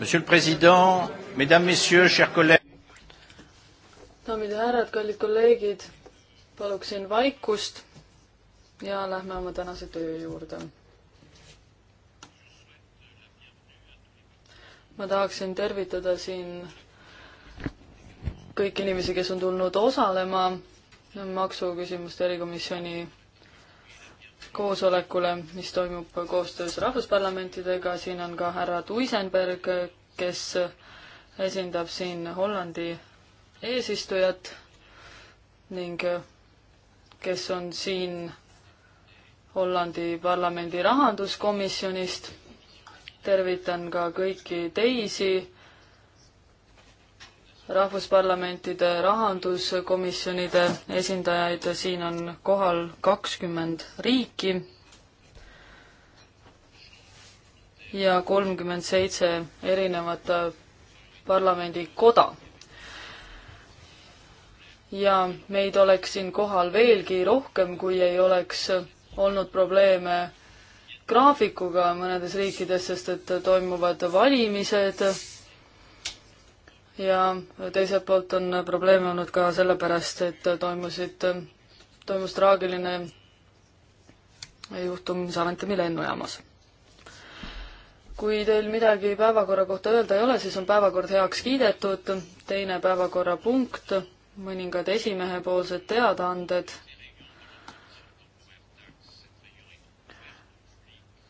Monsieur le Président, Mesdames, Messieurs, chers collègues. daamid ja härrad, kallid kolleegid, paluksin vaikust ja lähme oma tänase töö juurde. ma tahaksin tervitada siin kõiki inimesi, kes on tulnud osalema maksuküsimuste erikomisjoni koosolekule, mis toimub koostöös rahvusparlamentidega, siin on ka härra Tuisenberg, kes esindab siin Hollandi eesistujat ning kes on siin Hollandi parlamendi rahanduskomisjonist. tervitan ka kõiki teisi rahvusparlamentide rahanduskomisjonide esindajaid, siin on kohal kakskümmend riiki ja kolmkümmend seitse erinevat parlamendikoda. ja meid oleks siin kohal veelgi rohkem, kui ei oleks olnud probleeme graafikuga mõnedes riikides, sest et toimuvad valimised ja teiselt poolt on probleeme olnud ka sellepärast, et toimusid, toimus traagiline juhtum Saventemi lennujaamas. kui teil midagi päevakorra kohta öelda ei ole, siis on päevakord heaks kiidetud, teine päevakorrapunkt, mõningad esimehepoolsed teadaanded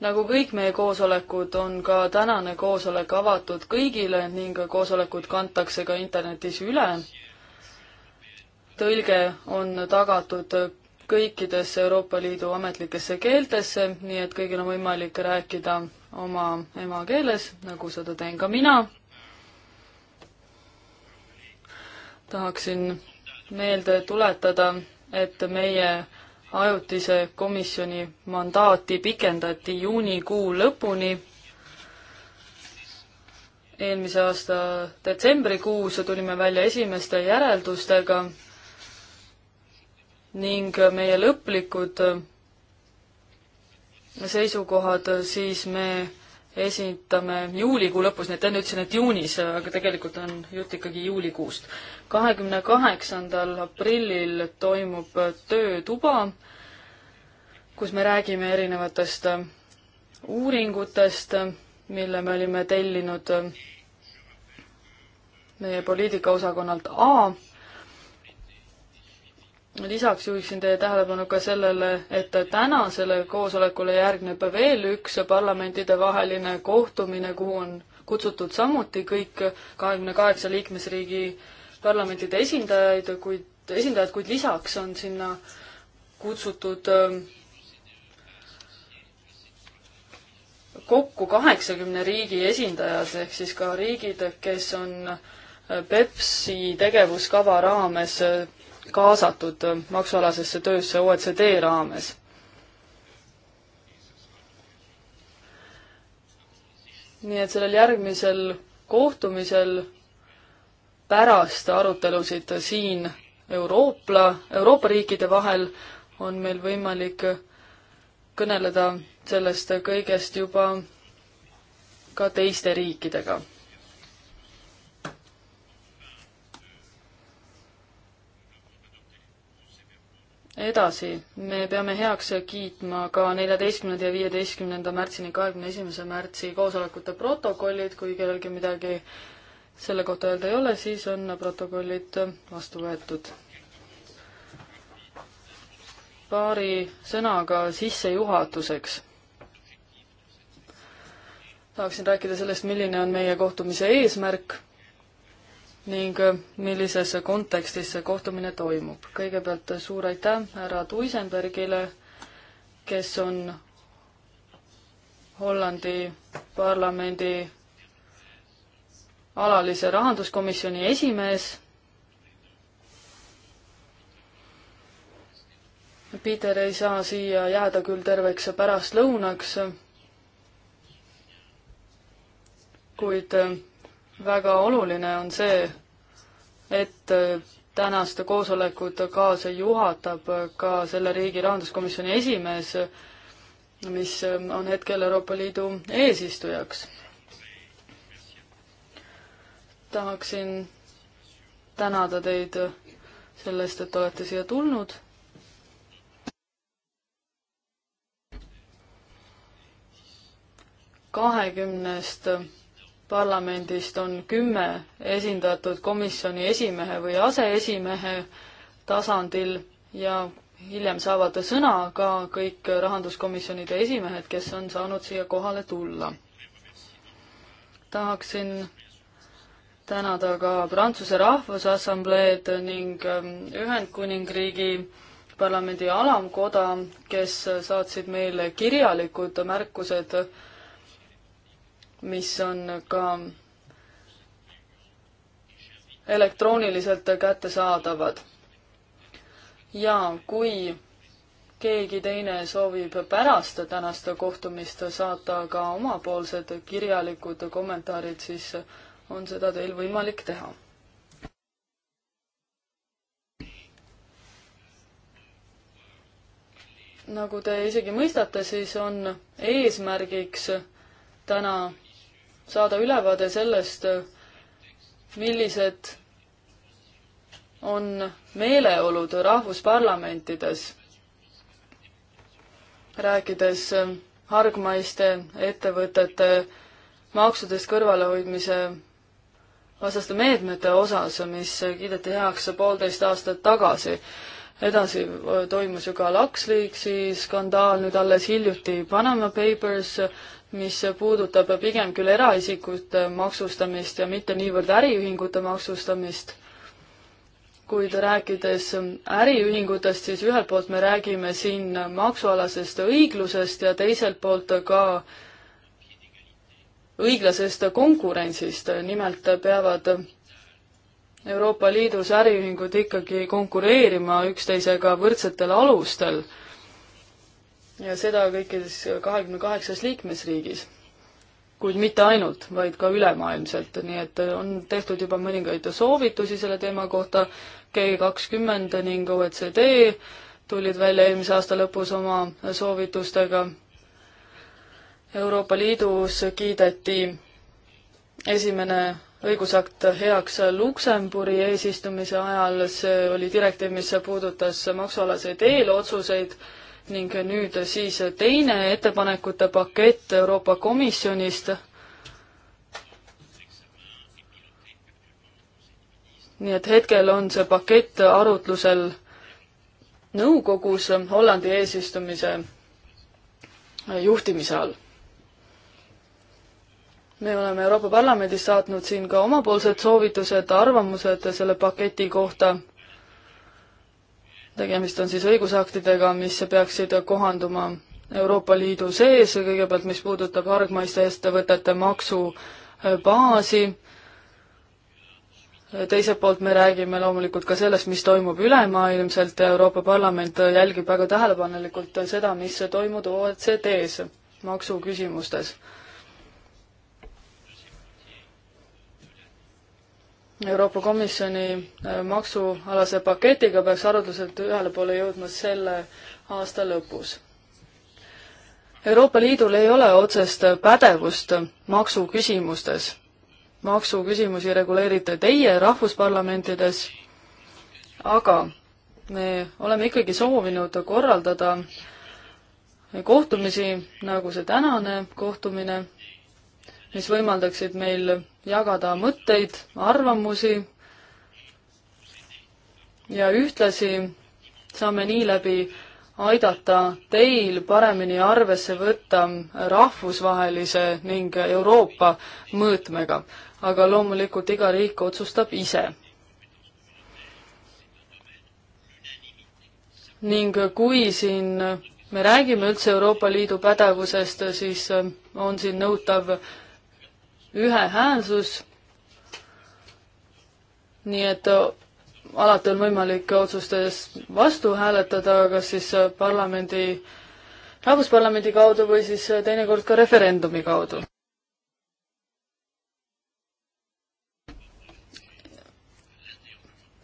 nagu kõik meie koosolekud, on ka tänane koosolek avatud kõigile ning koosolekud kantakse ka internetis üle. tõlge on tagatud kõikidesse Euroopa Liidu ametlikesse keeltesse, nii et kõigil on võimalik rääkida oma emakeeles, nagu seda teen ka mina. tahaksin meelde tuletada, et meie ajutise komisjoni mandaati pikendati juunikuu lõpuni. eelmise aasta detsembrikuus tulime välja esimeste järeldustega ning meie lõplikud seisukohad siis me esitame juulikuu lõpus, nii et enne ütlesin, et juunis, aga tegelikult on jutt ikkagi juulikuust. kahekümne kaheksandal aprillil toimub töötuba, kus me räägime erinevatest uuringutest, mille me olime tellinud meie poliitikaosakonnalt A lisaks juhiksin teie tähelepanu ka sellele, et tänasele koosolekule järgneb veel üks parlamentidevaheline kohtumine, kuhu on kutsutud samuti kõik kahekümne kaheksa liikmesriigi parlamentide esindajaid, kuid, esindajad, kuid lisaks on sinna kutsutud ähm, kokku kaheksakümne riigi esindajad, ehk siis ka riigid, kes on äh, PEPS-i tegevuskava raames äh, kaasatud maksualasesse töösse OECD raames. nii et sellel järgmisel kohtumisel pärast arutelusid siin Euroopla, Euroopa riikide vahel on meil võimalik kõneleda sellest kõigest juba ka teiste riikidega edasi, me peame heaks kiitma ka neljateistkümnenda ja viieteistkümnenda märtsini kahekümne esimese märtsi koosolekute protokollid, kui kellelgi midagi selle kohta öelda ei ole, siis on protokollid vastu võetud. paari sõnaga sissejuhatuseks. tahaksin rääkida sellest, milline on meie kohtumise eesmärk ning äh, millises kontekstis see kohtumine toimub. kõigepealt äh, suur aitäh härra Tuisenbergile, kes on Hollandi parlamendi alalise rahanduskomisjoni esimees. Peter ei saa siia jääda küll terveks pärastlõunaks, kuid äh, väga oluline on see, et äh, tänast koosolekut kaasa juhatab ka selle riigi rahanduskomisjoni esimees, mis ähm, on hetkel Euroopa Liidu eesistujaks. tahaksin tänada teid selle eest, et olete siia tulnud kahekümnest parlamendist on kümme esindatud komisjoni esimehe või aseesimehe tasandil ja hiljem saavad sõna ka kõik rahanduskomisjonide esimehed, kes on saanud siia kohale tulla. tahaksin tänada ka Prantsuse Rahvusassambleed ning ähm, Ühendkuningriigi parlamendi alamkoda, kes saatsid meile kirjalikud märkused mis on ka elektrooniliselt kättesaadavad. ja kui keegi teine soovib pärast tänast kohtumist saata ka omapoolsed kirjalikud kommentaarid, siis on seda teil võimalik teha. nagu te isegi mõistate, siis on eesmärgiks täna saada ülevaade sellest, millised on meeleolud rahvusparlamentides, rääkides hargmaiste ettevõtete maksudest kõrvalehoidmise vastaste meetmete osas, mis kiideti heaks poolteist aastat tagasi edasi toimus ju ka LuxLeaksi skandaal, nüüd alles hiljuti Panama Papers, mis puudutab pigem küll eraisikute maksustamist ja mitte niivõrd äriühingute maksustamist, kuid rääkides äriühingutest, siis ühelt poolt me räägime siin maksualasest õiglusest ja teiselt poolt ka õiglasest konkurentsist, nimelt peavad Euroopa Liidus äriühingud ikkagi konkureerima üksteisega võrdsetel alustel ja seda kõikides kahekümne kaheksas liikmesriigis. kuid mitte ainult, vaid ka ülemaailmselt, nii et on tehtud juba mõningaid soovitusi selle teema kohta, G kakskümmend ning OECD tulid välja eelmise aasta lõpus oma soovitustega. Euroopa Liidus kiideti esimene õigusakt heaks Luksemburi eesistumise ajal, see oli direktiiv, mis puudutas maksualaseid eelotsuseid ning nüüd siis teine ettepanekute pakett Euroopa Komisjonist. nii et hetkel on see pakett arutlusel nõukogus Hollandi eesistumise juhtimise all me oleme Euroopa Parlamendis saatnud siin ka omapoolsed soovitused, arvamused selle paketi kohta. tegemist on siis õigusaktidega, mis peaksid kohanduma Euroopa Liidu sees, kõigepealt mis puudutab hargmaiste ettevõtete maksubaasi, teiselt poolt me räägime loomulikult ka sellest, mis toimub ülemaailmselt ja Euroopa Parlament jälgib väga tähelepanelikult seda, mis toimub OECD-s maksuküsimustes Euroopa Komisjoni äh, maksualase paketiga peaks arutlused ühele poole jõudma selle aasta lõpus. Euroopa Liidul ei ole otsest pädevust maksuküsimustes. maksuküsimusi reguleerite teie rahvusparlamentides, aga me oleme ikkagi soovinud korraldada kohtumisi, nagu see tänane kohtumine, mis võimaldaksid meil jagada mõtteid, arvamusi ja ühtlasi saame nii läbi aidata teil paremini arvesse võtta rahvusvahelise ning Euroopa mõõtmega. aga loomulikult iga riik otsustab ise. ning kui siin me räägime üldse Euroopa Liidu pädevusest, siis on siin nõutav ühehäälsus. nii et äh, alati on võimalik otsustes vastu hääletada, kas siis äh, parlamendi, rahvusparlamendi kaudu või siis äh, teinekord ka referendumi kaudu.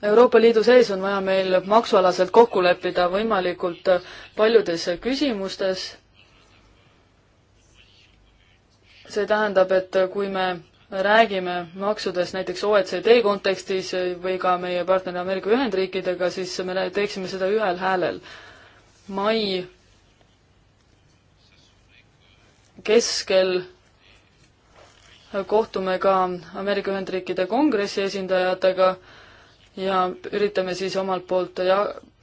Euroopa Liidu sees on vaja meil maksualaselt kokku leppida võimalikult paljudes küsimustes see tähendab, et kui me räägime maksudest näiteks OECD kontekstis või ka meie partneri Ameerika Ühendriikidega, siis me teeksime seda ühel häälel. mai keskel kohtume ka Ameerika Ühendriikide kongressi esindajatega ja üritame siis omalt poolt ja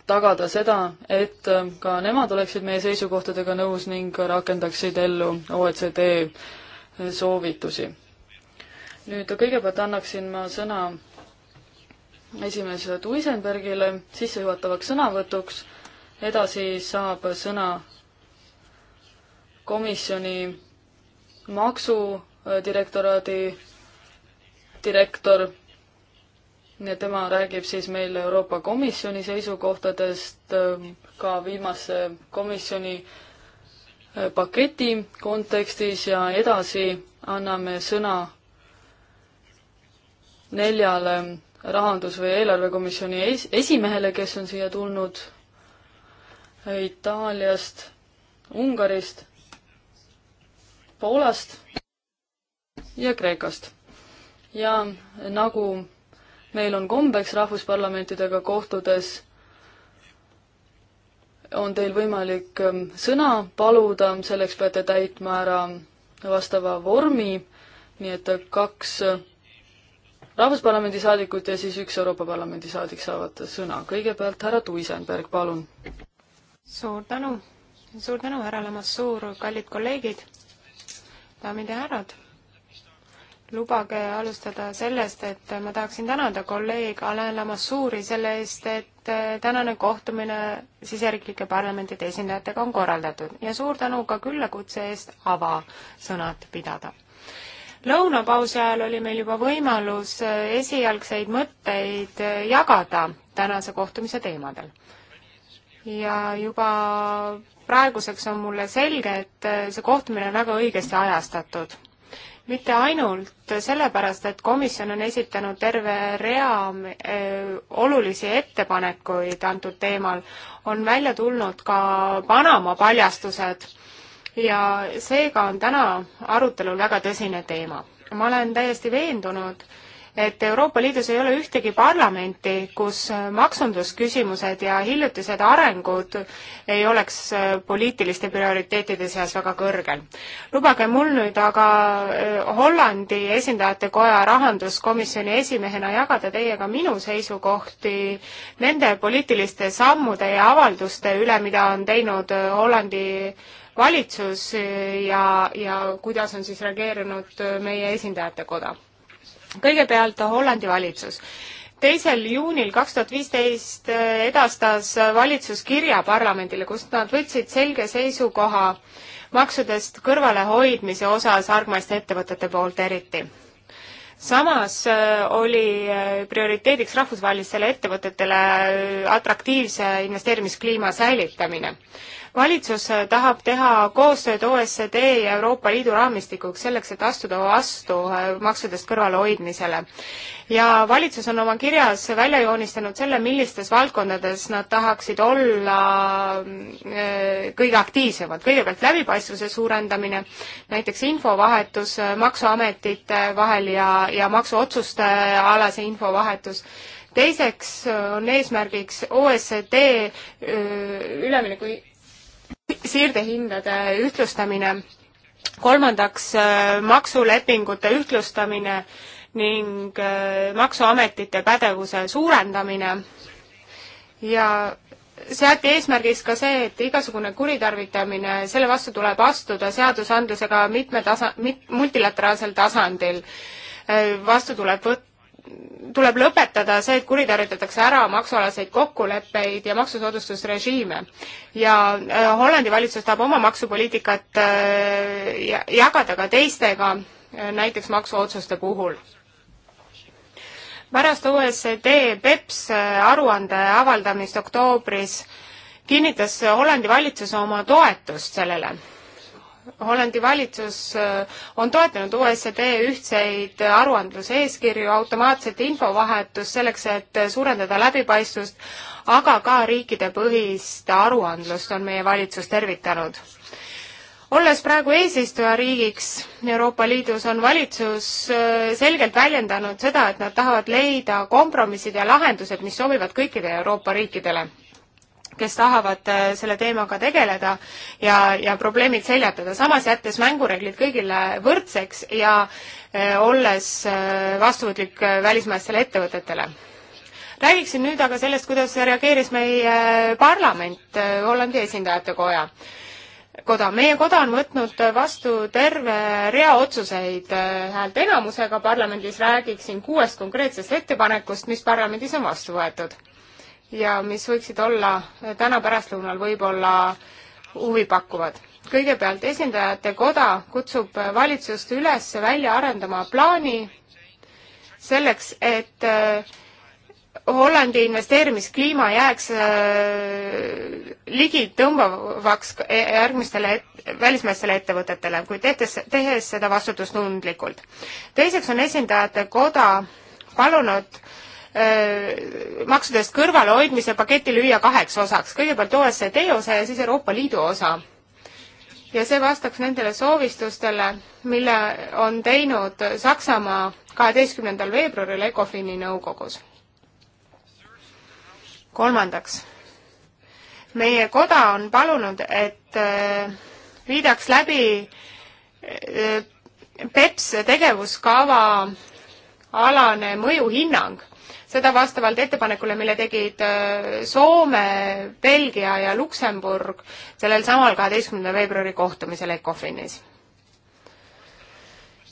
tagada seda, et ka nemad oleksid meie seisukohtadega nõus ning rakendaksid ellu OECD soovitusi. nüüd kõigepealt annaksin ma sõna esimees Tuisenbergile sissejuhatavaks sõnavõtuks, edasi saab sõna komisjoni maksudirektoraadi direktor ja tema räägib siis meile Euroopa Komisjoni seisukohtadest, ka viimase komisjoni Äh, paketi kontekstis ja edasi anname sõna neljale rahandus- või eelarvekomisjoni es-, esimehele, kes on siia tulnud äh, Itaaliast, Ungarist, Poolast ja Kreekast. ja nagu meil on kombeks rahvusparlamentidega kohtudes, on teil võimalik ähm, sõna paluda, selleks peate täitma ära vastava vormi, nii et kaks äh, Rahvusparlamendi saadikut ja siis üks Euroopa Parlamendi saadik saavad sõna. kõigepealt härra Tuisenberg, palun. suur tänu, suur tänu, härra Lamassuur, kallid kolleegid, daamid ja härrad. lubage alustada sellest, et ma tahaksin tänada kolleeg Alain Lamassuuri selle eest, et Äh, tänane kohtumine siseriiklike parlamentide esindajatega on korraldatud ja suur tänu ka küllakutse eest avasõnad pidada. lõunapausi ajal oli meil juba võimalus äh, esialgseid mõtteid äh, jagada tänase kohtumise teemadel. ja juba praeguseks on mulle selge, et see kohtumine on väga õigesti ajastatud mitte ainult sellepärast, et komisjon on esitanud terve rea äh, olulisi ettepanekuid antud teemal, on välja tulnud ka Panama paljastused ja seega on täna arutelul väga tõsine teema. ma olen täiesti veendunud, et Euroopa Liidus ei ole ühtegi parlamenti, kus maksundusküsimused ja hiljutised arengud ei oleks äh, poliitiliste prioriteetide seas väga kõrgel. lubage mul nüüd aga äh, Hollandi esindajate koja rahanduskomisjoni esimehena jagada teiega minu seisukohti nende poliitiliste sammude ja avalduste üle, mida on teinud äh, Hollandi valitsus ja, ja kuidas on siis reageerinud meie esindajate koda kõigepealt Hollandi valitsus. teisel juunil kaks tuhat viisteist eh, edastas valitsus kirja parlamendile, kust nad võtsid selge seisukoha maksudest kõrvalehoidmise osas argmaiste ettevõtete poolt eriti. samas eh, oli eh, prioriteediks rahvusvahelistele ettevõtetele atraktiivse investeerimiskliima säilitamine valitsus tahab teha koostööd OSCD ja Euroopa Liidu raamistikuks selleks, et astuda vastu äh, maksudest kõrvalehoidmisele. ja valitsus on oma kirjas välja joonistanud selle, millistes valdkondades nad tahaksid olla äh, kõige aktiivsemad. kõigepealt läbipaistvuse suurendamine, näiteks infovahetus äh, Maksuametite vahel ja, ja maksuotsuste alase infovahetus teiseks on eesmärgiks OSCD ülemineku siirdehindade ühtlustamine, kolmandaks äh, maksulepingute ühtlustamine ning äh, maksuametite pädevuse suurendamine ja seati eesmärgiks ka see, et igasugune kuritarvitamine, selle vastu tuleb astuda seadusandlusega mitme tasa-, mit-, multilateraalsel tasandil. Äh, vastu tuleb võtta tuleb lõpetada see, et kuritarvitatakse ära maksualaseid kokkuleppeid ja maksusoodustusrežiime. ja äh, Hollandi valitsus tahab oma maksupoliitikat äh, jagada ka teistega, äh, näiteks maksuotsuste puhul. pärast OECD BEPS aruande avaldamist oktoobris kinnitas Hollandi valitsus oma toetust sellele Hollandi valitsus äh, on toetanud OECD ühtseid aruandluse eeskirju, automaatset infovahetust selleks, et suurendada läbipaistvust, aga ka riikidepõhist aruandlust on meie valitsus tervitanud. olles praegu eesistujariigiks Euroopa Liidus, on valitsus äh, selgelt väljendanud seda, et nad tahavad leida kompromissid ja lahendused, mis sobivad kõikidele Euroopa riikidele kes tahavad äh, selle teemaga tegeleda ja, ja probleemid seljatada, samas jättes mängureeglid kõigile võrdseks ja äh, olles äh, vastuvõtlik välismaistele ettevõtetele räägiksin nüüd aga sellest, kuidas reageeris meie parlament, Hollandi esindajate koja koda. meie koda on võtnud vastu terve rea otsuseid häälteenamusega parlamendis, räägiksin kuuest konkreetsest ettepanekust, mis parlamendis on vastu võetud ja mis võiksid olla täna pärastlõunal võib-olla huvipakkuvad. kõigepealt esindajate koda kutsub valitsust üles välja arendama plaani selleks, et äh, Hollandi investeerimiskliima jääks äh, ligi tõmbavaks e-, järgmistele et, välismaistele ettevõtetele, kuid tehtes, tehes seda vastutustundlikult. teiseks on esindajate koda palunud äh, Äh, maksudest kõrvalehoidmise paketi lüüa kaheks osaks, kõigepealt OECD osa ja siis Euroopa Liidu osa. ja see vastaks nendele soovistustele, mille on teinud Saksamaa kaheteistkümnendal veebruaril Ecofini nõukogus. kolmandaks, meie koda on palunud, et äh, viidaks läbi äh, PEPS tegevuskava alane mõjuhinnang seda vastavalt ettepanekule, mille tegid äh, Soome, Belgia ja Luksemburg sellel samal kaheteistkümnenda veebruari kohtumisel ECOFINis.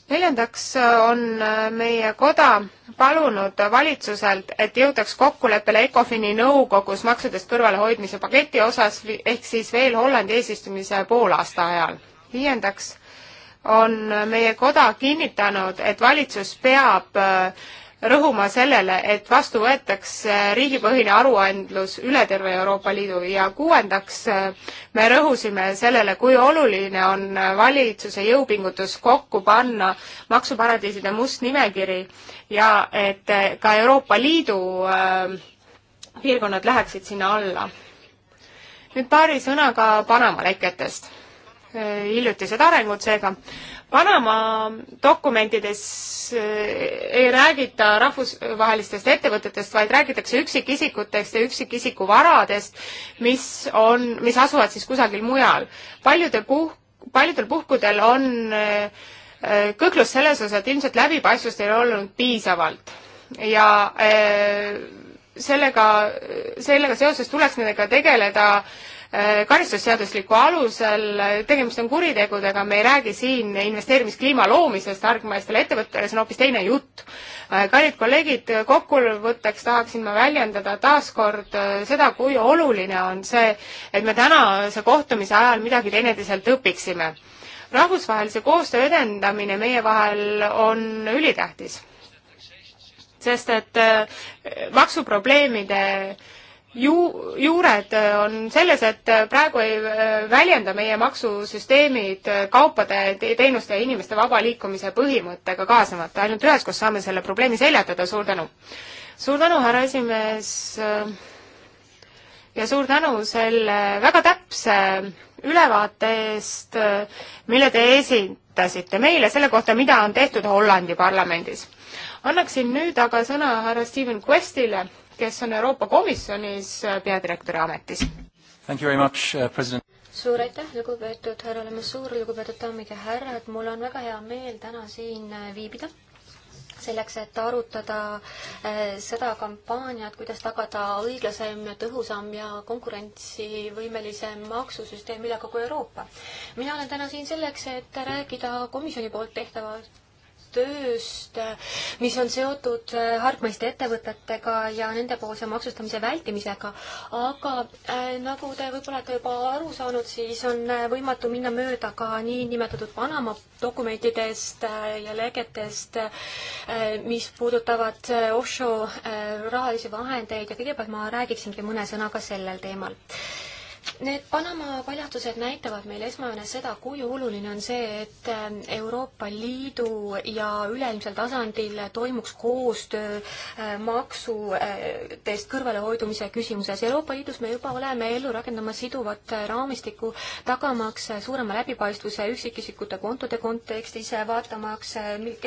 neljandaks äh, on äh, meie koda palunud valitsuselt, et jõutaks kokkuleppele ECOFINi nõukogus maksudest kõrvalehoidmise paketi osas ehk siis veel Hollandi eesistumise poolaasta ajal. viiendaks on meie koda kinnitanud, et valitsus peab äh, rõhuma sellele, et vastu võetakse äh, riigipõhine aruandlus üle terve Euroopa Liidu ja kuuendaks äh, me rõhusime sellele, kui oluline on äh, valitsuse jõupingutus kokku panna maksuparadiiside must nimekiri ja et ka Euroopa Liidu piirkonnad läheksid sinna alla. nüüd paari sõnaga Panama leketest hiljutised arengud seega. Panama dokumentides äh, ei räägita rahvusvahelistest ettevõtetest, vaid räägitakse üksikisikutest ja üksikisiku varadest, mis on, mis asuvad siis kusagil mujal. paljude puh-, paljudel puhkudel on äh, äh, kõhklus selles osas, et ilmselt läbipaistvust ei ole olnud piisavalt ja sellega, sellega seoses tuleks nendega tegeleda äh, Äh, karistusseadusliku alusel, äh, tegemist on kuritegudega, me ei räägi siin investeerimiskliima loomisest hargmaistele ettevõttele, see on hoopis teine jutt. Äh, kallid kolleegid, kokkuvõtteks tahaksin ma väljendada taaskord seda, kui oluline on see, et me tänase kohtumise ajal midagi teineteiselt õpiksime. rahvusvahelise koostöö edendamine meie vahel on ülitähtis sest et maksuprobleemide äh, ju-, juured äh, on selles, et äh, praegu ei äh, väljenda meie maksusüsteemid kaupade, teenuste ja inimeste vaba liikumise põhimõttega kaasnevat, ainult üheskoos saame selle probleemi seljatada, suur tänu! suur tänu, härra esimees, ja suur tänu selle väga täpse ülevaate eest, mille te esitasite meile selle kohta, mida on tehtud Hollandi parlamendis. annaksin nüüd aga sõna härra Steven Questile kes on Euroopa Komisjonis äh, peadirektori ametis. Thank you very much uh,, president suur aitäh, lugupeetud härra Lemassuur, lugupeetud daamid ja härrad, mul on väga hea meel täna siin äh, viibida selleks, et arutada äh, seda kampaaniat, kuidas tagada õiglasem, tõhusam ja konkurentsivõimelisem maksusüsteem üle kogu Euroopa. mina olen täna siin selleks, et rääkida komisjoni poolt tehtavast tööst, mis on seotud äh, hargmaiste ettevõtetega ja nendepoolse maksustamise vältimisega. aga äh, nagu te võib-olla olete juba aru saanud, siis on äh, võimatu minna mööda ka niinimetatud Panama dokumentidest äh, ja legetest, mis puudutavad offshore rahalisi vahendeid ja kõigepealt ma räägiksingi mõne sõnaga sellel teemal Need Panama paljastused näitavad meile esmajoones seda, kui oluline on see, et äh, Euroopa Liidu ja üleilmsel tasandil toimuks koostöö äh, maksudest äh, kõrvalehoidumise küsimuses. Euroopa Liidus me juba oleme ellu rakendamas siduvat raamistikku, tagamaks suurema läbipaistvuse üksikisikute kontode kontekstis, vaatamaks,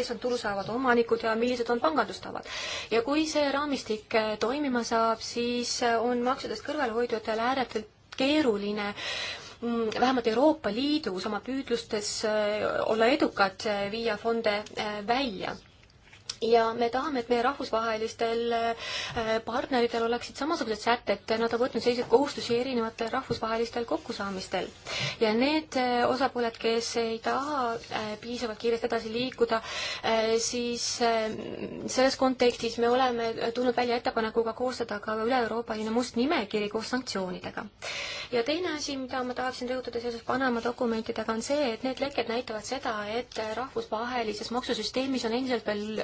kes on tulu saavad omanikud ja millised on pangandustavad. ja kui see raamistik toimima saab, siis on maksudest kõrvalehoidjatele ääretult keeruline mm, vähemalt Euroopa Liidus oma püüdlustes äh, olla edukad, äh, viia fonde äh, välja ja me tahame, et meie rahvusvahelistel äh, partneritel oleksid samasugused sätted, nad on võtnud selliseid kohustusi erinevatel rahvusvahelistel kokkusaamistel. ja need äh, osapooled, kes ei taha äh, piisavalt kiiresti edasi liikuda, siis selles kontekstis me oleme tulnud välja ettepanekuga koostada ka üle-euroopaline must nimekiri koos sanktsioonidega. ja teine asi, mida ma tahaksin rõhutada seoses Panama dokumentidega, on see, et need lekked näitavad seda, et rahvusvahelises maksusüsteemis on endiselt veel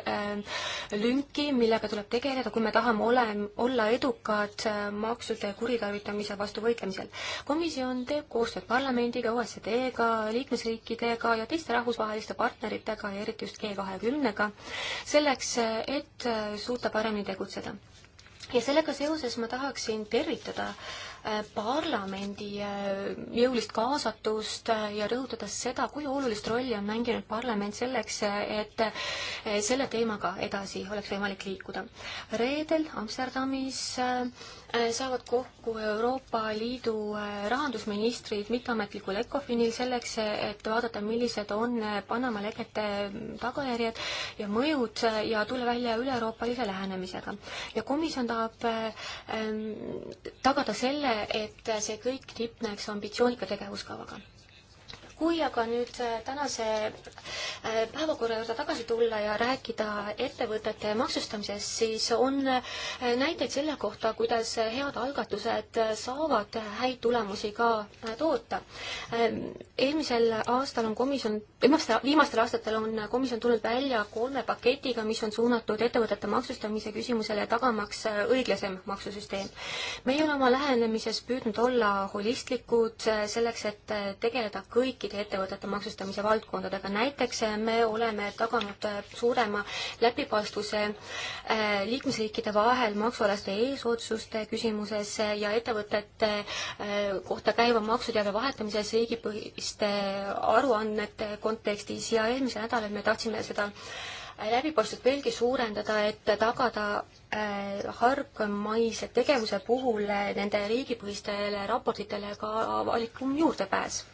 lünki, millega tuleb tegeleda, kui me tahame ole, olla edukad äh, maksude kuritarvitamise vastu võitlemisel. komisjon teeb koostööd parlamendiga, OECD-ga, liikmesriikidega ja teiste rahvusvaheliste partneritega ja eriti just G20-ga, selleks, et äh, suuta paremini tegutseda ja sellega seoses ma tahaksin tervitada äh, parlamendi äh, jõulist kaasatust äh, ja rõhutades seda, kui olulist rolli on mänginud parlament selleks, et äh, selle teemaga edasi oleks võimalik liikuda. reedel Amsterdamis saavad kokku Euroopa Liidu rahandusministrid mitteametlikul ECOFINil selleks, et vaadata, millised on Panama legete mm, tagajärjed ja mõjud ja tulla välja üle-euroopalise lähenemisega. ja komisjon tahab ähm, tagada selle, et see kõik tipneks ambitsioonika tegevuskavaga kui aga nüüd äh, tänase äh, päevakorra juurde tagasi tulla ja rääkida ettevõtete maksustamisest, siis on äh, näiteid selle kohta, kuidas head algatused saavad häid tulemusi ka toota. Ähm, eelmisel aastal on komisjon, viimastel, viimastel aastatel on komisjon tulnud välja kolme paketiga, mis on suunatud ettevõtete maksustamise küsimusele, tagamaks õiglasem maksusüsteem. meie oleme oma lähenemises püüdnud olla holistlikud selleks, et tegeleda kõikide kõikide ettevõtete maksustamise valdkondadega. näiteks eh, me oleme taganud eh, suurema läbipaistvuse eh, liikmesriikide vahel maksualaste eesotsuste küsimuses ja ettevõtete kohta käiva maksuteabe vahetamises riigipõhiste aruannete kontekstis ja eelmisel nädalal me tahtsime seda läbipaistvust veelgi suurendada, et tagada hargmaise tegevuse puhul nende riigipõhistele raportitele ka avalikum juurdepääs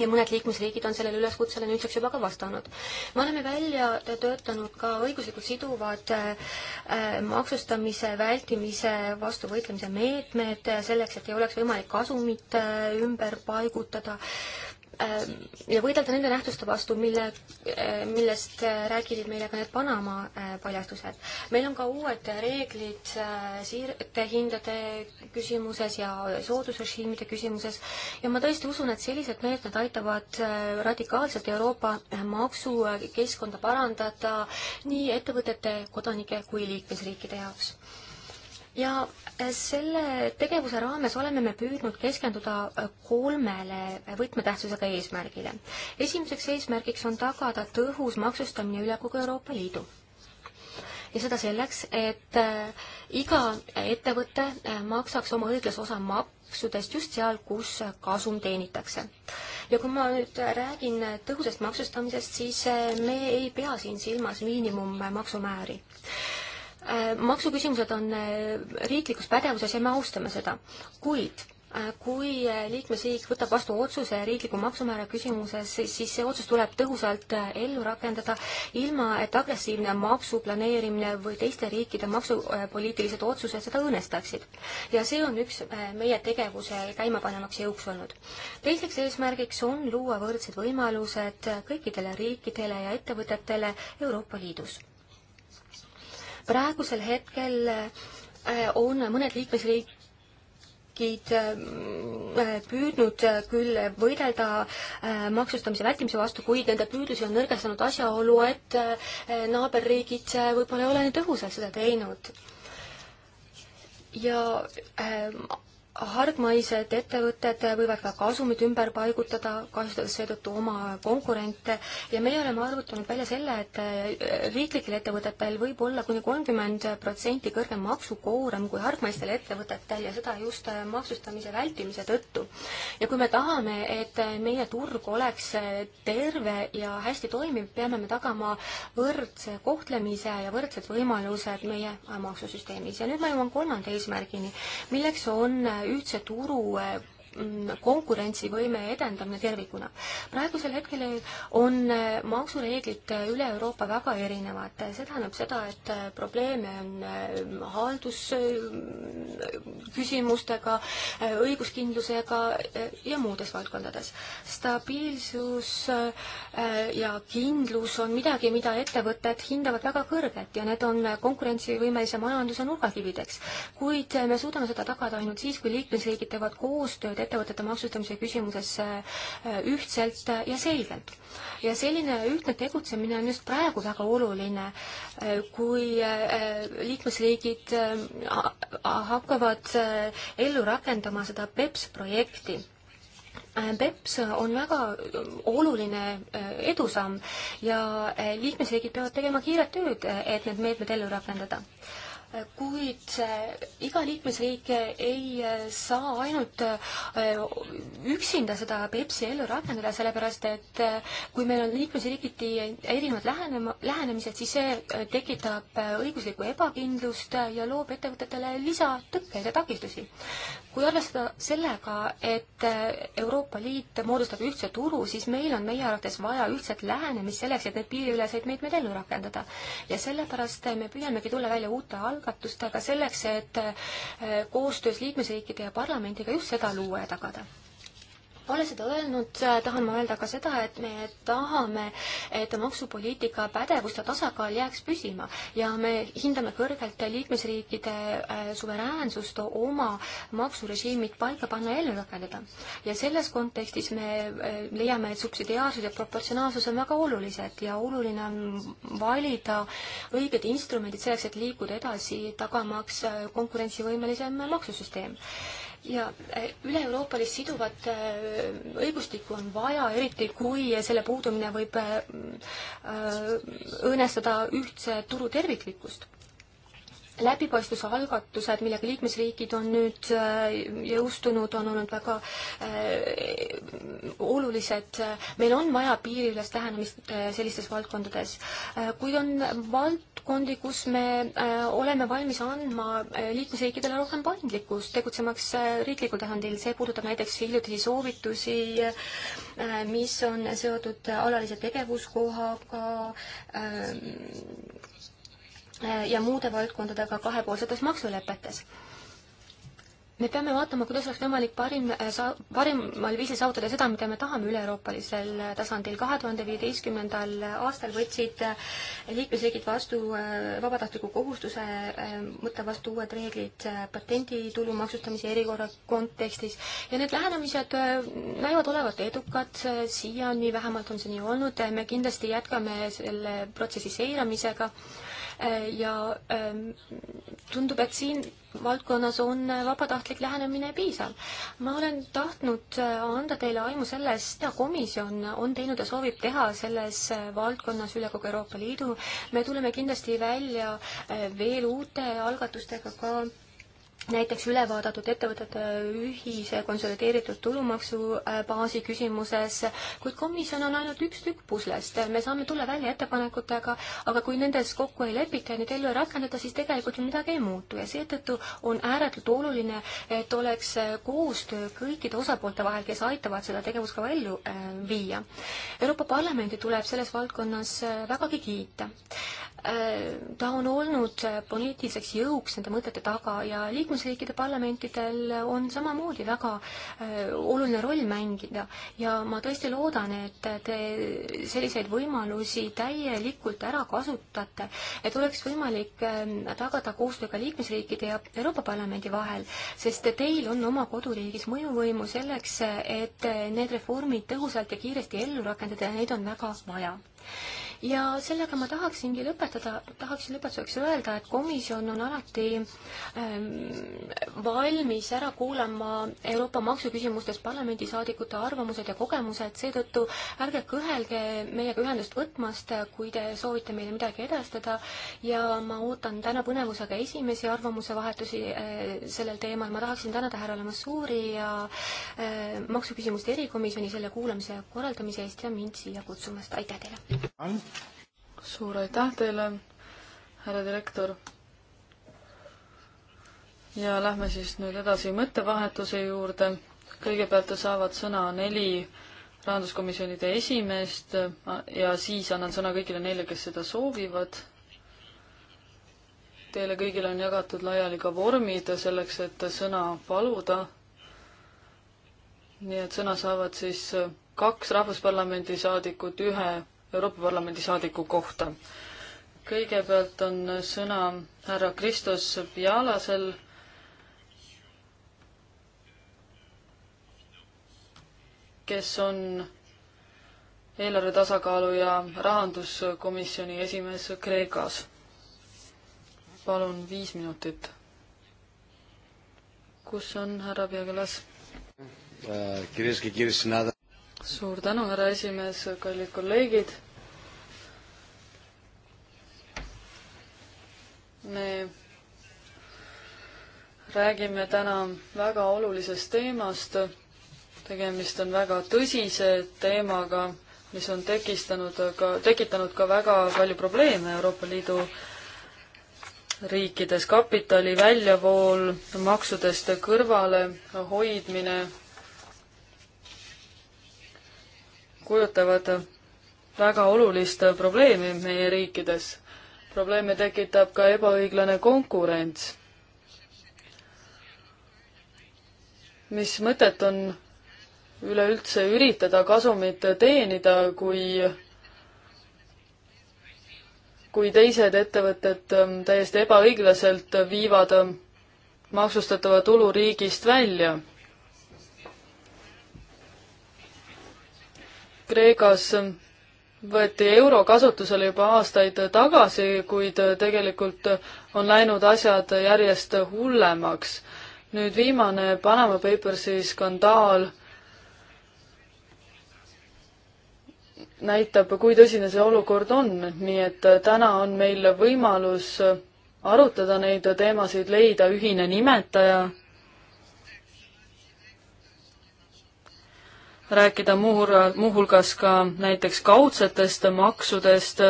ja mõned liikmesriigid on sellele üleskutsele nüüdseks juba ka vastanud. me oleme välja töötanud ka õiguslikult siduvad äh, äh, maksustamise vältimise vastu võitlemise meetmed selleks, et ei oleks võimalik kasumit äh, ümber paigutada Äh, ja võidelda nende nähtuste vastu, mille, äh, millest äh, räägivad meile ka need Panama paljastused. meil on ka uued reeglid siirdehindade küsimuses ja soodusrežiimide küsimuses ja ma tõesti usun, et sellised meetmed aitavad radikaalselt Euroopa maksukeskkonda parandada nii ettevõtete, kodanike kui liikmesriikide jaoks ja äh, selle tegevuse raames oleme me püüdnud keskenduda äh, kolmele võtmetähtsusega eesmärgile. esimeseks eesmärgiks on tagada tõhus maksustamine üle kogu Euroopa Liidu ja seda selleks, et äh, iga ettevõte maksaks oma õiglase osa maksudest just seal, kus kasum teenitakse. ja kui ma nüüd räägin tõhusast maksustamisest, siis me ei pea siin silmas miinimummaksumääri. Äh, maksuküsimused on äh, riiklikus pädevuses ja me austame seda, kuid äh, kui liikmesriik võtab vastu otsuse riikliku maksumäära küsimuses, siis see otsus tuleb tõhusalt ellu rakendada, ilma et agressiivne maksuplaneerimine või teiste riikide maksupoliitilised otsused seda õõnestaksid. ja see on üks meie tegevuse käimapanevaks jõuks olnud. teiseks eesmärgiks on luua võrdsed võimalused kõikidele riikidele ja ettevõtetele Euroopa Liidus praegusel hetkel äh, on mõned liikmesriigid riigid äh, äh, püüdnud küll võidelda maksustamise vältimise vastu, kuid nende püüdlusi on nõrgestanud asjaolu, et naaberriigid võib-olla ei ole nii tõhusalt seda teinud. ja hargmaised ettevõtted võivad ka kasumit ümber paigutada, kasutades seetõttu oma konkurente ja meie oleme arvutanud välja selle, et äh, riiklikel ettevõtetel võib olla kuni kolmkümmend protsenti kõrgem maksukoorem kui hargmaistel ettevõtetel ja seda just äh, maksustamise vältimise tõttu. ja kui me tahame, et äh, meie turg oleks terve ja hästi toimiv, peame me tagama võrdse kohtlemise ja võrdsed võimalused meie maksusüsteemis ja nüüd ma jõuan kolmanda eesmärgini, milleks on ühtse turu eh, Mm, konkurentsivõime edendamine tervikuna. praegusel hetkel on äh, maksureeglid äh, üle Euroopa väga erinevad, see tähendab seda, et äh, probleeme on haldusküsimustega, õiguskindlusega ja muudes valdkondades. stabiilsus ja kindlus on midagi, mida ettevõtted hindavad väga kõrgelt ja need on konkurentsivõimelise majanduse nurgakivideks. kuid me suudame seda tagada ainult siis, kui liikmesriigid teevad koostööd ettevõtete maksustamise küsimuses äh, ühtselt ja selgelt. ja selline ühtne tegutsemine on just praegu väga oluline, äh, kui äh, liikmesriigid hakkavad ellu rakendama seda BEPS projekti BEPS on väga oluline edusamm ja liikmesriigid peavad tegema kiiret tööd, et need meetmed ellu rakendada kuid äh, iga liikmesriik äh, ei äh, saa ainult üksinda seda Peipsi ellu rakendada, sellepärast et kui meil on liikmesriigiti erinevad lähenema, lähenemised, siis see tekitab õiguslikku ebakindlust ja loob ettevõtetele lisatõkkeid ja takistusi. kui arvestada sellega, et Euroopa Liit moodustab ühtse turu, siis meil on meie arvates vaja ühtset lähenemist selleks, et neid piiriüleseid meetmeid ellu rakendada. ja sellepärast me püüamegi tulla välja uute alg-, algatust, aga selleks, et äh, koostöös liikmesriikide ja parlamendiga just seda luua ja tagada olles seda öelnud, tahan ma öelda ka seda, et me tahame, et maksupoliitika pädevus ja tasakaal jääks püsima ja me hindame kõrgelt liikmesriikide äh, suveräänsust oma maksurežiimid paika panna ja ellu rakendada. ja selles kontekstis me äh, leiame, et subsidiaarsus ja proportsionaalsus on väga olulised ja oluline on valida õiged instrumendid selleks, et liikuda edasi, tagamaks äh, konkurentsivõimelisem maksusüsteem ja eh, üle-euroopalist siduvat eh, õigustikku on vaja, eriti kui selle puudumine võib eh, mm, õõnestada ühtse turu terviklikkust läbipaistvuse algatused, millega liikmesriigid on nüüd äh, jõustunud, on olnud väga äh, olulised. meil on vaja piiriülest lähenemist äh, sellistes valdkondades, äh, kuid on valdkondi, kus me äh, oleme valmis andma liikmesriikidele rohkem paindlikkust, tegutsemaks riiklikul tasandil, see puudutab näiteks hiljutisi soovitusi äh,, mis on seotud alalise tegevuskohaga äh,, Äh, ja muude valdkondadega kahepoolsetes maksulepetes. me peame vaatama, kuidas oleks võimalik parim, äh, parimal viisil saavutada seda, mida me tahame üle-euroopalisel äh, tasandil. kahe tuhande viieteistkümnendal aastal võtsid liikmesriigid vastu vabatahtliku kohustuse võtta vastu uued reeglid patenditulu maksustamise erikorra kontekstis ja need lähenemised näivad olevat edukad, siiani vähemalt on see nii olnud, me kindlasti jätkame selle protsessi seiramisega Äh, ja ähm, tundub, et siin valdkonnas on äh, vabatahtlik lähenemine piisav. ma olen tahtnud äh, anda teile aimu sellest, mida komisjon on teinud ja soovib teha selles valdkonnas üle kogu Euroopa Liidu. me tuleme kindlasti välja veel uute algatustega ka näiteks üle vaadatud ettevõtete ühise konsolideeritud tulumaksubaasi küsimuses, kuid komisjon on ainult üks tükk puslest. me saame tulla välja ettepanekutega, aga kui nendes kokku ei lepita ja neid ellu ei rakendata, siis tegelikult ju midagi ei muutu ja seetõttu on ääretult oluline, et oleks koostöö kõikide osapoolte vahel, kes aitavad seda tegevuskava ellu äh, viia. Euroopa Parlamendi tuleb selles valdkonnas äh, vägagi kiita. Äh, ta on olnud poliitiliseks jõuks nende mõtete taga ja liikmesriikide parlamentidel on samamoodi väga äh, oluline roll mängida ja ma tõesti loodan, et te selliseid võimalusi täielikult ära kasutate, et oleks võimalik äh, tagada koostöö ka liikmesriikide ja Euroopa Parlamendi vahel, sest teil on oma koduriigis mõjuvõimu selleks, et need reformid tõhusalt ja kiiresti ellu rakendada ja neid on väga vaja ja sellega ma tahaksingi lõpetada, tahaksin lõpetuseks öelda, et komisjon on alati ähm, valmis ära kuulama Euroopa maksuküsimustes parlamendisaadikute arvamused ja kogemused, seetõttu ärge kõhelge meiega ühendust võtmast, kui te soovite meile midagi edastada ja ma ootan täna põnevusega esimesi arvamuse vahetusi äh, sellel teemal, ma tahaksin tänada härra Lamassuuri ja äh, maksuküsimuste erikomisjoni selle kuulamise korraldamise eest ja mind siia kutsumast, aitäh teile! suur aitäh teile, härra direktor. ja lähme siis nüüd edasi mõttevahetuse juurde. kõigepealt saavad sõna neli rahanduskomisjonide esimeest ja siis annan sõna kõigile neile, kes seda soovivad. Teile kõigile on jagatud laiali ka vormid selleks, et sõna paluda. nii et sõna saavad siis kaks Rahvusparlamendi saadikut, ühe Euroopa Parlamendi saadiku kohta. kõigepealt on sõna härra Kristos Pialasel. kes on eelarve tasakaalu ja rahanduskomisjoni esimees Kreekas. palun viis minutit. kus on härra Pialas? Äh, suur tänu, härra esimees, kallid kolleegid. me räägime täna väga olulisest teemast. tegemist on väga tõsise teemaga, mis on tekistanud ka, tekitanud ka väga palju probleeme Euroopa Liidu riikides. kapitali väljavool, maksudest kõrvalehoidmine kujutavad väga olulist probleemi meie riikides. probleeme tekitab ka ebaõiglane konkurents. mis mõtet on üleüldse üritada kasumit teenida, kui kui teised ettevõtted ähm, täiesti ebaõiglaselt viivad ähm, maksustatava tulu riigist välja Kreekas võeti euro kasutusele juba aastaid tagasi, kuid tegelikult on läinud asjad järjest hullemaks. nüüd viimane Panama Papersi skandaal näitab, kui tõsine see olukord on, nii et täna on meil võimalus arutada neid teemasid, leida ühine nimetaja rääkida muuhulgas, muuhulgas ka näiteks kaudsetest maksudest,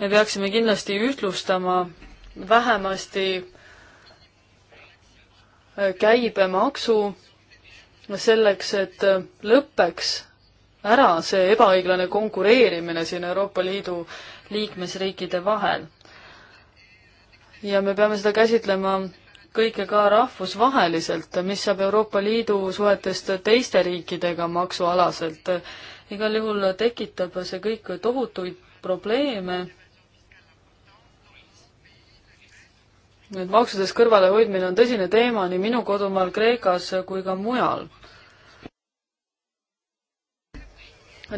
me peaksime kindlasti ühtlustama vähemasti äh, käibemaksu selleks, et lõpeks ära see ebaõiglane konkureerimine siin Euroopa Liidu liikmesriikide vahel. ja me peame seda käsitlema kõike ka rahvusvaheliselt, mis saab Euroopa Liidu suhetest teiste riikidega maksualaselt. igal juhul tekitab see kõik tohutuid probleeme. et maksudest kõrvalehoidmine on tõsine teema nii minu kodumaal Kreekas kui ka mujal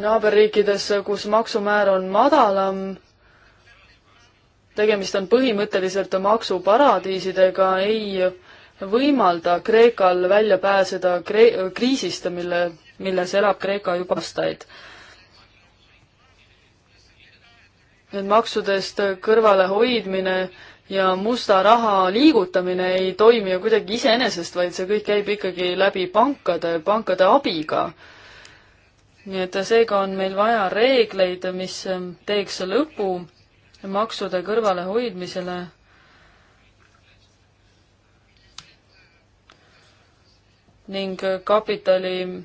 naaberriikides, kus maksumäär on madalam, tegemist on põhimõtteliselt maksuparadiisidega, ei võimalda Kreekal välja pääseda kree-, kriisist, mille, milles elab Kreeka juba aastaid. et maksudest kõrvalehoidmine ja musta raha liigutamine ei toimi ju kuidagi iseenesest, vaid see kõik käib ikkagi läbi pankade, pankade abiga. nii et seega on meil vaja reegleid, mis teeks lõpu maksude kõrvalehoidmisele. ning kapitali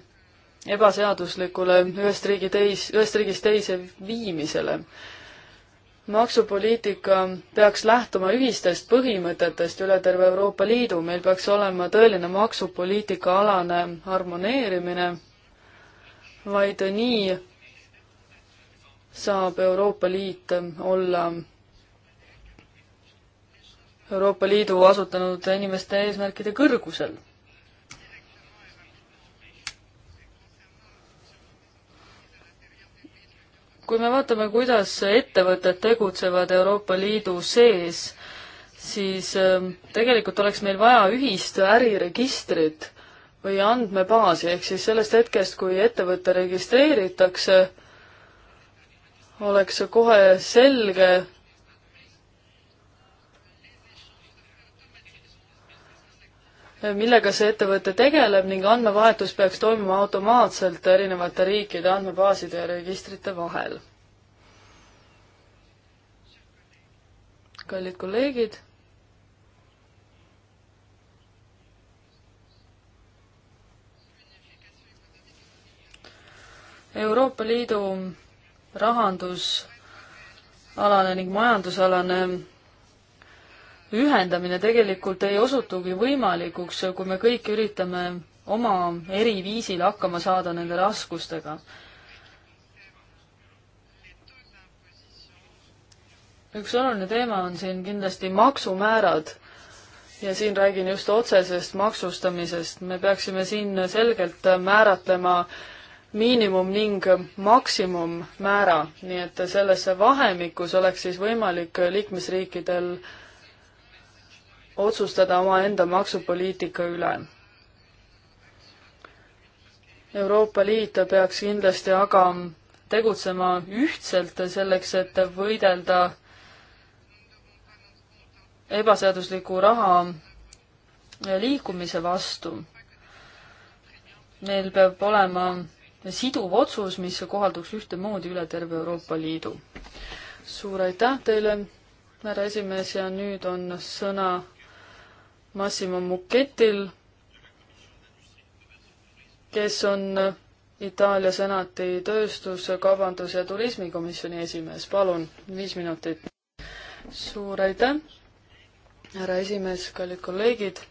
ebaseaduslikule ühest riigi teis, ühest riigist teise viimisele. maksupoliitika peaks lähtuma ühistest põhimõtetest üle terve Euroopa Liidu, meil peaks olema tõeline maksupoliitika alane harmoneerimine, vaid nii saab Euroopa Liit olla Euroopa Liidu asutanud inimeste eesmärkide kõrgusel. kui me vaatame, kuidas ettevõtted tegutsevad Euroopa Liidu sees, siis ähm, tegelikult oleks meil vaja ühist äriregistrit või andmebaasi, ehk siis sellest hetkest, kui ettevõte registreeritakse, oleks kohe selge, millega see ettevõte tegeleb ning andmevahetus peaks toimuma automaatselt erinevate riikide andmebaaside ja registrite vahel. kallid kolleegid. Euroopa Liidu rahandusalane ning majandusalane ühendamine tegelikult ei osutugi võimalikuks, kui me kõik üritame oma eri viisil hakkama saada nende raskustega. üks oluline teema on siin kindlasti maksumäärad ja siin räägin just otsesest maksustamisest. me peaksime siin selgelt määratlema äh, miinimum ning maksimummäära, nii et selles vahemikus oleks siis võimalik liikmesriikidel otsustada omaenda maksupoliitika üle. Euroopa Liit peaks kindlasti aga tegutsema ühtselt selleks, et võidelda ebaseadusliku raha liikumise vastu. Neil peab olema siduv otsus, mis kohalduks ühtemoodi üle terve Euroopa Liidu. suur aitäh teile, härra esimees, ja nüüd on sõna Massimo Mucchettil, kes on Itaalia senati tööstus-, kaubandus- ja turismikomisjoni esimees, palun, viis minutit. suur aitäh, härra esimees, kallid kolleegid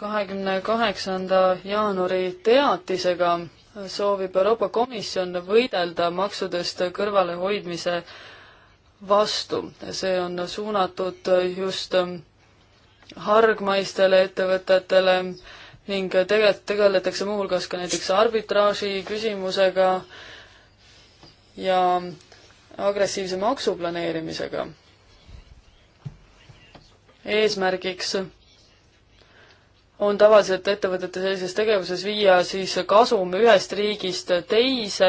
kahekümne kaheksanda jaanuari teatisega soovib Euroopa Komisjon võidelda maksudest kõrvalehoidmise vastu. see on suunatud just hargmaistele ettevõtetele ning tegelikult tegeletakse muuhulgas ka näiteks arbitraaži küsimusega ja agressiivse maksuplaneerimisega. eesmärgiks on tavaliselt ettevõtete sellises tegevuses viia siis kasum ühest riigist teise,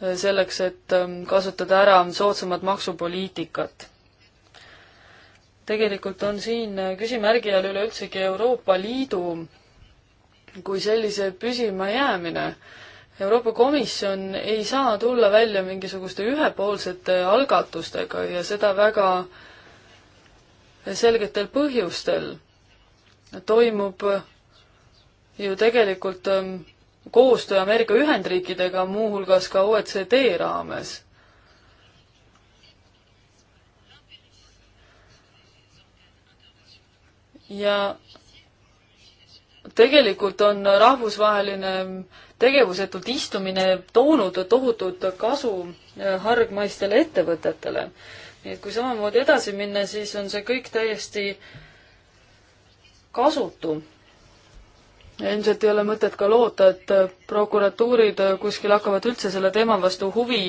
eh, selleks, et eh, kasutada ära soodsamat maksupoliitikat. tegelikult on siin eh, küsimärgi all üleüldsegi Euroopa Liidu kui sellise püsimajäämine. Euroopa Komisjon ei saa tulla välja mingisuguste ühepoolsete algatustega ja seda väga selgetel põhjustel toimub ju tegelikult ähm, koostöö Ameerika Ühendriikidega, muuhulgas ka OECD raames. ja tegelikult on rahvusvaheline tegevusetult istumine toonud tohutut kasu äh, hargmaistele ettevõtetele. nii et kui samamoodi edasi minna, siis on see kõik täiesti äh, kasutu. ilmselt ei ole mõtet ka loota, et prokuratuurid kuskil hakkavad üldse selle teema vastu huvi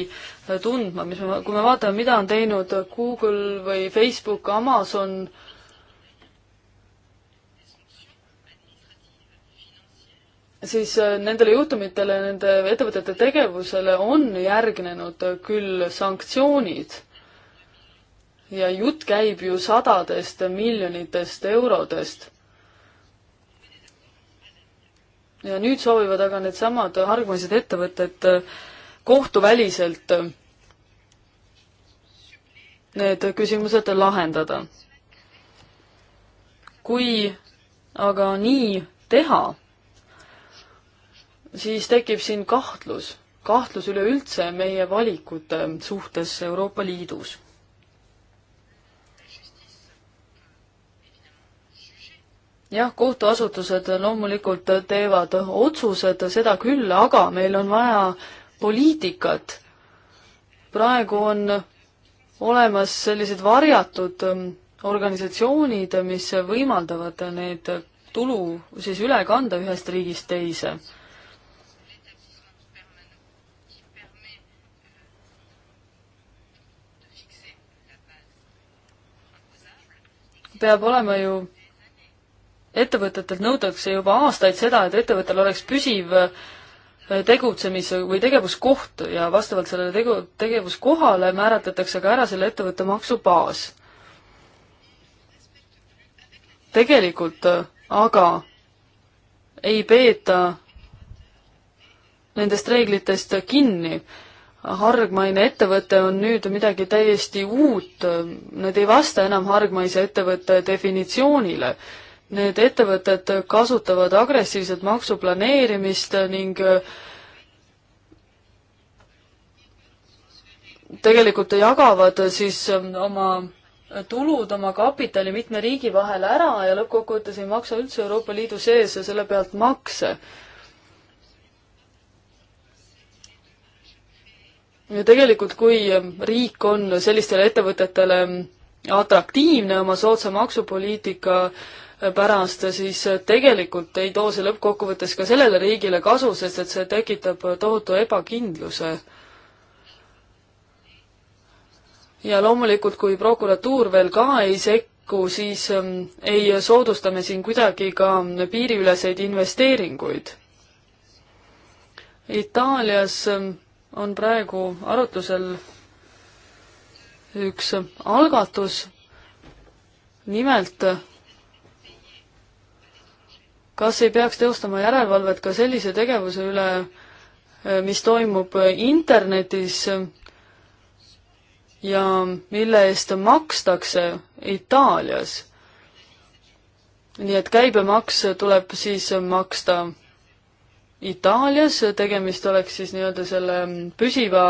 tundma, mis me, kui me vaatame, mida on teinud Google või Facebook, Amazon, siis nendele juhtumitele, nende ettevõtete tegevusele on järgnenud küll sanktsioonid. ja jutt käib ju sadadest miljonitest eurodest ja nüüd soovivad aga needsamad hargmaised ettevõtted äh, kohtuväliselt äh, need küsimused lahendada. kui aga nii teha, siis tekib siin kahtlus, kahtlus üleüldse meie valikute äh, suhtes Euroopa Liidus jah, kohtuasutused loomulikult teevad otsused, seda küll, aga meil on vaja poliitikat. praegu on olemas sellised varjatud ähm, organisatsioonid, mis võimaldavad need tulu siis üle kanda ühest riigist teise. peab olema ju ettevõtetelt nõutakse juba aastaid seda, et ettevõttel oleks püsiv äh, tegutsemise või tegevuskoht ja vastavalt sellele tegu, tegevuskohale määratletakse ka ära selle ettevõtte maksubaas. tegelikult äh, aga ei peeta nendest reeglitest kinni. hargmaine ettevõte on nüüd midagi täiesti uut, äh, nad ei vasta enam hargmaise ettevõtte definitsioonile need ettevõtted kasutavad agressiivset maksuplaneerimist ning äh, tegelikult jagavad siis ähm, oma tulud, oma kapitali mitme riigi vahel ära ja lõppkokkuvõttes ei maksa üldse Euroopa Liidu sees ja selle pealt makse. ja tegelikult, kui ähm, riik on sellistele ettevõtetele ähm, atraktiivne oma soodsa maksupoliitika äh, pärast, siis tegelikult ei too see lõppkokkuvõttes ka sellele riigile kasu, sest et see tekitab tohutu ebakindluse. ja loomulikult, kui prokuratuur veel ka ei sekku, siis ähm, ei soodusta me siin kuidagi ka piiriüleseid investeeringuid. Itaalias ähm, on praegu arutlusel üks algatus, nimelt kas ei peaks teostama järelevalvet ka sellise tegevuse üle, eh, mis toimub internetis ja mille eest makstakse Itaalias? nii et käibemaks tuleb siis maksta Itaalias, tegemist oleks siis nii-öelda selle püsiva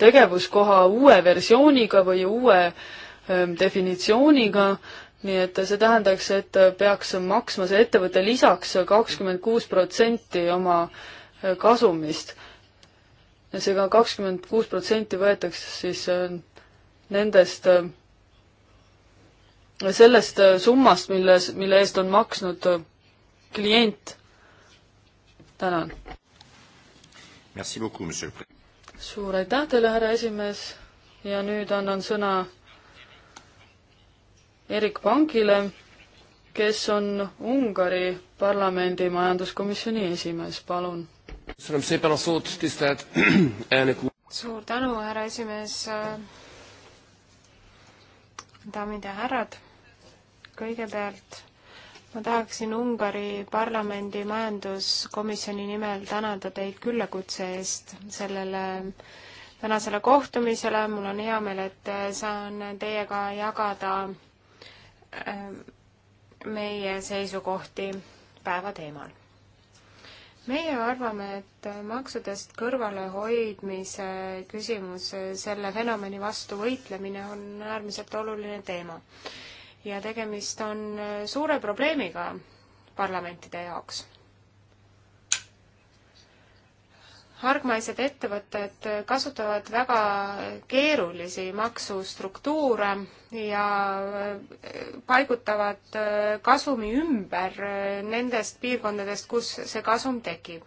tegevuskoha uue versiooniga või uue eh, definitsiooniga nii et see tähendaks, et peaks maksma see ettevõte lisaks kakskümmend kuus protsenti oma äh, kasumist. seega kakskümmend kuus protsenti võetakse siis äh, nendest, äh, sellest summast, milles, mille eest on maksnud klient. tänan. suur aitäh teile, härra esimees, ja nüüd annan sõna Erik Pankile, kes on Ungari parlamendi majanduskomisjoni esimees, palun. suur tänu, härra esimees. daamid ja härrad, kõigepealt ma tahaksin Ungari parlamendi majanduskomisjoni nimel tänada teid küllakutse eest sellele tänasele kohtumisele, mul on hea meel, et saan teiega jagada Äh, meie seisukohti päeva teemal. meie arvame, et maksudest kõrvalehoidmise küsimus, selle fenomeni vastu võitlemine on äärmiselt oluline teema. ja tegemist on suure probleemiga parlamentide jaoks hargmaised ettevõtted kasutavad väga keerulisi maksustruktuure ja äh, paigutavad äh, kasumi ümber äh, nendest piirkondadest, kus see kasum tekib.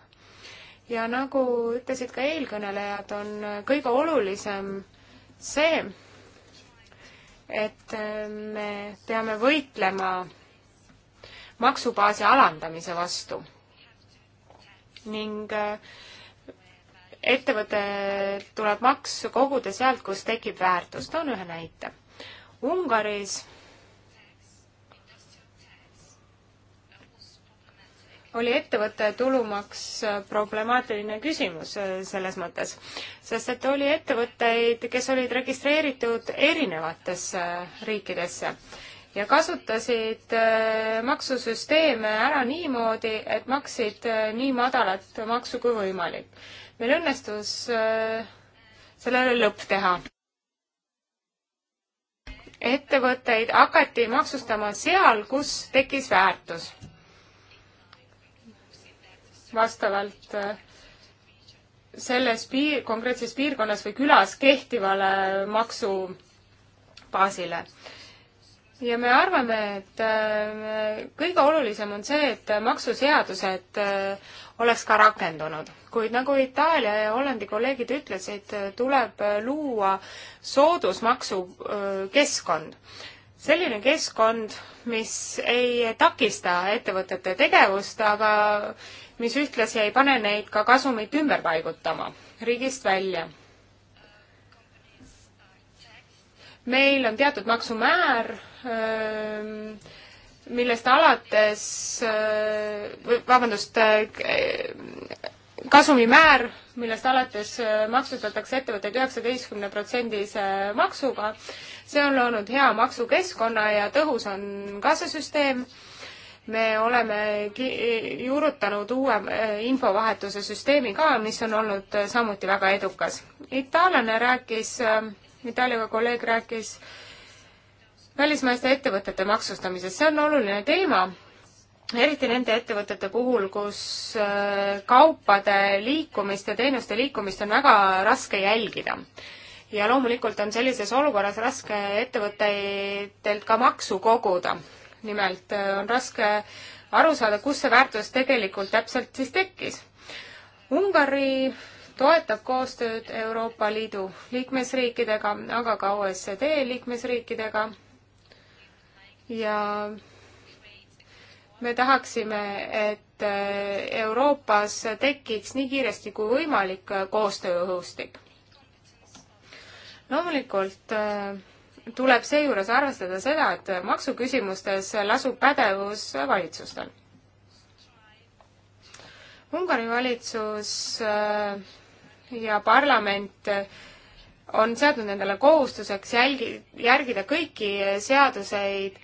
ja nagu ütlesid ka eelkõnelejad, on kõige olulisem see, et me peame võitlema maksubaasi alandamise vastu ning äh, ettevõte tuleb maksu koguda sealt, kus tekib väärtus. toon ühe näite. Ungaris oli ettevõtte tulumaks problemaatiline küsimus äh, selles mõttes, sest et oli ettevõtteid, kes olid registreeritud erinevatesse äh, riikidesse ja kasutasid äh, maksusüsteeme ära niimoodi, et maksid nii madalat maksu kui võimalik meil õnnestus äh, sellele lõpp teha. ettevõtteid hakati maksustama seal, kus tekkis väärtus. vastavalt äh, selles piir, konkreetses piirkonnas või külas kehtivale maksubaasile ja me arvame, et äh, kõige olulisem on see, et maksuseadused oleks ka rakendunud. kuid nagu Itaalia ja Hollandi kolleegid ütlesid, tuleb luua soodusmaksukeskkond. selline keskkond, mis ei takista ettevõtete tegevust, aga mis ühtlasi ei pane neid ka kasumit ümber paigutama riigist välja meil on teatud maksumäär öö, millest alates, äh, vabandust, äh, kasumimäär, millest alates äh, maksustatakse ettevõtteid üheksateistkümne protsendise maksuga. see on loonud hea maksukeskkonna ja tõhus on ka see süsteem. me oleme juurutanud uue infovahetuse süsteemi ka, mis on olnud samuti väga edukas. itaallane rääkis, Itaaliaga kolleeg rääkis äh, välismaiste ettevõtete maksustamises, see on oluline teema, eriti nende ettevõtete puhul, kus äh, kaupade liikumist ja teenuste liikumist on väga raske jälgida. ja loomulikult on sellises olukorras raske ettevõtetelt ka maksu koguda. nimelt äh, on raske aru saada, kus see väärtus tegelikult täpselt siis tekkis. Ungari toetab koostööd Euroopa Liidu liikmesriikidega, aga ka OSCD liikmesriikidega ja me tahaksime, et äh, Euroopas tekiks nii kiiresti kui võimalik äh, koostööõhustik. loomulikult äh, tuleb seejuures arvestada seda, et maksuküsimustes lasub pädevus valitsustel. Ungari valitsus ja parlament on seadnud endale kohustuseks jälgi, järgida kõiki seaduseid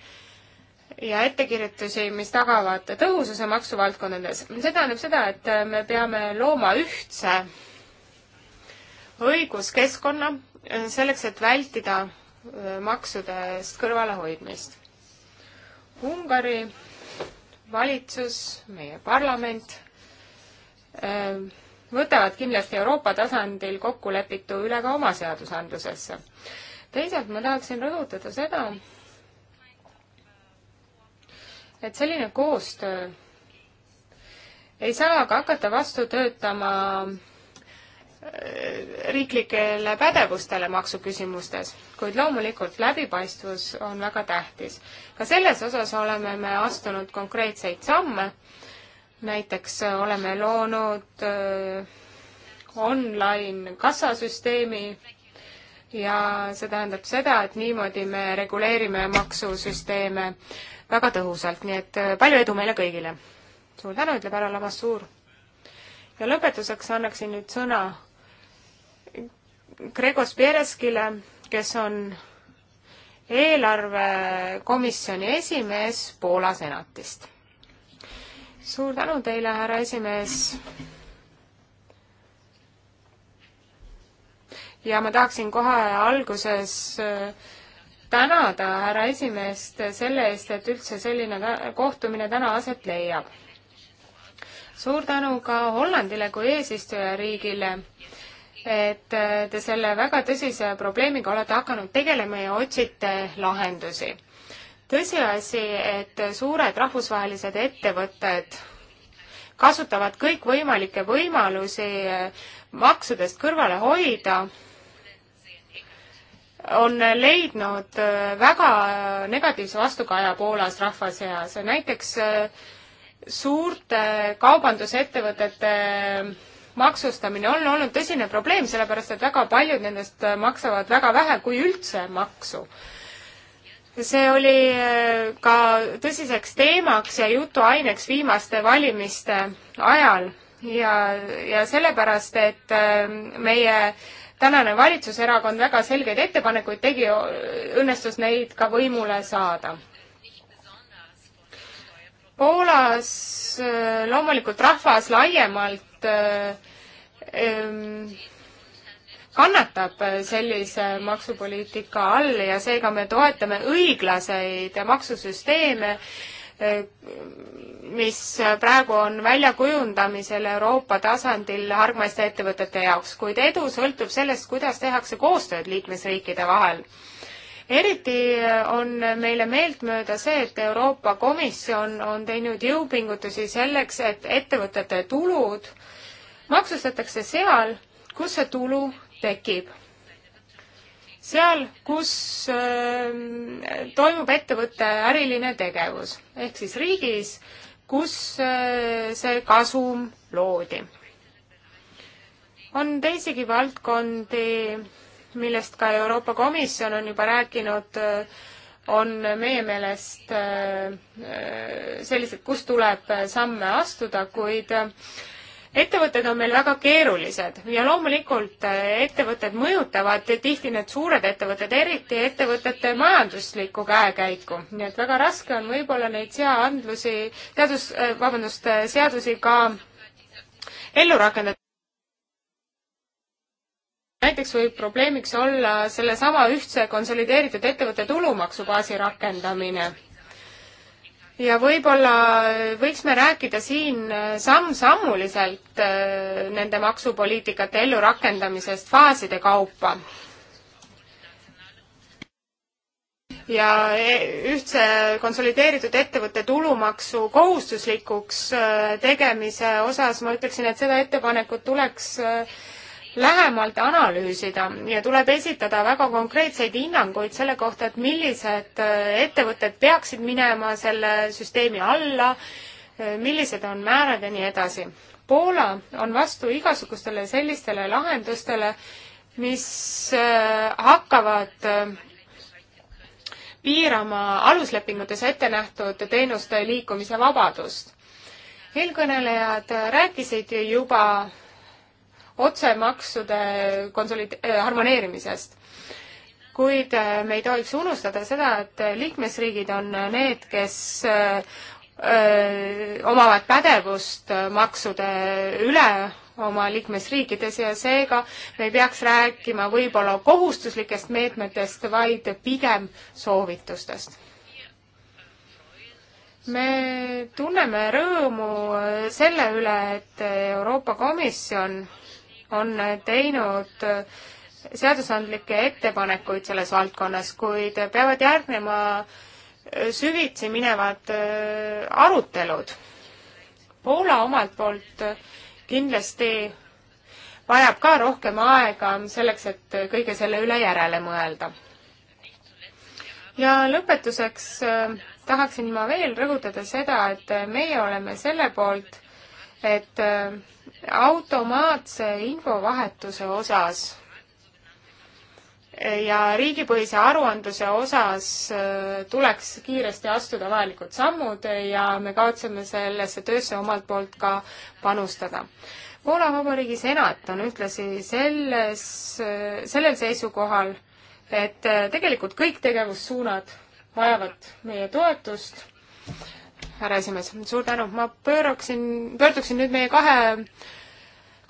ja ettekirjutusi, mis tagavad tõhususe maksuvaldkondades. see tähendab seda, et me peame looma ühtse õiguskeskkonna selleks, et vältida äh, maksudest kõrvalehoidmist. Ungari valitsus, meie parlament äh, võtavad kindlasti Euroopa tasandil kokkulepitu üle ka oma seadusandlusesse. teisalt ma tahaksin rõhutada seda, et selline koostöö ei saa aga hakata vastu töötama äh, riiklikele pädevustele maksuküsimustes, kuid loomulikult läbipaistvus on väga tähtis. ka selles osas oleme me astunud konkreetseid samme näiteks äh, oleme loonud äh, online kassasüsteemi ja see tähendab seda, et niimoodi me reguleerime maksusüsteeme väga tõhusalt, nii et äh, palju edu meile kõigile! suur tänu, ütleb härra Lamassuur. ja lõpetuseks annaksin nüüd sõna Gregos Pereskile, kes on eelarvekomisjoni esimees Poola senatist suur tänu teile, härra esimees. ja ma tahaksin kohe alguses äh, tänada härra esimeest selle eest, et üldse selline kohtumine täna aset leiab. suur tänu ka Hollandile kui eesistujariigile et äh, te selle väga tõsise probleemiga olete hakanud tegelema ja otsite lahendusi tõsiasi, et suured rahvusvahelised ettevõtted kasutavad kõikvõimalikke võimalusi eh, maksudest kõrvale hoida, on leidnud eh, väga eh, negatiivse vastukaja Poolas rahva seas. näiteks suurte kaubandusettevõtete maksustamine on olnud tõsine probleem, sellepärast et väga paljud nendest maksavad väga vähe kui üldse maksu see oli äh, ka tõsiseks teemaks ja jutuaineks viimaste valimiste ajal ja, ja sellepärast, et äh, meie tänane valitsuserakond väga selgeid ettepanekuid tegi, õnnestus neid ka võimule saada. Poolas äh, loomulikult rahvas laiemalt öö, öö, kannatab äh, sellise maksupoliitika all ja seega me toetame õiglaseid maksusüsteeme, äh, mis praegu on väljakujundamisel Euroopa tasandil hargmaiste ettevõtete jaoks, kuid edu sõltub sellest, kuidas tehakse koostööd liikmesriikide vahel. eriti äh, on meile meeltmööda see, et Euroopa Komisjon on teinud jõupingutusi selleks, et ettevõtete tulud maksustatakse seal, kus see tulu tekib. seal, kus ähm, toimub ettevõtte äriline tegevus ehk siis riigis, kus äh, see kasum loodi. on teisigi valdkondi, millest ka Euroopa Komisjon on juba rääkinud, äh, on meie meelest äh, sellised, kus tuleb samme astuda, kuid ettevõtted on meil väga keerulised ja loomulikult eh, ettevõtted mõjutavad tihti need suured ettevõtted, eriti ettevõtete majanduslikku käekäiku. nii et väga raske on võib-olla neid seadusi, seadus, eh, vabandust, eh, seadusi ka ellu rakendada näiteks võib probleemiks olla sellesama ühtse konsolideeritud ettevõtte tulumaksubaasi rakendamine ja võib-olla võiks me rääkida siin äh, samm-sammuliselt äh, nende maksupoliitikate ellurakendamisest faaside kaupa. ja e, ühtse konsolideeritud ettevõtte tulumaksu kohustuslikuks äh, tegemise osas ma ütleksin, et seda ettepanekut tuleks äh, lähemalt analüüsida ja tuleb esitada väga konkreetseid hinnanguid selle kohta, et millised äh, ettevõtted peaksid minema selle süsteemi alla, äh, millised on määrad ja nii edasi. Poola on vastu igasugustele sellistele lahendustele, mis äh, hakkavad piirama aluslepingutes ette nähtud teenuste liikumise vabadust. eelkõnelejad rääkisid juba otsemaksude konsolid- äh,, harmoneerimisest. kuid äh, me ei tohiks unustada seda, et liikmesriigid on need, kes öö, äh, äh, omavad pädevust maksude üle oma liikmesriikides ja seega me ei peaks rääkima võib-olla kohustuslikest meetmetest, vaid pigem soovitustest. me tunneme rõõmu selle üle, et Euroopa Komisjon on teinud seadusandlikke ettepanekuid selles valdkonnas, kuid peavad järgnema süvitsi minevad äh, arutelud. Poola omalt poolt kindlasti vajab ka rohkem aega selleks, et kõige selle üle järele mõelda. ja lõpetuseks äh, tahaksin ma veel rõhutada seda, et meie oleme selle poolt, et äh, automaatse infovahetuse osas ja riigipõhise aruandluse osas äh, tuleks kiiresti astuda vajalikud sammud ja me kavatseme sellesse töösse omalt poolt ka panustada. Poola Vabariigi senat on ühtlasi selles, äh, sellel seisukohal, et tegelikult kõik tegevussuunad vajavad meie toetust härra esimees, suur tänu, ma pööraksin, pöörduksin nüüd meie kahe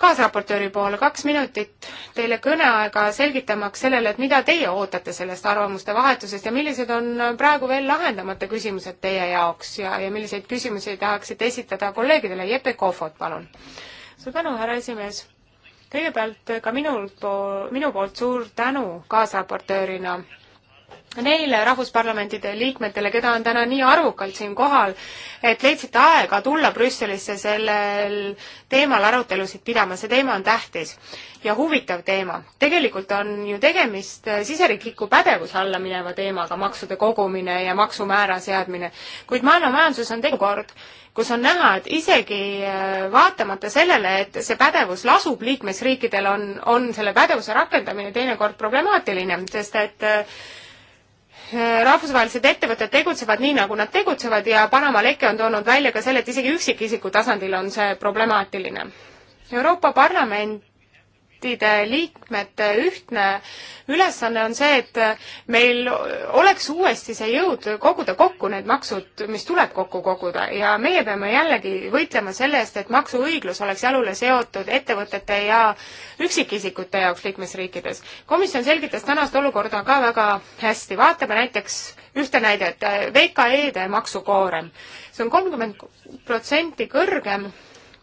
kaasraportööri poole kaks minutit teile kõneaega selgitamaks sellele, et mida teie ootate sellest arvamuste vahetusest ja millised on praegu veel lahendamata küsimused teie jaoks ja, ja milliseid küsimusi tahaksite esitada kolleegidele. Jeppe Kohvot, palun. suur tänu, härra esimees. kõigepealt ka minul po-, minu poolt suur tänu kaasraportöörina neile rahvusparlamentide liikmetele, keda on täna nii arvukalt siin kohal, et leidsite aega tulla Brüsselisse sellel teemal arutelusid pidama, see teema on tähtis ja huvitav teema. tegelikult on ju tegemist äh, siseriikliku pädevuse alla mineva teemaga, maksude kogumine ja maksumäära seadmine, kuid maailma majanduses on teekord, kus on näha, et isegi äh, vaatamata sellele, et see pädevus lasub liikmesriikidel, on, on selle pädevuse rakendamine teinekord problemaatiline, sest et äh, Äh, rahvusvahelised ettevõtted tegutsevad nii, nagu nad tegutsevad ja Panama leke on toonud välja ka selle, et isegi üksikisiku tasandil on see problemaatiline. Euroopa Parlament parlamentide liikmete ühtne ülesanne on see, et meil oleks uuesti see jõud koguda kokku need maksud, mis tuleb kokku koguda ja meie peame jällegi võitlema selle eest, et maksuõiglus oleks jalule seotud ettevõtete ja üksikisikute jaoks liikmesriikides. komisjon selgitas tänast olukorda ka väga hästi, vaatame näiteks ühte näidet, VKE-de maksukoorem. see on kolmkümmend protsenti kõrgem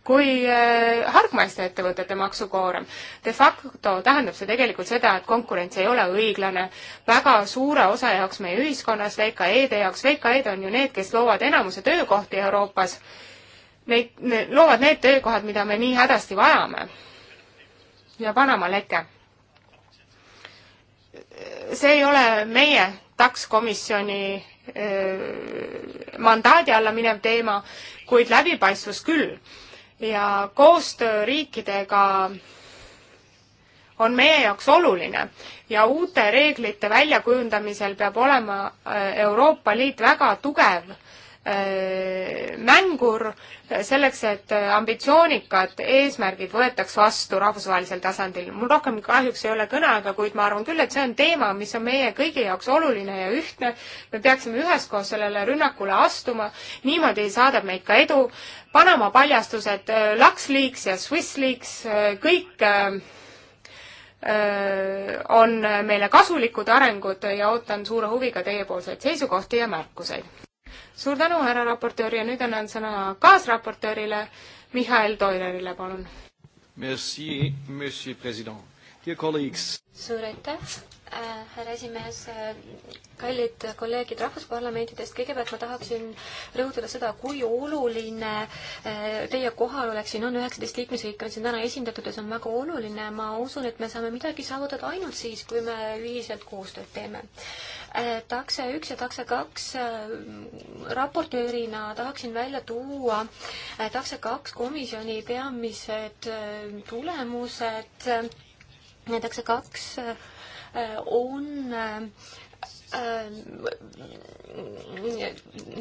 kui eh, hargmaiste ettevõtete maksukoorem. De facto tähendab see tegelikult seda, et konkurents ei ole õiglane väga suure osa jaoks meie ühiskonnas, VKE-de jaoks, VKE-d on ju need, kes loovad enamuse töökohti Euroopas. Neid ne,, loovad need töökohad, mida me nii hädasti vajame. ja Panama leke. see ei ole meie takskomisjoni eh, mandaadi alla minev teema, kuid läbipaistvus küll ja koostöö riikidega on meie jaoks oluline ja uute reeglite väljakujundamisel peab olema äh, Euroopa Liit väga tugev Äh, mängur selleks, et ambitsioonikad eesmärgid võetaks vastu rahvusvahelisel tasandil. mul rohkem kahjuks ei ole kõneaega, kuid ma arvan küll, et see on teema, mis on meie kõigi jaoks oluline ja ühtne. me peaksime üheskoos sellele rünnakule astuma, niimoodi saadab meid ka edu. Panama paljastused, äh, LuxLeaks ja SwissLeaks, äh, kõik on meile kasulikud arengud ja ootan suure huviga teiepoolseid seisukohti ja märkuseid suur tänu, härra raportöör, ja nüüd annan sõna kaasraportöörile Mihhail Toilerile, palun. Merci, monsieur president suur aitäh, äh, härra esimees, äh, kallid kolleegid rahvusparlamentidest, kõigepealt ma tahaksin rõhutada seda, kui oluline äh, teie kohalolek siin on, üheksateist liikmesriiki on siin täna esindatud ja see on väga oluline, ma usun, et me saame midagi saavutada ainult siis, kui me ühiselt koostööd teeme takse üks ja takse kaks raportöörina tahaksin välja tuua takse kaks komisjoni peamised tulemused näiteks kaks äh, on äh,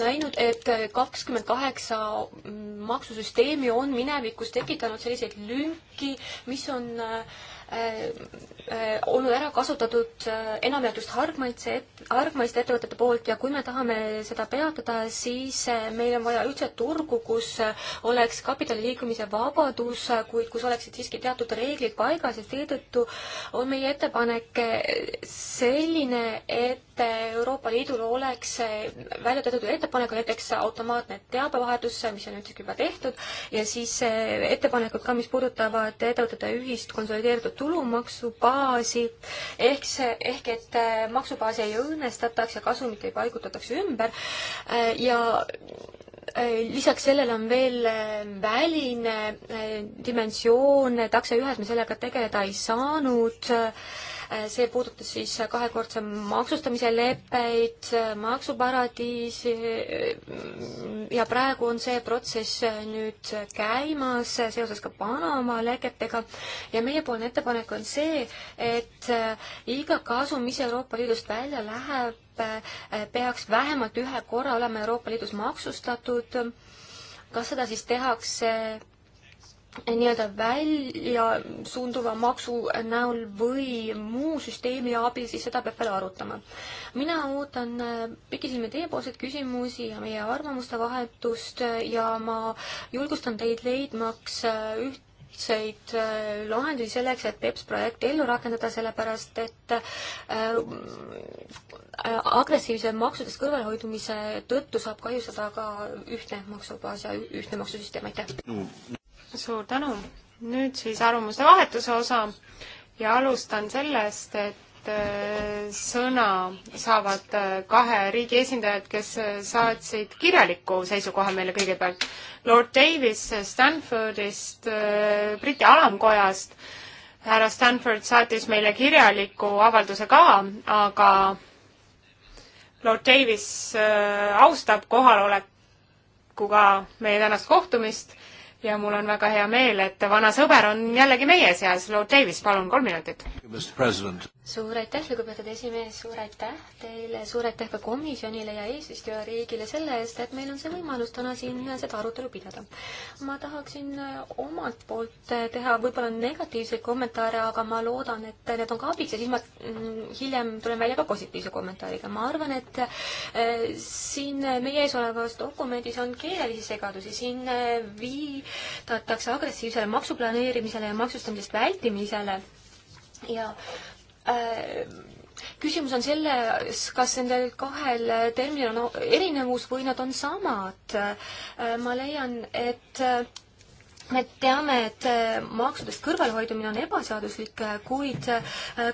näinud, et kakskümmend kaheksa maksusüsteemi on minevikus tekitanud selliseid lünki, mis on äh, Äh, äh, olnud ära kasutatud äh, enamjaolt just hargmaitse, hargmaiste ettevõtete poolt ja kui me tahame seda peatada, siis meil on vaja ühtset turgu, kus oleks kapitali liikumise vabadus, kuid kus oleksid siiski teatud reeglid paigas ja seetõttu on meie ettepanek selline, et Euroopa Liidul oleks välja töötatud ettepanek, näiteks automaatne teabevahetus, mis on üldsegi juba tehtud, ja siis ettepanekud ka, mis puudutavad ettevõtete ühist konsolideeritud tulumaksubaasi, ehk see, ehk et äh, maksubaasi ei õõnestataks ja kasumit ei paigutataks ümber äh, ja äh, lisaks sellele on veel väline dimensioon, takse ühes me sellega tegeleda ei saanud see puudutas siis kahekordse maksustamise leppeid, maksuparadiisi ja praegu on see protsess nüüd käimas seoses ka Panama leketega ja meiepoolne ettepanek on see, et iga kasu, mis Euroopa Liidust välja läheb, peaks vähemalt ühe korra olema Euroopa Liidus maksustatud. kas seda siis tehakse nii-öelda välja suunduva maksu näol või muu süsteemi abil, siis seda peab veel arutama. mina ootan äh, pikisilmi teiepoolseid küsimusi ja meie arvamuste vahetust ja ma julgustan teid leidmaks üht äh, ühtseid äh, lahendusi selleks, et PEPS projekti ellu rakendada, sellepärast et agressiivse maksudest kõrvalehoidumise tõttu saab kahjustada ka ühtne maksubaas ja ühtne maksusüsteem, aitäh! suur tänu. nüüd siis arvamuste vahetuse osa ja alustan sellest, et äh, sõna saavad äh, kahe riigi esindajad, kes äh, saatsid kirjaliku seisukoha meile kõigepealt. Lord Davis Stanfordist, Briti alamkojast, härra Stanford saatis meile kirjaliku avalduse ka, aga Lord Davis austab kohalolekuga meie tänast kohtumist ja mul on väga hea meel, et vana sõber on jällegi meie seas, Lord Davis, palun, kolm minutit suur aitäh, lugupeetud esimees, suur aitäh teile, suur aitäh ka komisjonile ja eesistujariigile selle eest, et meil on see võimalus täna siin seda arutelu pidada. ma tahaksin omalt poolt teha võib-olla negatiivseid kommentaare, aga ma loodan, et need on ka abiks ja siis ma mm, hiljem tulen välja ka positiivse kommentaariga. ma arvan, et äh, siin meie ees olevas dokumendis on keelelisi segadusi, siin äh, viidatakse agressiivsele maksuplaneerimisele ja maksustamisest vältimisele ja Äh, küsimus on selles, kas nendel kahel terminil on erinevus või nad on samad. Äh, ma leian, et äh, me teame, et maksudest kõrvalhoidumine on ebaseaduslik, kuid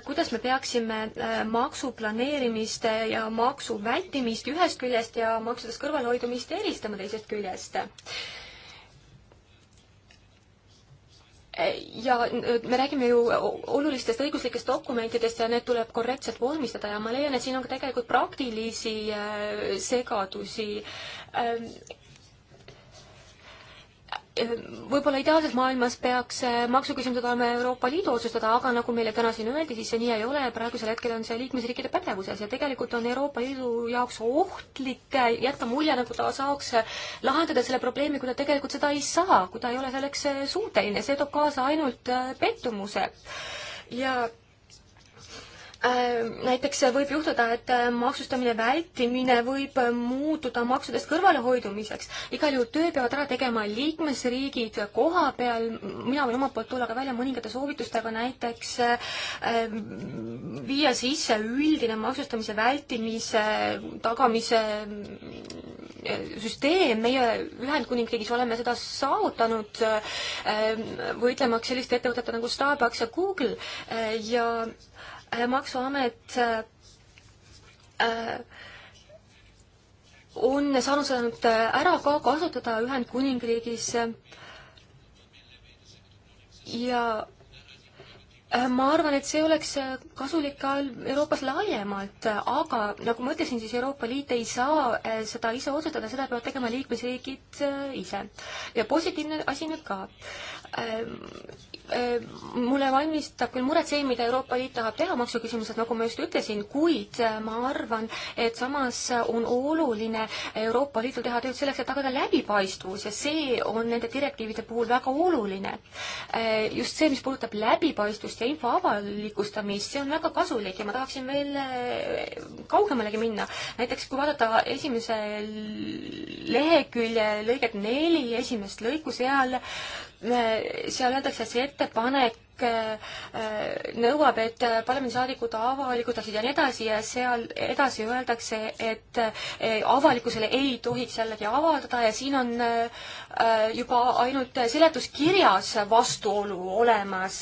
kuidas me peaksime maksuplaneerimist ja maksu vältimist ühest küljest ja maksudest kõrvalhoidumist eristama teisest küljest? ja äh, me räägime ju olulistest õiguslikest dokumentidest ja need tuleb korrektselt vormistada ja ma leian, et siin on ka tegelikult praktilisi äh, segadusi ähm, võib-olla ideaalses maailmas peaks äh, maksuküsimused olema Euroopa Liidu otsustada, aga nagu meile täna siin öeldi, siis see nii ei ole, praegusel hetkel on see liikmesriikide pädevuses ja tegelikult on Euroopa Liidu jaoks ohtlik äh, jätta mulje, nagu ta saaks äh, lahendada selle probleemi, kui ta tegelikult seda ei saa, kui ta ei ole selleks suuteline, see toob kaasa ainult pettumuse ja Äh, näiteks võib juhtuda, et äh, maksustamine vältimine võib äh, muutuda maksudest kõrvalehoidumiseks. igal juhul töö peavad ära tegema liikmesriigid koha peal, mina võin omalt poolt tulla ka välja mõningate soovitustega, näiteks viia sisse üldine maksustamise vältimise tagamise süsteem, meie Ühendkuningriigis oleme seda saavutanud, võitlemaks selliste ettevõtete nagu Starbucks ja Google ja Äh, maksuamet äh, äh, on saanud seda nüüd ära ka kasutada Ühendkuningriigis ja ma arvan, et see oleks kasulik ka Euroopas laiemalt, aga nagu ma ütlesin, siis Euroopa Liit ei saa seda ise otsustada, seda peavad tegema liikmesriigid ise. ja positiivne asi nüüd ka Äh, mulle valmistab küll muret see, mida Euroopa Liit tahab teha maksuküsimuses, nagu ma just ütlesin, kuid äh, ma arvan, et samas on oluline Euroopa Liidul teha tööd selleks, et tagada läbipaistvus ja see on nende direktiivide puhul väga oluline. Äh, just see, mis puudutab läbipaistvust ja info avalikustamist, see on väga kasulik ja ma tahaksin veel kaugemalegi minna. näiteks kui vaadata esimese lehekülje lõiget neli, esimest lõiku seal, seal öeldakse, see ettepanek äh, äh, nõuab, et parlamendisaadikud avalikustaksid ja nii edasi ja seal edasi öeldakse, et äh, avalikkusele ei tohiks jällegi avaldada ja siin on juba ainult seletuskirjas vastuolu olemas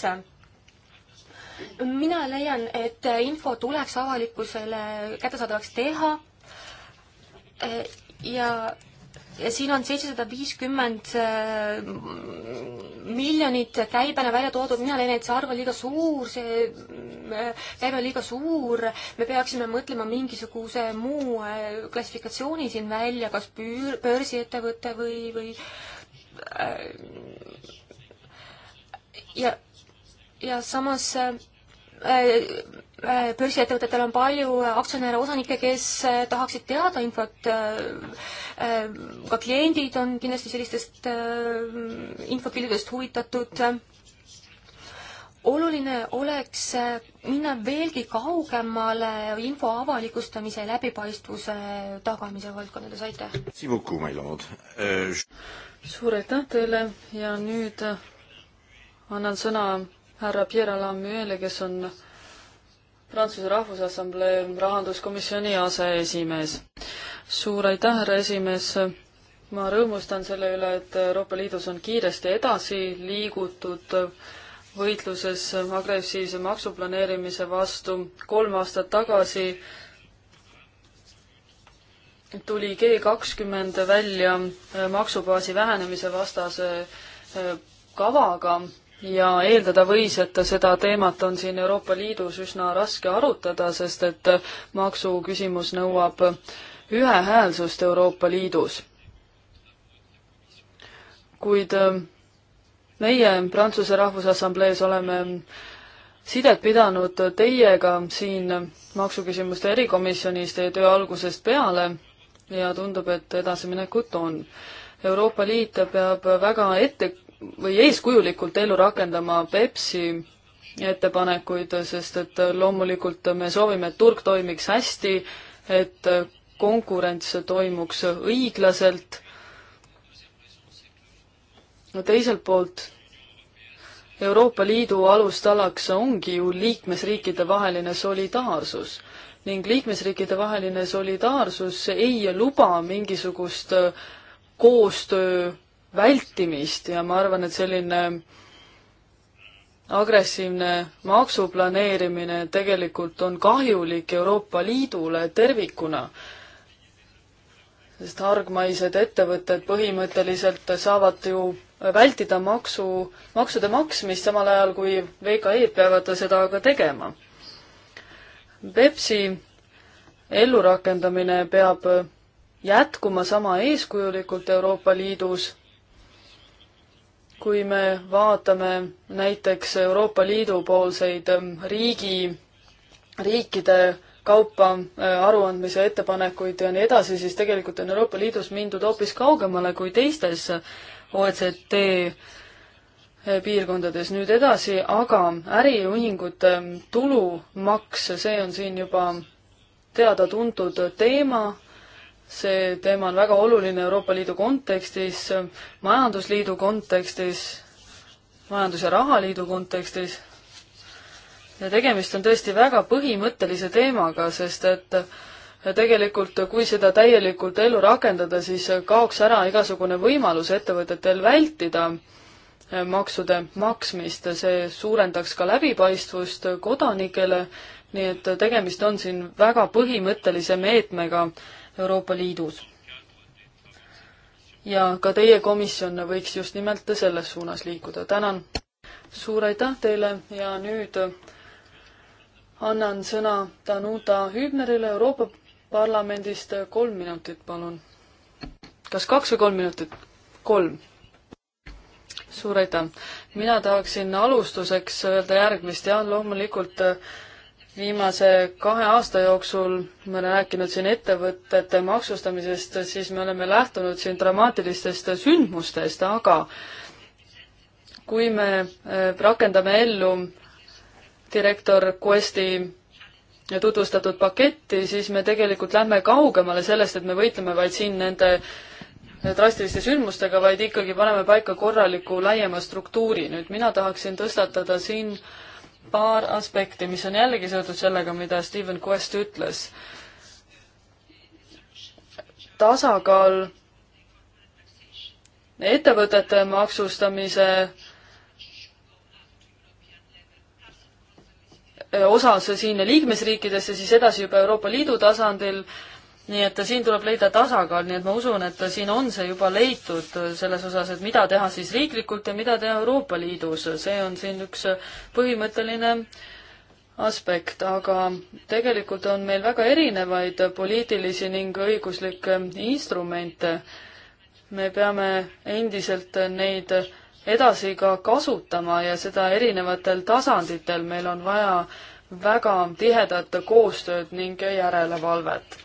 mina leian, et info tuleks avalikkusele kättesaadavaks teha ja ja siin on seitsesada viiskümmend äh, miljonit käibena välja toodud, mina leian, et see arv on liiga suur, see äh, käive on liiga suur, me peaksime mõtlema mingisuguse muu äh, klassifikatsiooni siin välja, kas püür, börsiettevõte või, või ja, ja samas Äh, äh, börsiettevõtetel on palju aktsionäre, osanikke, kes äh, tahaksid teada infot, ka kliendid on kindlasti sellistest infokildudest huvitatud. oluline oleks minna veelgi kaugemale info avalikustamise ja läbipaistvuse tagamise valdkondades, aitäh! Euh, suur aitäh teile ja nüüd annan sõna härra Pierre Alamuele, kes on Prantsuse Rahvusassamblee rahanduskomisjoni aseesimees. suur aitäh, härra esimees! ma rõõmustan selle üle, et Euroopa Liidus on kiiresti edasi liigutud võitluses agressiivse maksuplaneerimise vastu. kolm aastat tagasi tuli G kakskümmend välja maksubaasi vähenemise vastase kavaga ja eeldada võis, et seda teemat on siin Euroopa Liidus üsna raske arutada, sest et maksuküsimus nõuab ühehäälsust Euroopa Liidus. kuid äh, meie Prantsuse Rahvusassamblees oleme sidet pidanud teiega siin maksuküsimuste erikomisjonis teie töö algusest peale ja tundub, et edasiminekut on. Euroopa Liit peab väga ette või eeskujulikult ellu rakendama Pepsi ettepanekuid, sest et loomulikult me soovime, et turg toimiks hästi, et konkurents toimuks õiglaselt. no teiselt poolt Euroopa Liidu alustalaks ongi ju liikmesriikide vaheline solidaarsus ning liikmesriikide vaheline solidaarsus ei luba mingisugust koostöö vältimist ja ma arvan, et selline agressiivne maksuplaneerimine tegelikult on kahjulik Euroopa Liidule tervikuna. sest hargmaised ettevõtted põhimõtteliselt saavad ju vältida maksu, maksude maksmist, samal ajal kui VKE-d peavad seda ka tegema. Pepsi ellurakendamine peab jätkuma sama eeskujulikult Euroopa Liidus kui me vaatame näiteks Euroopa Liidu poolseid ähm, riigi, riikide kaupa äh, aruandmise ettepanekuid ja nii edasi, siis tegelikult on Euroopa Liidus mindud hoopis kaugemale kui teistes OECD äh, piirkondades nüüd edasi, aga äriühingute ähm, tulumaks, see on siin juba teada-tuntud teema, see teema on väga oluline Euroopa Liidu kontekstis, majandusliidu kontekstis, majandus- ja rahaliidu kontekstis. ja tegemist on tõesti väga põhimõttelise teemaga, sest et tegelikult, kui seda täielikult ellu rakendada, siis kaoks ära igasugune võimalus ettevõtetel vältida maksude maksmist, see suurendaks ka läbipaistvust kodanikele, nii et tegemist on siin väga põhimõttelise meetmega Euroopa Liidus. ja ka teie komisjon võiks just nimelt selles suunas liikuda, tänan! suur aitäh teile ja nüüd annan sõna Danuta Hübnerile Euroopa Parlamendist, kolm minutit, palun. kas kaks või kolm minutit? kolm. suur aitäh! mina tahaksin alustuseks öelda järgmist, jah, loomulikult äh, viimase kahe aasta jooksul me oleme rääkinud siin ettevõtete maksustamisest, siis me oleme lähtunud siin dramaatilistest sündmustest, aga kui me äh, rakendame ellu direktor Questi tutvustatud paketti, siis me tegelikult lähme kaugemale sellest, et me võitleme vaid siin nende drastiliste sündmustega, vaid ikkagi paneme paika korraliku laiema struktuuri. nüüd mina tahaksin tõstatada siin äh, paar aspekti, mis on jällegi seotud sellega, mida Steven Quest ütles. tasakaal ettevõtete maksustamise eh, osas siin liikmesriikides ja siis edasi juba Euroopa Liidu tasandil nii et siin tuleb leida tasakaal, nii et ma usun, et siin on see juba leitud selles osas, et mida teha siis riiklikult ja mida teha Euroopa Liidus, see on siin üks põhimõtteline aspekt, aga tegelikult on meil väga erinevaid poliitilisi ning õiguslikke instrumente. me peame endiselt neid edasi ka kasutama ja seda erinevatel tasanditel, meil on vaja väga tihedat koostööd ning järelevalvet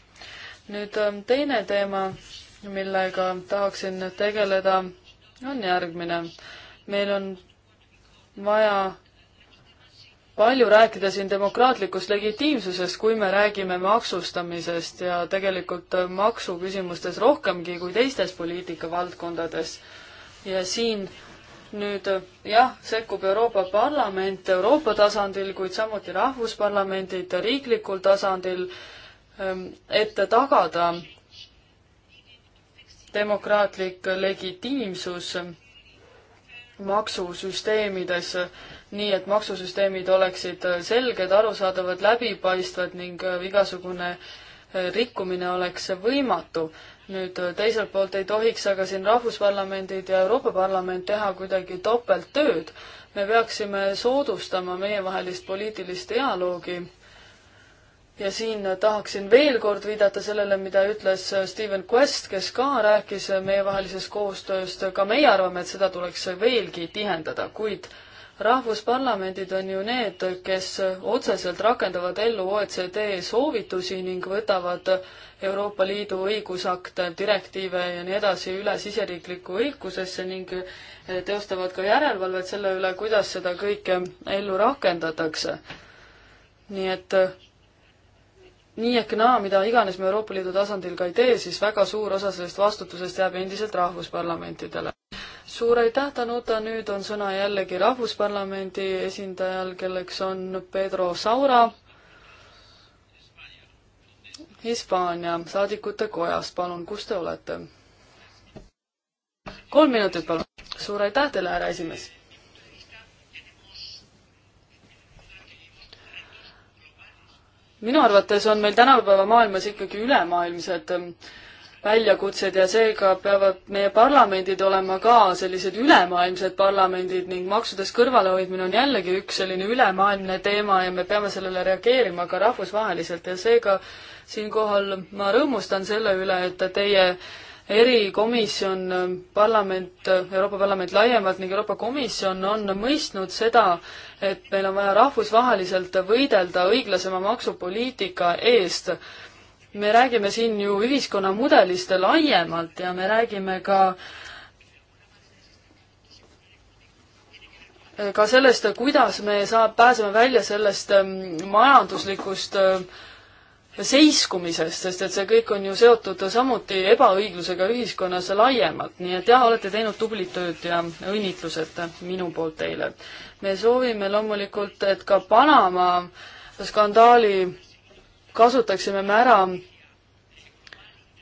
nüüd ähm, teine teema, millega tahaksin tegeleda, on järgmine. meil on vaja palju rääkida siin demokraatlikust legitiimsusest, kui me räägime maksustamisest ja tegelikult äh, maksuküsimustes rohkemgi kui teistes poliitikavaldkondades. ja siin nüüd äh, jah, sekkub Euroopa Parlament Euroopa tasandil, kuid samuti rahvusparlamendid riiklikul tasandil Ähm, et tagada demokraatlik legitiimsus maksusüsteemides, nii et maksusüsteemid oleksid selged, arusaadavad, läbipaistvad ning igasugune äh, rikkumine oleks võimatu. nüüd äh, teiselt poolt ei tohiks aga siin rahvusparlamendid ja Euroopa Parlament teha kuidagi topelttööd. me peaksime soodustama meievahelist poliitilist dialoogi ja siin tahaksin veel kord viidata sellele, mida ütles Steven Quest, kes ka rääkis meievahelisest koostööst, ka meie arvame, et seda tuleks veelgi tihendada, kuid rahvusparlamendid on ju need, kes otseselt rakendavad ellu OECD soovitusi ning võtavad Euroopa Liidu õigusakte, direktiive ja nii edasi üle siseriiklikku õigusesse ning teostavad ka järelevalvet selle üle, kuidas seda kõike ellu rakendatakse. nii et nii ehk naa, mida iganes me Euroopa Liidu tasandil ka ei tee, siis väga suur osa sellest vastutusest jääb endiselt rahvusparlamentidele. suur aitäh, Danuta, nüüd on sõna jällegi Rahvusparlamendi esindajal, kelleks on Pedro Saura Hispaania saadikute kojast, palun, kus te olete? kolm minutit, palun. suur aitäh teile, härra esimees minu arvates on meil tänapäeva maailmas ikkagi ülemaailmsed ähm, väljakutsed ja seega peavad meie parlamendid olema ka sellised ülemaailmsed parlamendid ning maksudest kõrvalehoidmine on jällegi üks selline ülemaailmne teema ja me peame sellele reageerima ka rahvusvaheliselt ja seega siinkohal ma rõõmustan selle üle, et teie erikomisjon, parlament, Euroopa Parlament laiemalt ning Euroopa Komisjon on mõistnud seda, et meil on vaja rahvusvaheliselt võidelda õiglasema maksupoliitika eest. me räägime siin ju ühiskonnamudelist laiemalt ja me räägime ka ka sellest, kuidas me saab, pääseme välja sellest mm, majanduslikust äh, seiskumisest, sest et see kõik on ju seotud samuti ebaõiglusega ühiskonnas laiemalt, nii et jah, olete teinud tublit tööd ja õnnitlused minu poolt teile. me soovime loomulikult, et ka Panama skandaali kasutaksime me ära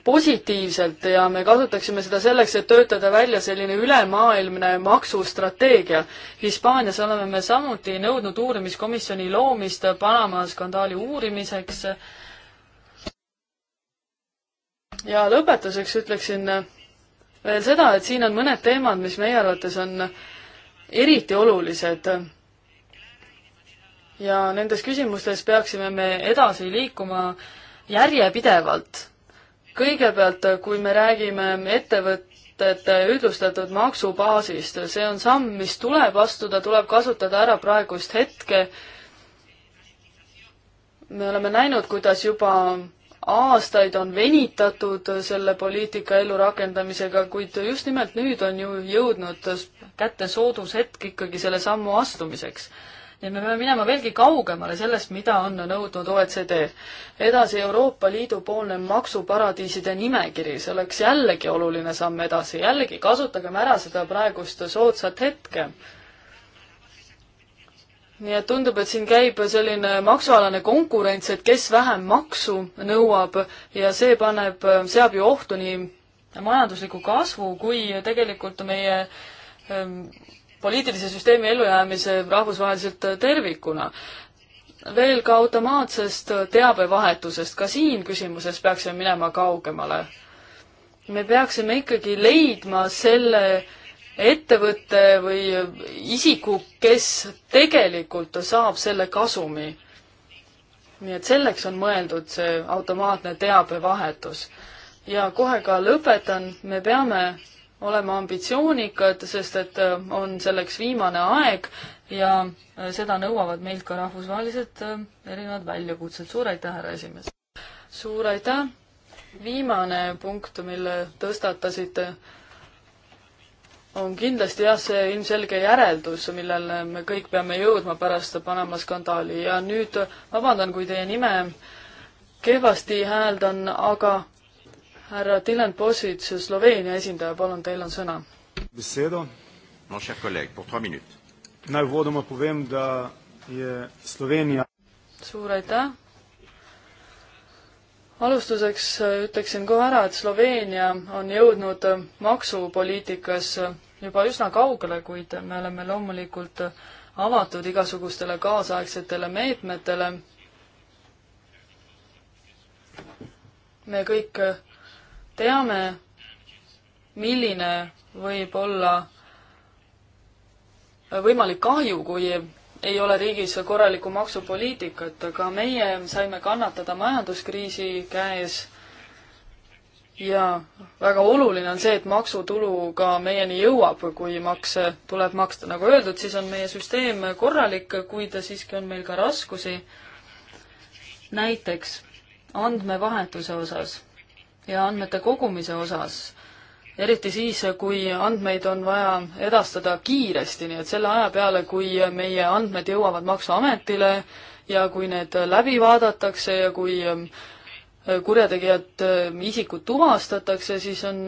positiivselt ja me kasutaksime seda selleks, et töötada välja selline ülemaailmne maksustrateegia. Hispaanias oleme me samuti nõudnud uurimiskomisjoni loomist Panama skandaali uurimiseks ja lõpetuseks ütleksin äh, veel seda, et siin on mõned teemad, mis meie arvates on äh, eriti olulised. ja nendes küsimustes peaksime me edasi liikuma järjepidevalt. kõigepealt, äh, kui me räägime ettevõtete ühtlustatud maksubaasist, see on samm, mis tuleb astuda, tuleb kasutada ära praegust hetke. me oleme näinud, kuidas juba aastaid on venitatud selle poliitika ellurakendamisega, kuid just nimelt nüüd on ju jõudnud kätte soodus hetk ikkagi selle sammu astumiseks. nii et me peame minema veelgi kaugemale sellest, mida on nõudnud OECD. edasi Euroopa Liidu poolne maksuparadiiside nimekiri, see oleks jällegi oluline samm edasi, jällegi kasutagem ära seda praegust soodsat hetke nii et tundub, et siin käib selline maksualane konkurents, et kes vähem maksu nõuab ja see paneb, seab ju ohtu nii majandusliku kasvu kui tegelikult meie ähm, poliitilise süsteemi ellujäämise rahvusvaheliselt tervikuna. veel ka automaatsest teabevahetusest, ka siin küsimuses peaksime minema kaugemale. me peaksime ikkagi leidma selle äh, ettevõte või isiku, kes tegelikult saab selle kasumi. nii et selleks on mõeldud see automaatne teabevahetus. ja kohe ka lõpetan, me peame olema ambitsioonikad, sest et äh, on selleks viimane aeg ja äh, seda nõuavad meilt ka rahvusvahelised äh, erinevad väljakutsed. suur aitäh, härra esimees! suur aitäh! viimane punkt, mille tõstatasite on kindlasti jah, see ilmselge järeldus, millele me kõik peame jõudma pärast Panama skandaali ja nüüd vabandan, kui teie nime kehvasti hääldan, aga härra Dylan Bosic, Sloveenia esindaja, palun, teil on sõna. besedo. no cher kolleeg, pour trois minut. naj uvodoma povem, da je Slovenija. suur aitäh alustuseks äh, ütleksin kohe ära, et Sloveenia on jõudnud äh, maksupoliitikas äh, juba üsna kaugele, kuid me oleme loomulikult avatud igasugustele kaasaegsetele meetmetele. me kõik teame, milline võib olla võimalik kahju, kui ei ole riigis korralikku maksupoliitikat, aga meie saime kannatada majanduskriisi käes ja väga oluline on see, et maksutulu ka meieni jõuab, kui makse tuleb maksta. nagu öeldud, siis on meie süsteem korralik, kuid siiski on meil ka raskusi. näiteks andmevahetuse osas ja andmete kogumise osas eriti siis, kui andmeid on vaja edastada kiiresti, nii et selle aja peale, kui meie andmed jõuavad Maksuametile ja kui need läbi vaadatakse ja kui ähm, kurjategijad, ähm, isikud tuvastatakse, siis on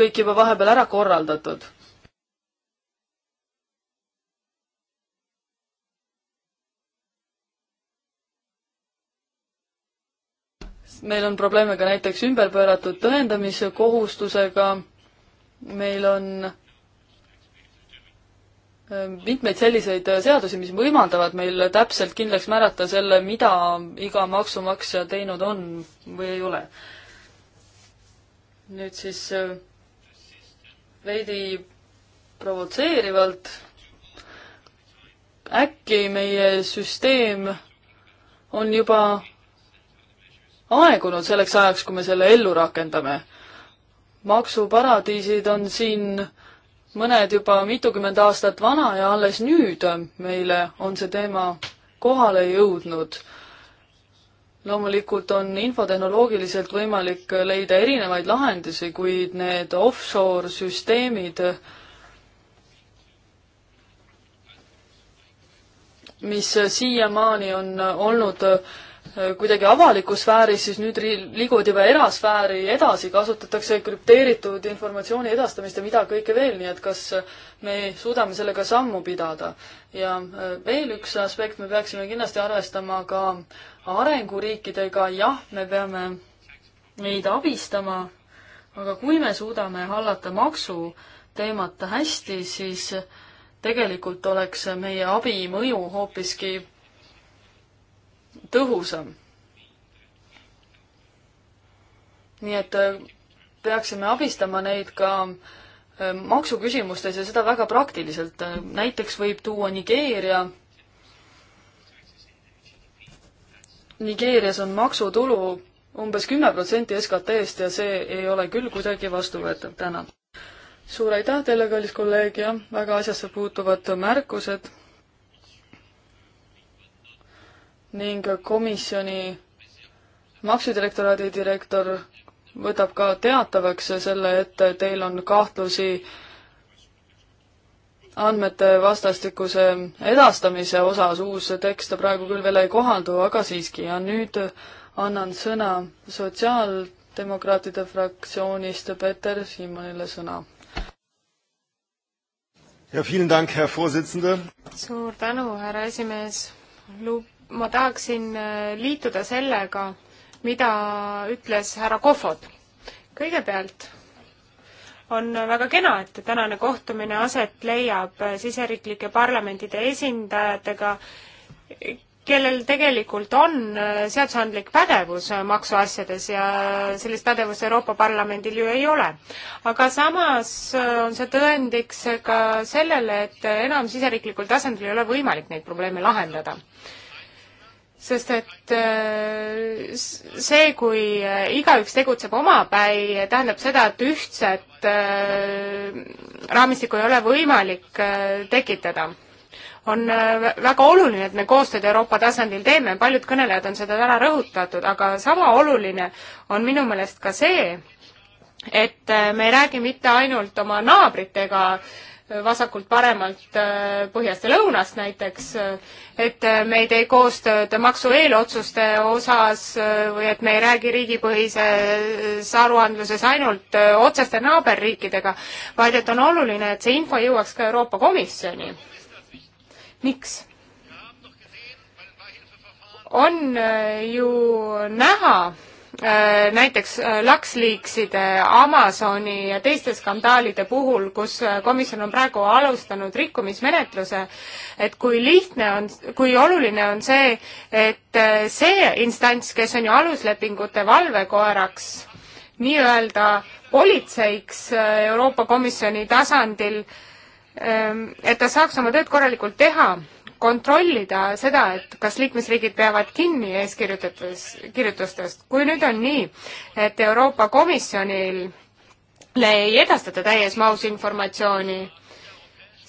kõik juba vahepeal ära korraldatud meil on probleeme ka näiteks ümberpööratud tõendamiskohustusega, meil on äh, mitmeid selliseid seadusi, mis võimaldavad meil täpselt kindlaks määrata selle, mida iga maksumaksja teinud on või ei ole. nüüd siis äh, veidi provotseerivalt, äkki meie süsteem on juba aegunud selleks ajaks, kui me selle ellu rakendame. maksuparadiisid on siin mõned juba mitukümmend aastat vana ja alles nüüd meile on see teema kohale jõudnud. loomulikult on infotehnoloogiliselt võimalik leida erinevaid lahendusi, kuid need offshore süsteemid mis siiamaani on olnud kuidagi avalikus sfääris, siis nüüd liiguvad juba erasfääri edasi, kasutatakse krüpteeritud informatsiooni edastamist ja mida kõike veel, nii et kas me suudame sellega sammu pidada. ja äh, veel üks aspekt, me peaksime kindlasti arvestama ka arenguriikidega, jah, me peame neid abistama, aga kui me suudame hallata maksuteemat hästi, siis tegelikult oleks meie abi mõju hoopiski tõhusam. nii et äh, peaksime abistama neid ka äh, maksuküsimustes ja seda väga praktiliselt. Äh, näiteks võib tuua Nigeeria. Nigeerias on maksutulu umbes kümme protsenti SKT-st ja see ei ole küll kuidagi vastuvõetav täna. suur aitäh teile, kallis kolleeg, ja väga asjasse puutuvad märkused ning komisjoni maksudirektoraadi direktor võtab ka teatavaks selle, et teil on kahtlusi andmete vastastikuse edastamise osas, uus tekst praegu küll veel ei kohaldu, aga siiski, ja nüüd annan sõna sotsiaaldemokraatide fraktsioonist Peeter Simonile sõna. ja, vielen Dank, Herr Vorsitzende! suur tänu, härra esimees! Lu-, ma tahaksin äh, liituda sellega, mida ütles härra Kofod. kõigepealt on väga kena, et tänane kohtumine aset leiab äh, siseriiklike parlamentide esindajatega, kellel tegelikult on äh, seadusandlik pädevus maksuasjades ja sellist pädevust Euroopa Parlamendil ju ei ole. aga samas on see tõendiks ka sellele, et enam siseriiklikul tasandil ei ole võimalik neid probleeme lahendada sest et äh, see, kui äh, igaüks tegutseb omapäi, tähendab seda, et ühtset äh, raamistikku ei ole võimalik tekitada. on väga oluline, et me koostööd Euroopa tasandil teeme, paljud kõnelejad on seda täna rõhutatud, aga sama oluline on minu meelest ka see, et me ei räägi mitte ainult oma naabritega äh, vasakult paremalt, äh, põhjast ja lõunast näiteks, äh, et äh, me ei tee koostööd maksu eelotsuste osas või et me ei räägi riigipõhises aruandluses ainult otseste naaberriikidega, vaid et on oluline, et see info jõuaks ka Euroopa Komisjoni. miks? on ju näha Äh, näiteks äh, LuxLeakside, Amazoni ja teiste skandaalide puhul, kus äh, komisjon on praegu alustanud rikkumismenetluse, et kui lihtne on, kui oluline on see, et see instants, kes on ju aluslepingute valvekoeraks, nii-öelda politseiks Euroopa Komisjoni tasandil, ähm, et ta saaks oma tööd korralikult teha kontrollida seda, et kas liikmesriigid peavad kinni eeskirjutatus, kirjutustest. kui nüüd on nii, et Euroopa Komisjonil ei edastata täies mahus informatsiooni,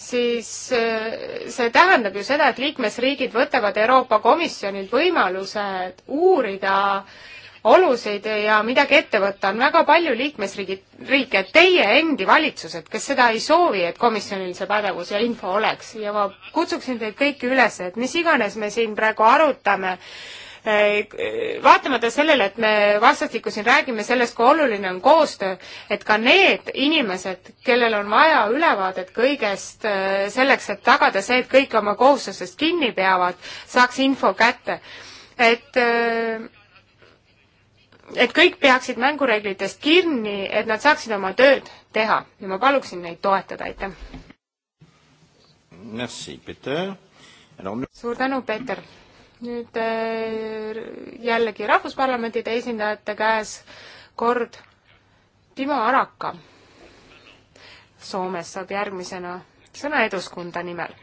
siis äh, see tähendab ju seda, et liikmesriigid võtavad Euroopa Komisjonilt võimaluse uurida äh, olusid ja midagi ette võtta, on väga palju liikmesriigid, riike, teie endi valitsused, kes seda ei soovi, et komisjonil see pädevus ja info oleks ja ma kutsuksin teid kõiki üles, et mis iganes me siin praegu arutame, eh, vaatamata sellele, et me vastastikku siin räägime sellest, kui oluline on koostöö, et ka need inimesed, kellel on vaja ülevaadet kõigest eh, selleks, et tagada see, et kõik oma kohustustest kinni peavad, saaks info kätte. et äh, et kõik peaksid mängureeglitest kinni, et nad saaksid oma tööd teha ja ma paluksin neid toetada, aitäh. Merci, Peter no,. suur tänu, Peeter. nüüd äh, jällegi rahvusparlamentide esindajate käes kord Timo Araka Soomest saab järgmisena sõna Eduskunda nimel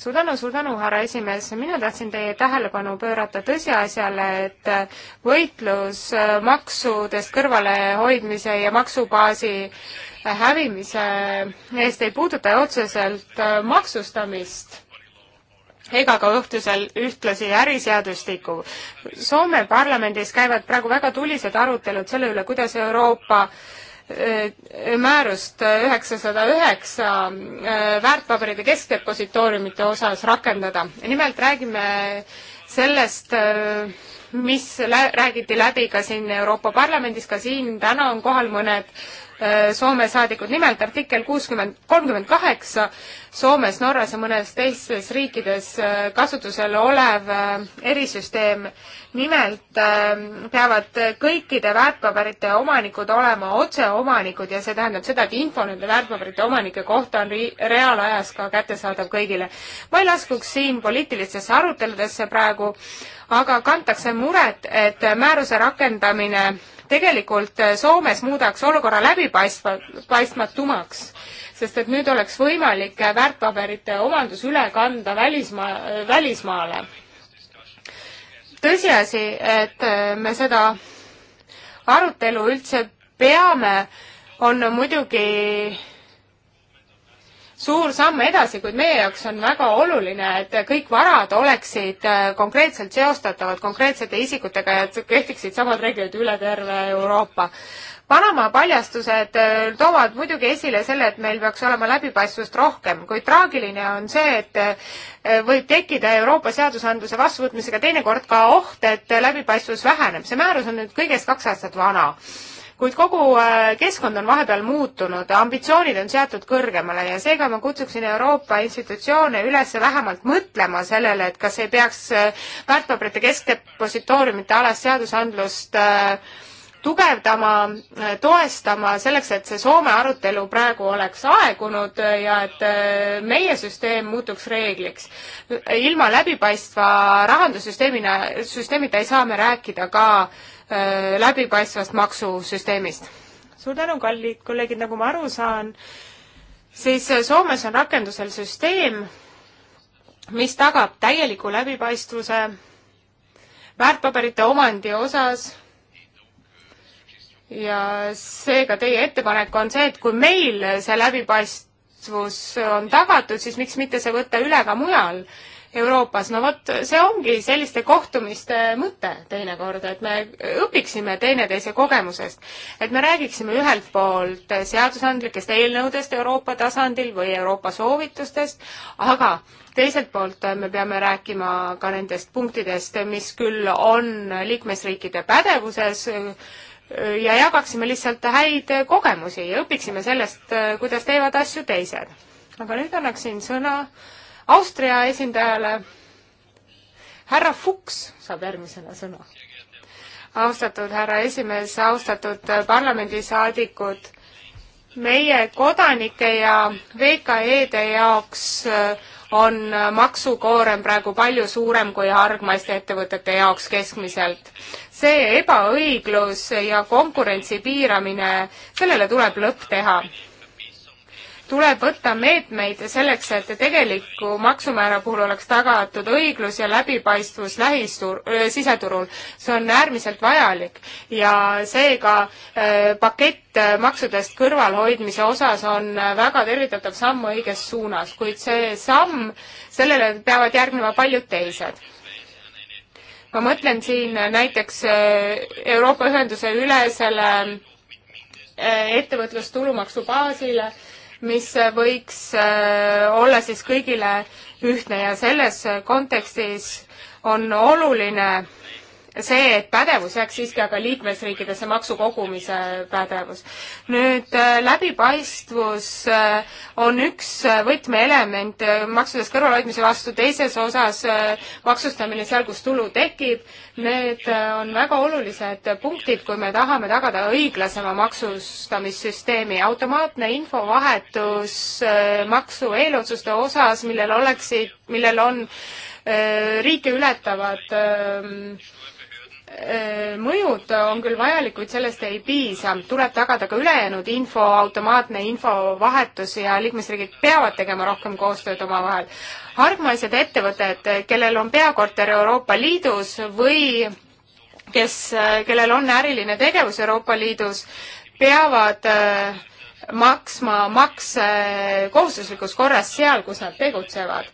suur tänu, suur tänu, härra esimees, mina tahtsin teie tähelepanu pöörata tõsiasjale, et võitlus maksudest kõrvalehoidmise ja maksubaasi hävimise eest ei puuduta otseselt maksustamist ega ka õhtusel ühtlasi äriseadustikku. Soome parlamendis käivad praegu väga tulised arutelud selle üle, kuidas Euroopa äh, Äh, määrust üheksasada üheksa äh, väärtpaberide keskdepositooriumite osas rakendada. nimelt räägime sellest, äh, mis lä-, räägiti läbi ka siin Euroopa Parlamendis, ka siin täna on kohal mõned Äh, Soome saadikud. nimelt artikkel kuuskümmend, kolmkümmend kaheksa Soomes, Norras ja mõnes teistes riikides äh, kasutusel olev äh, erisüsteem. nimelt peavad kõikide väärtpaberite omanikud olema otseomanikud ja see tähendab seda, et info nende väärtpaberite omanike kohta on reaalajas ka kättesaadav kõigile. ma ei laskuks siin poliitilistesse aruteludesse praegu äh, aga kantakse muret, et määruse rakendamine tegelikult Soomes muudaks olukorra läbipaistva, paistmatumaks, sest et nüüd oleks võimalik väärtpaberite omandus üle kanda välismaa, välismaale. tõsiasi, et me seda arutelu üldse peame, on muidugi suur samm edasi, kuid meie jaoks on väga oluline, et kõik varad oleksid äh, konkreetselt seostatavad konkreetsete isikutega ja kehtiksid samad reeglid üle terve Euroopa. Panama paljastused äh, toovad muidugi esile selle, et meil peaks olema läbipaistvust rohkem, kuid traagiline on see, et äh, võib tekkida Euroopa seadusandluse vastuvõtmisega teinekord ka oht, et läbipaistvus väheneb. see määrus on nüüd kõigest kaks aastat vana kuid kogu äh, keskkond on vahepeal muutunud, ambitsioonid on seatud kõrgemale ja seega ma kutsuksin Euroopa institutsioone üles vähemalt mõtlema sellele, et kas ei peaks äh, väärtpaberite keskdepositooriumite alast seadusandlust äh, tugevdama, toestama selleks, et see Soome arutelu praegu oleks aegunud ja et äh, meie süsteem muutuks reegliks. ilma läbipaistva rahandussüsteemina, süsteemita ei saa me rääkida ka äh, läbipaistvast maksusüsteemist. suur tänu, kallid kolleegid, nagu ma aru saan, siis äh, Soomes on rakendusel süsteem, mis tagab täieliku läbipaistvuse väärtpaberite omandi osas ja seega teie ettepanek on see, et kui meil see läbipaistvus on tagatud, siis miks mitte see võtta üle ka mujal Euroopas. no vot, see ongi selliste kohtumiste mõte teinekord, et me õpiksime teineteise kogemusest. et me räägiksime ühelt poolt seadusandlikest eelnõudest Euroopa tasandil või Euroopa soovitustest, aga teiselt poolt me peame rääkima ka nendest punktidest, mis küll on liikmesriikide pädevuses, ja jagaksime lihtsalt häid kogemusi ja õpiksime sellest, kuidas teevad asju teised. aga nüüd annaksin sõna Austria esindajale. härra Fuchs saab järgmisena sõna. austatud härra esimees, austatud parlamendisaadikud, meie kodanike ja VKE-de jaoks on maksukoorem praegu palju suurem kui hargmaiste ettevõtete jaoks keskmiselt. see ebaõiglus ja konkurentsi piiramine, sellele tuleb lõpp teha tuleb võtta meetmeid selleks, et tegeliku maksumäära puhul oleks tagatud õiglus ja läbipaistvus lähistur-, siseturul. see on äärmiselt vajalik ja seega äh, pakett maksudest kõrvalhoidmise osas on väga tervitatav samm õiges suunas, kuid see samm, sellele peavad järgnema paljud teised ma mõtlen siin näiteks Euroopa Ühenduse ülesele ettevõtlustulumaksu baasile mis äh, võiks äh, olla siis kõigile ühtne ja selles äh, kontekstis on oluline see, et pädevus jääks siiski aga liikmesriikidesse maksukogumise pädevus. nüüd äh, läbipaistvus äh, on üks äh, võtmeelement maksudest kõrvalhoidmise vastu, teises osas maksustamine seal, kus tulu tekib. Need on väga olulised punktid, kui me tahame tagada õiglasema maksustamissüsteemi. automaatne infovahetus maksu eelotsuste osas, millel oleksid, millel on riike ületavad öö, ähm, Äh, mõjud on küll vajalikud, sellest ei piisa, tuleb tagada ka ülejäänud info, automaatne infovahetus ja liikmesriigid peavad tegema rohkem koostööd omavahel. hargmaised ettevõtted, kellel on peakorter Euroopa Liidus või kes, äh, kellel on äriline tegevus Euroopa Liidus, peavad äh, maksma makse kohustuslikus korras seal, kus nad tegutsevad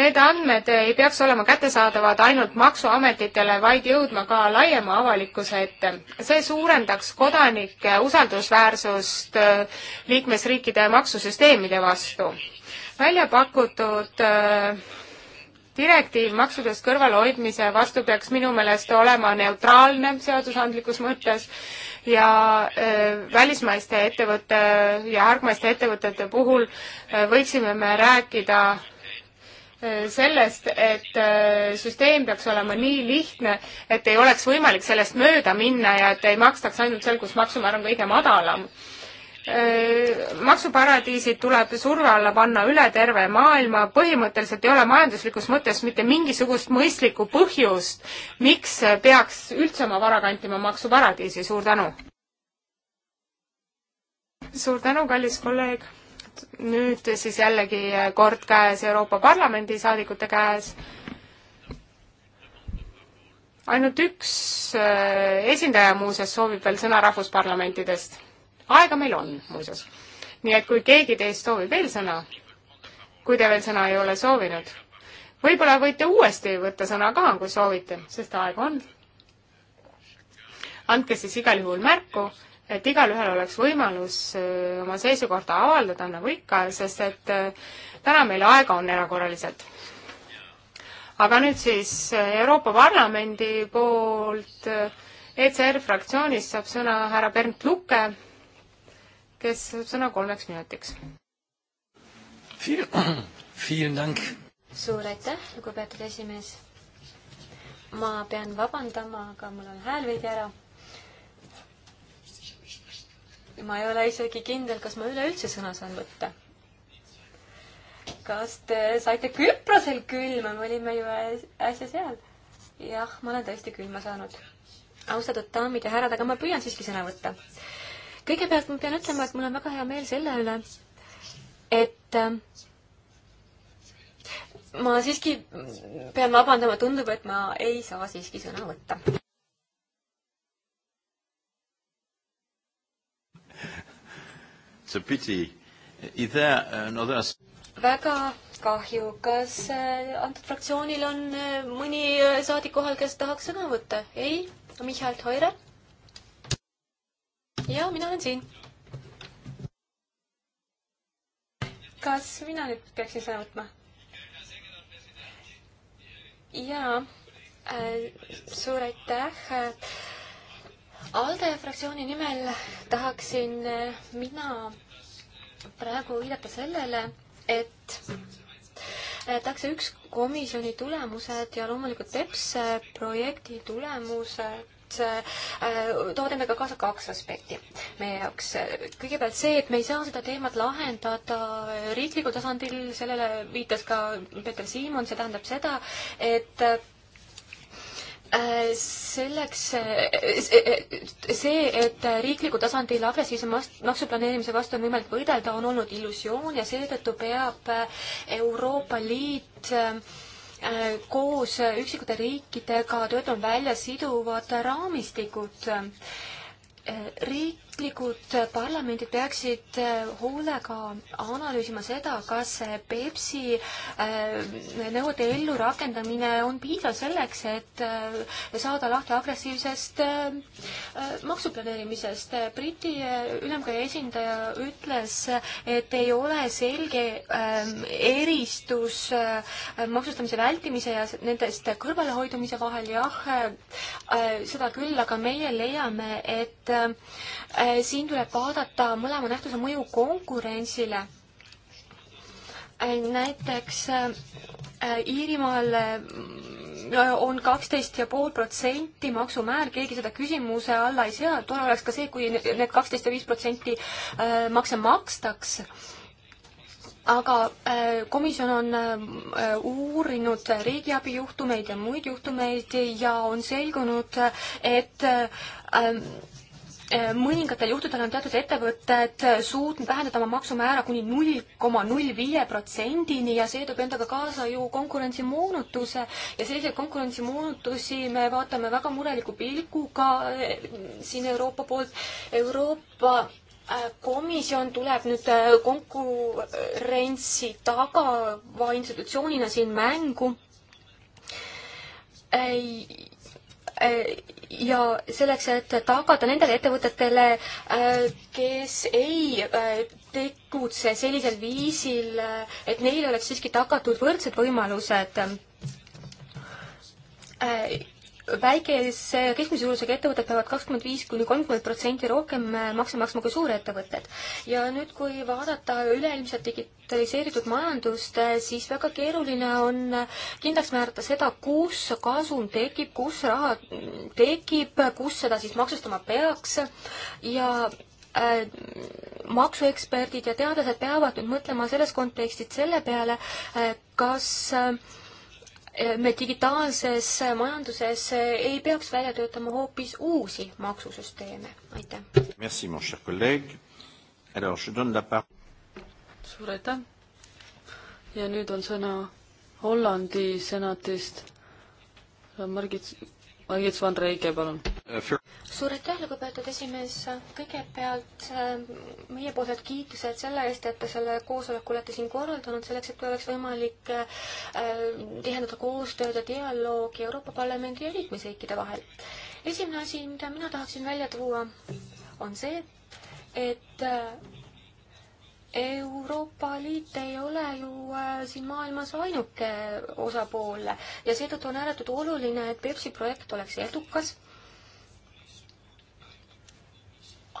Need andmed ei peaks olema kättesaadavad ainult maksuametitele, vaid jõudma ka laiema avalikkuse ette. see suurendaks kodanike usaldusväärsust äh, liikmesriikide maksusüsteemide vastu. välja pakutud äh, direktiiv maksudest kõrvalehoidmise vastu peaks minu meelest olema neutraalne seadusandlikus mõttes ja äh, välismaiste ettevõtte ja hargmaiste ettevõtete puhul võiksime me rääkida sellest, et äh, süsteem peaks olema nii lihtne, et ei oleks võimalik sellest mööda minna ja et ei makstaks ainult seal, kus maksumäär on kõige madalam. Äh, maksuparadiisid tuleb surve alla panna üle terve maailma, põhimõtteliselt ei ole majanduslikus mõttes mitte mingisugust mõistlikku põhjust, miks peaks üldse oma vara kantima maksuparadiisi, suur tänu! suur tänu, kallis kolleeg! olnud nüüd siis jällegi kord käes Euroopa Parlamendi saadikute käes. ainult üks äh, esindaja muuseas soovib veel sõna rahvusparlamentidest. aega meil on muuseas. nii et kui keegi teist soovib veel sõna, kui te veel sõna ei ole soovinud, võib-olla võite uuesti võtta sõna ka, kui soovite, sest aega on. andke siis igal juhul märku et igalühel oleks võimalus äh, oma seisukohta avaldada, nagu ikka, sest et äh, täna meil aega on erakorraliselt. aga nüüd siis äh, Euroopa Parlamendi poolt ECR fraktsioonist saab sõna härra Bernt Luke, kes saab sõna kolmeks minutiks. suur aitäh, lugupeetud esimees. ma pean vabandama, aga mul on hääl veidi ära ma ei ole isegi kindel, kas ma üleüldse sõna saan võtta. kas te saite Küprosel külma, me olime ju äsja seal. jah, ma olen tõesti külma saanud. austatud daamid ja härrad, aga ma püüan siiski sõna võtta. kõigepealt ma pean ütlema, et mul on väga hea meel selle üle, et äh, ma siiski pean vabandama, tundub, et ma ei saa siiski sõna võtta. It's a pity. Is there another... väga kahju. kas äh, antud fraktsioonil on äh, mõni äh, saadik kohal, kes tahaks sõna võtta? ei? Mihhail Toire? jaa, mina olen siin. kas mina nüüd peaksin sõna võtma? jaa, suur aitäh ALDE fraktsiooni nimel tahaksin eh, mina praegu viidata sellele, et eh, takse üks komisjoni tulemused ja loomulikult EPS eh, projekti tulemused toovad endaga kaasa kaks aspekti meie jaoks. kõigepealt see, et me ei saa seda teemat lahendada riiklikul tasandil, sellele viitas ka Peeter Siimon, see tähendab seda, et Äh, selleks, äh, see, et riikliku tasandil agressiivse maksuplaneerimise vastu on võimalik võidelda, on olnud illusioon ja seetõttu peab äh, Euroopa Liit koos üksikute riikidega töötama välja siduvad raamistikud. riik riiklikud parlamendid peaksid äh, hoolega analüüsima seda, kas Peipsi äh, nõude ellurakendamine on piisav selleks, et äh, saada lahti agressiivsest maksuplaneerimisest. Briti ülemkaja esindaja ütles, et ei ole selge eristus maksustamise vältimise ja nendest kõrvalehoidumise vahel, jah, seda küll, aga meie leiame, et Äh, siin tuleb vaadata mõlema nähtuse mõju konkurentsile. Äh, näiteks äh, Iirimaal on kaksteist ja pool protsenti maksumäär, keegi seda küsimuse alla ei sea, tore oleks ka see, kui need kaksteist ja viis protsenti makse makstaks aga komisjon on uurinud riigiabi juhtumeid ja muid juhtumeid ja on selgunud, et Äh, mõningatel juhtudel on teatud ettevõtted suutnud vähendada oma maksumäära kuni null koma null viie protsendini ja see toob endaga kaasa ju konkurentsimoonutuse ja selliseid konkurentsimoonutusi me vaatame väga mureliku pilguga äh, siin Euroopa poolt. Euroopa äh, komisjon tuleb nüüd konkurentsi tagava institutsioonina siin mängu Ei Äh, ja selleks, et tagada nendele ettevõtetele, äh, kes ei äh, tegutse sellisel viisil, et neil oleks siiski tagatud võrdsed võimalused väikese keskmise suurusega ettevõtted peavad kakskümmend viis kuni kolmkümmend protsenti rohkem äh, makse maksma kui suurettevõtted. ja nüüd, kui vaadata üleilmset digitaliseeritud majandust, äh, siis väga keeruline on äh, kindlaks määrata seda, kus kasum tekib, kus raha tekib, kus seda siis maksustama peaks ja maksueksperdid ja teadlased peavad nüüd mõtlema selles kontekstis selle peale, kas äh, me digitaalses majanduses ei peaks välja töötama hoopis uusi maksusüsteeme, aitäh. Merci, mon cher kolleeg. Alors, je donne la par-. suur aitäh. ja nüüd on sõna Hollandi senatist Margit Margit van Reige, palun. suur aitäh, lugupeetud esimees. kõimepealt ähm, meiepoolsed kiitused selle eest, et te selle koosoleku olete siin korraldanud, selleks et oleks võimalik ähm, tihendada koostööd ja dialoogi Euroopa Parlamendi ja liikmesriikide vahel. esimene asi, mida mina tahaksin välja tuua, on see, et äh, Euroopa Liit ei ole ju äh, siin maailmas ainuke osapool ja seetõttu on ääretult oluline, et Pepsi projekt oleks edukas.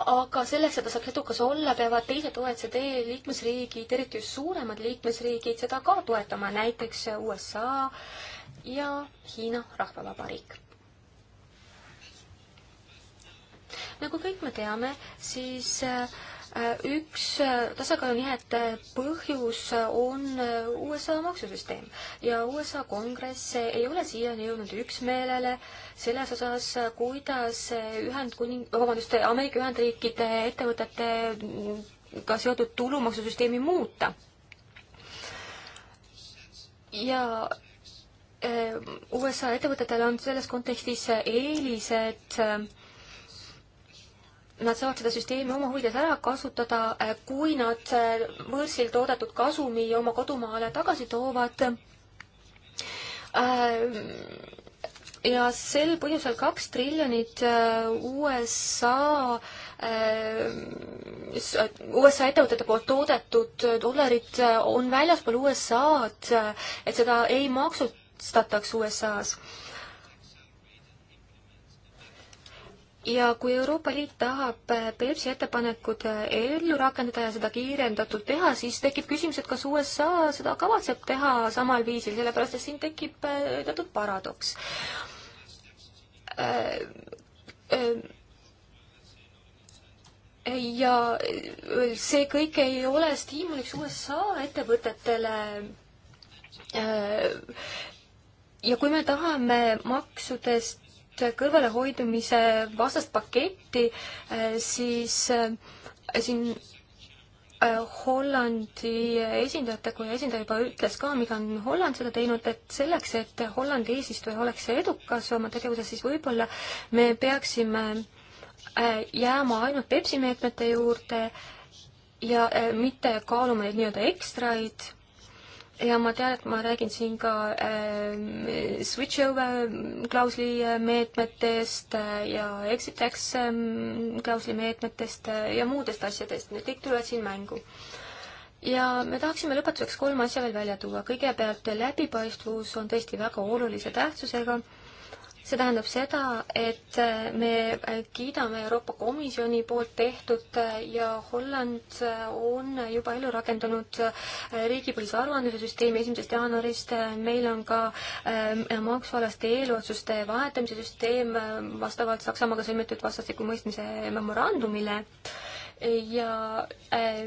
aga selleks, et ta saaks edukas olla, peavad teised OECD liikmesriigid, eriti just suuremad liikmesriigid, seda ka toetama, näiteks USA ja Hiina Rahvavabariik. nagu kõik me teame, siis äh, Äh, üks äh, tasakaalunihete põhjus äh, on USA maksusüsteem ja USA kongress ei ole siiani jõudnud üksmeelele selles osas, kuidas Ühendkuning, vabandust, Ameerika Ühendriikide ettevõtetega mm, seotud tulumaksusüsteemi muuta. ja USA ettevõtetel on selles kontekstis eelised et nad saavad seda süsteemi oma huvides ära kasutada, eh, kui nad eh, võõrsil toodetud kasumi oma kodumaale tagasi toovad. Eh, ja sel põhjusel kaks triljonit USA USA ettevõtete poolt toodetud dollarid on väljaspool USA-d, et seda ei maksustataks USA-s ja kui Euroopa Liit tahab Peipsi ettepanekud ellu rakendada ja seda kiirendatult teha, siis tekib küsimus, et kas USA seda kavatseb teha samal viisil, sellepärast et siin tekib äh, teatud paradoks. Äh, äh, ja see kõik ei ole stiimuliks USA ettevõtetele ja kui me tahame maksudest kõrvalehoidumise vastast paketti, eh, siis eh, siin eh, Hollandi esindajate koja esindaja juba ütles ka, mida on Holland seda teinud, et selleks, et Hollandi eesistuja oleks edukas oma tegevuses, siis võib-olla me peaksime jääma ainult Pepsi meetmete juurde ja mitte kaaluma neid nii-öelda ekstraid ja ma tean, et ma räägin siin ka ähm, äh, switch over klausli meetmetest äh, ja exit tax ähm, klausli meetmetest äh, ja muudest asjadest, need kõik tulevad siin mängu. ja me tahaksime lõpetuseks kolm asja veel välja tuua, kõigepealt läbipaistvus on tõesti väga olulise tähtsusega äh, see tähendab seda, et me kiidame Euroopa Komisjoni poolt tehtud ja Holland on juba ellu rakendanud riigipõhise aruandluse süsteemi esimesest jaanuarist. meil on ka äh, maksualaste eelotsuste vahetamise süsteem vastavalt Saksamaaga sõlmitud vastastikku mõistmise memorandumile ja äh,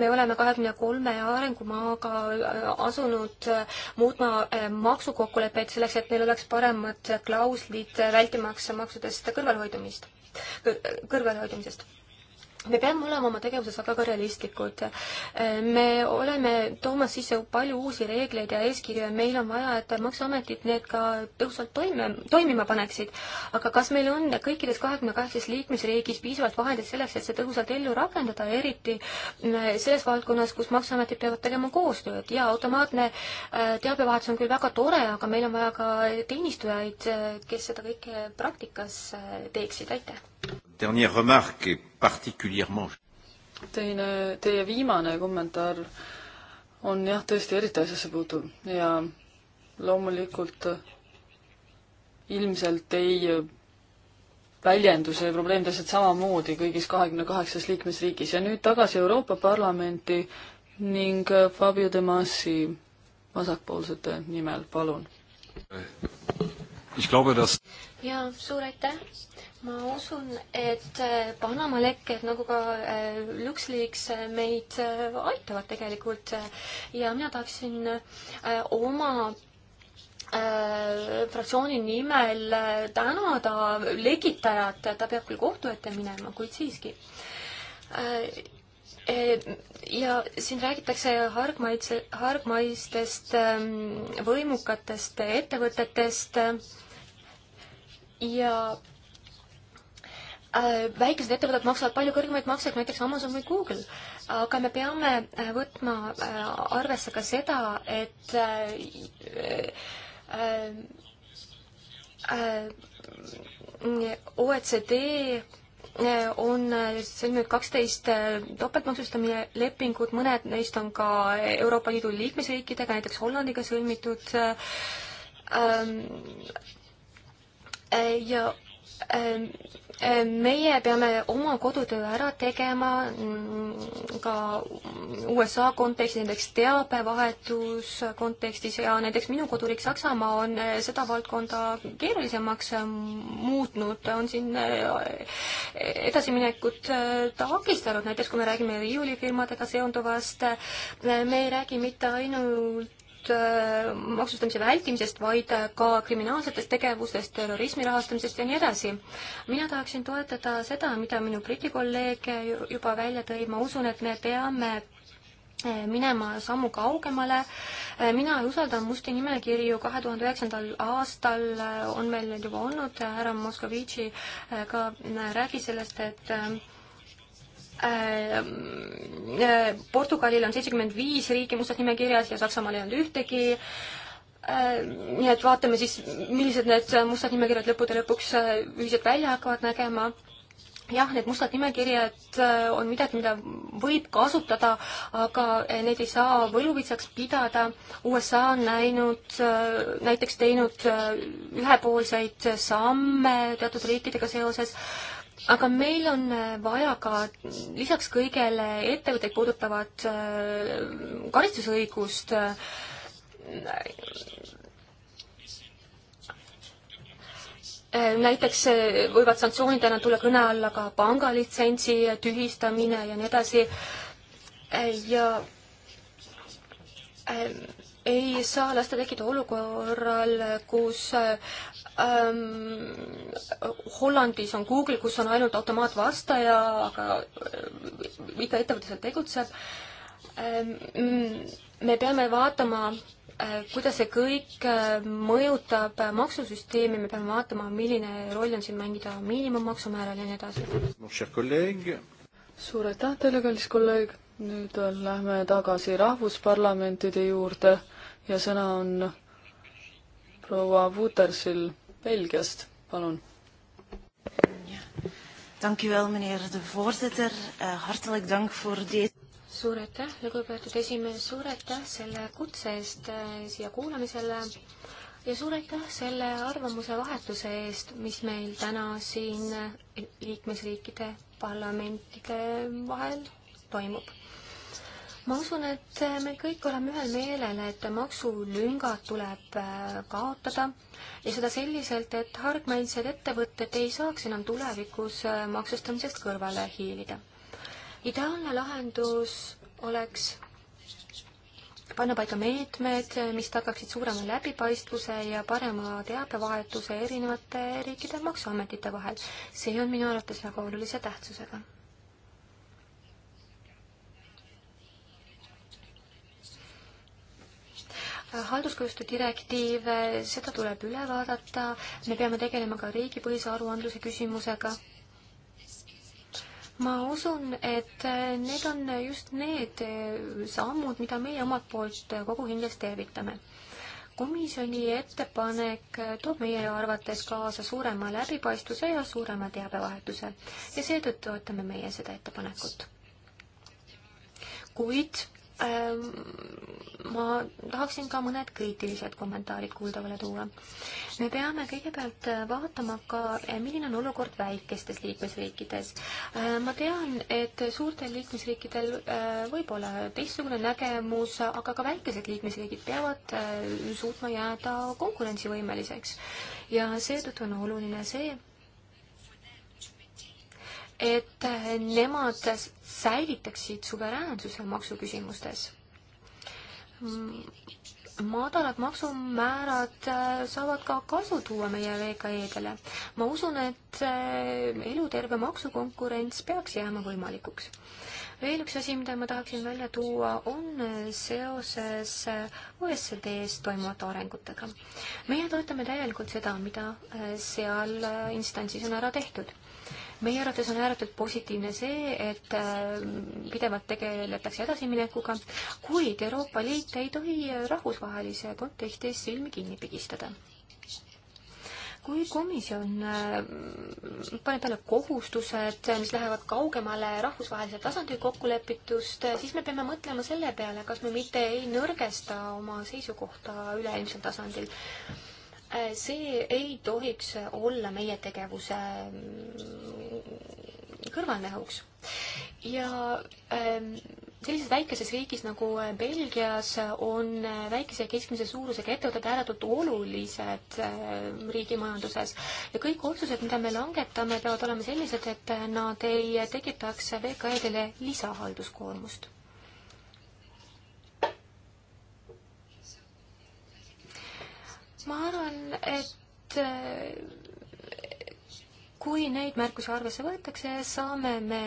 me oleme kahekümne kolme arengumaaga äh, asunud äh, muutma maksukokkuleppeid selleks, et neil oleks paremad klauslid vältimaks maksudest kõrvalhoidumist, kõrvalhoidumisest me peame olema oma tegevuses aga ka realistlikud. me oleme toomas sisse palju uusi reegleid ja eeskirju ja meil on vaja, et Maksuametid need ka tõhusalt toime, toimima paneksid. aga kas meil on kõikides kahekümne kaheksas liikmesriigis piisavalt vahendeid selleks, et see tõhusalt ellu rakendada, eriti mm, selles valdkonnas, kus Maksuametid peavad tegema koostööd ja automaatne äh, teabevahetus on küll väga tore, aga meil on vaja ka teenistujaid, äh, kes seda kõike praktikas äh, teeksid, aitäh! dernière remarque est particulièrement... Teine, teie viimane kommentaar on jah, tõesti eriti asjasse puutuv ja loomulikult ilmselt ei väljendu see probleem täpselt samamoodi kõigis kahekümne kaheksas liikmesriigis ja nüüd tagasi Euroopa Parlamenti ning Fabio De Massi vasakpoolsete nimel, palun. ja suur aitäh ma usun, et äh, Panama lekked nagu ka äh, LuxLeaks äh, meid aitavad tegelikult ja mina tahaksin oma fraktsiooni nimel tänada lekitajat, ta peab küll kohtu ette minema, kuid siiski. ja siin räägitakse hargmaitse, hargmaistest ähm, võimukatest ettevõtetest ja Äh, väikesed ettevõtted maksavad palju kõrgemaid makseid, näiteks Amazon või Google. aga me peame äh, võtma äh, arvesse ka seda, et OECD on sõlminud kaksteist topeltmaksustamise lepingut, mõned neist on ka Euroopa Liidu liikmesriikidega, näiteks Hollandiga sõlmitud. ja Äh, meie peame oma kodutöö ära tegema mm, ka USA kontekstis, näiteks teabevahetus kontekstis ja näiteks minu koduriik Saksamaa on äh, seda valdkonda keerulisemaks äh, muutnud, on siin edasiminekut takistanud, näiteks kui me räägime riiulifirmadega seonduvast, me ei räägi mitte ainult ainult äh, maksustamise vältimisest, vaid ka kriminaalsetest tegevustest, terrorismi rahastamisest ja nii edasi. mina tahaksin toetada seda, mida minu Briti kolleeg juba välja tõi, ma usun, et me peame äh, minema sammu kaugemale. Äh, mina ei usalda musti nimekirju, kahe tuhande üheksandal aastal on meil need juba olnud, härra Moskovitši ka räägis sellest, et Äh, äh, Portugalil on seitsekümmend viis riiki mustas nimekirjas ja Saksamaal ei olnud ühtegi. Äh, nii et vaatame siis, millised need mustad nimekirjad lõppude lõpuks ühiselt välja hakkavad nägema jah, need mustad nimekirjad on midagi, mida võib kasutada, aga neid ei saa võluvitsaks pidada. USA on näinud, näiteks teinud ühepoolseid samme teatud riikidega seoses aga meil on äh, vaja ka lisaks kõigele ettevõtteid puudutavat äh, karistusõigust äh, näiteks võivad sanktsioonidena tulla kõne alla ka pangalitsentsi tühistamine ja nii edasi ja ei saa lasta tekkida olukorral, kus ähm, Hollandis on Google, kus on ainult automaatvastaja, aga äh, ikka ettevõte seal tegutseb ähm,. me peame vaatama äh,, kuidas see kõik äh, mõjutab maksusüsteemi, me peame vaatama, milline roll on siin mängida miinimummaksumääral ja nii edasi. suur aitäh teile, kallis kolleeg, nüüd äh, lähme tagasi rahvusparlamentide juurde ja sõna on proua Wutersil Belgiast, palun. Dank u wel, meneer de voorzitter. Uh, hartelijk dank voor dit. suur aitäh, lugupeetud esimees, suur aitäh selle kutse eest äh, siia kuulamisele ja suur aitäh selle arvamuse vahetuse eest, mis meil täna siin eh, liikmesriikide parlamentide vahel toimub ma usun, et me kõik oleme ühel meelel, et maksulüngad tuleb äh, kaotada ja seda selliselt, et hargmainsed ettevõtted ei saaks enam tulevikus äh, maksustamisest kõrvale hiilida. ideaalne lahendus oleks panna paika meetmed, mis tagaksid suurema läbipaistvuse ja parema teabevahetuse erinevate riikide maksuametite vahel. see on minu arvates väga olulise tähtsusega. halduskoostöö direktiiv, seda tuleb üle vaadata, me peame tegelema ka riigipõhise aruandluse küsimusega. ma usun, et need on just need sammud, mida meie omalt poolt koguhingest tervitame komisjoni ettepanek toob meie arvates kaasa suurema läbipaistvuse ja suurema teabevahetuse ja seetõttu ootame meie seda ettepanekut. kuid Ähm, ma tahaksin ka mõned kriitilised kommentaarid kuuldavale tuua. me peame kõigepealt äh, vaatama ka, äh, milline on olukord väikestes liikmesriikides. Äh, ma tean, et suurtel liikmesriikidel võib olla teistsugune nägemus, aga ka väikesed liikmesriigid peavad suutma jääda konkurentsivõimeliseks. ja seetõttu on oluline see, et nemad säilitaksid suveräänsuse maksuküsimustes. madalad maksumäärad äh, saavad ka kasu tuua meie VKE-dele. ma usun, et äh, eluterve maksukonkurents peaks jääma võimalikuks. veel üks asi, mida ma tahaksin välja tuua, on äh, seoses OSCD-s toimuvate arengutega. meie toetame täielikult seda, mida seal instantsis on ära tehtud meie arvates on ääretult positiivne see, et äh, pidevalt tegeletakse edasiminekuga, kuid Euroopa Liit ei tohi rahvusvahelise kontekstis silmi kinni pigistada. kui komisjon äh, paneb talle kohustused, mis lähevad kaugemale rahvusvahelisel tasandil kokkulepitust, siis me peame mõtlema selle peale, kas me mitte ei nõrgesta oma seisukohta üleilmsel tasandil see ei tohiks olla meie tegevuse mm, kõrvalnähuks. ja ähm, sellises väikeses riigis nagu äh, Belgias on äh, väikese ja keskmise suurusega ettevõtted ääretult olulised äh, riigi majanduses ja kõik otsused, mida me langetame, peavad olema sellised, et nad ei tekitaks VKE-dele lisahalduskoormust ma arvan, et äh, kui neid märkusi arvesse võetakse, saame me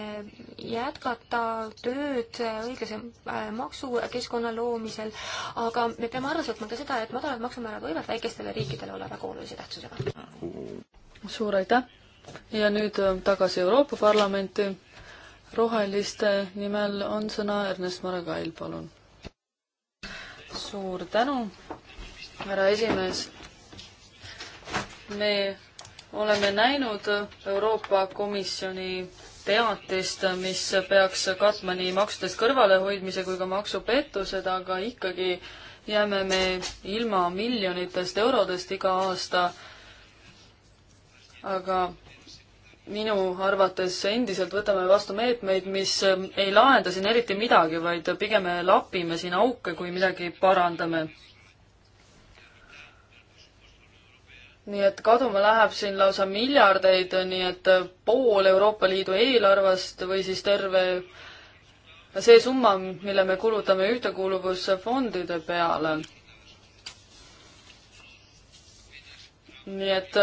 jätkata tööd õiglase äh, maksukeskkonna loomisel, aga me peame arvesse võtma ka seda, et madalad maksumäärad võivad väikestele riikidele olla väga olulise tähtsusega. suur aitäh ja nüüd äh, tagasi Euroopa Parlamenti. roheliste nimel on sõna Ernest Maragail, palun. suur tänu härra esimees. me oleme näinud Euroopa Komisjoni teatist, mis peaks katma nii maksudest kõrvalehoidmise kui ka maksupettused, aga ikkagi jääme me ilma miljonitest eurodest iga aasta. aga minu arvates endiselt võtame vastu meetmeid, mis ei lahenda siin eriti midagi, vaid pigem lapime siin auke, kui midagi parandame nii et kaduma läheb siin lausa miljardeid, nii et pool Euroopa Liidu eelarvest või siis terve see summa, mille me kulutame ühtekuuluvusfondide peale. nii et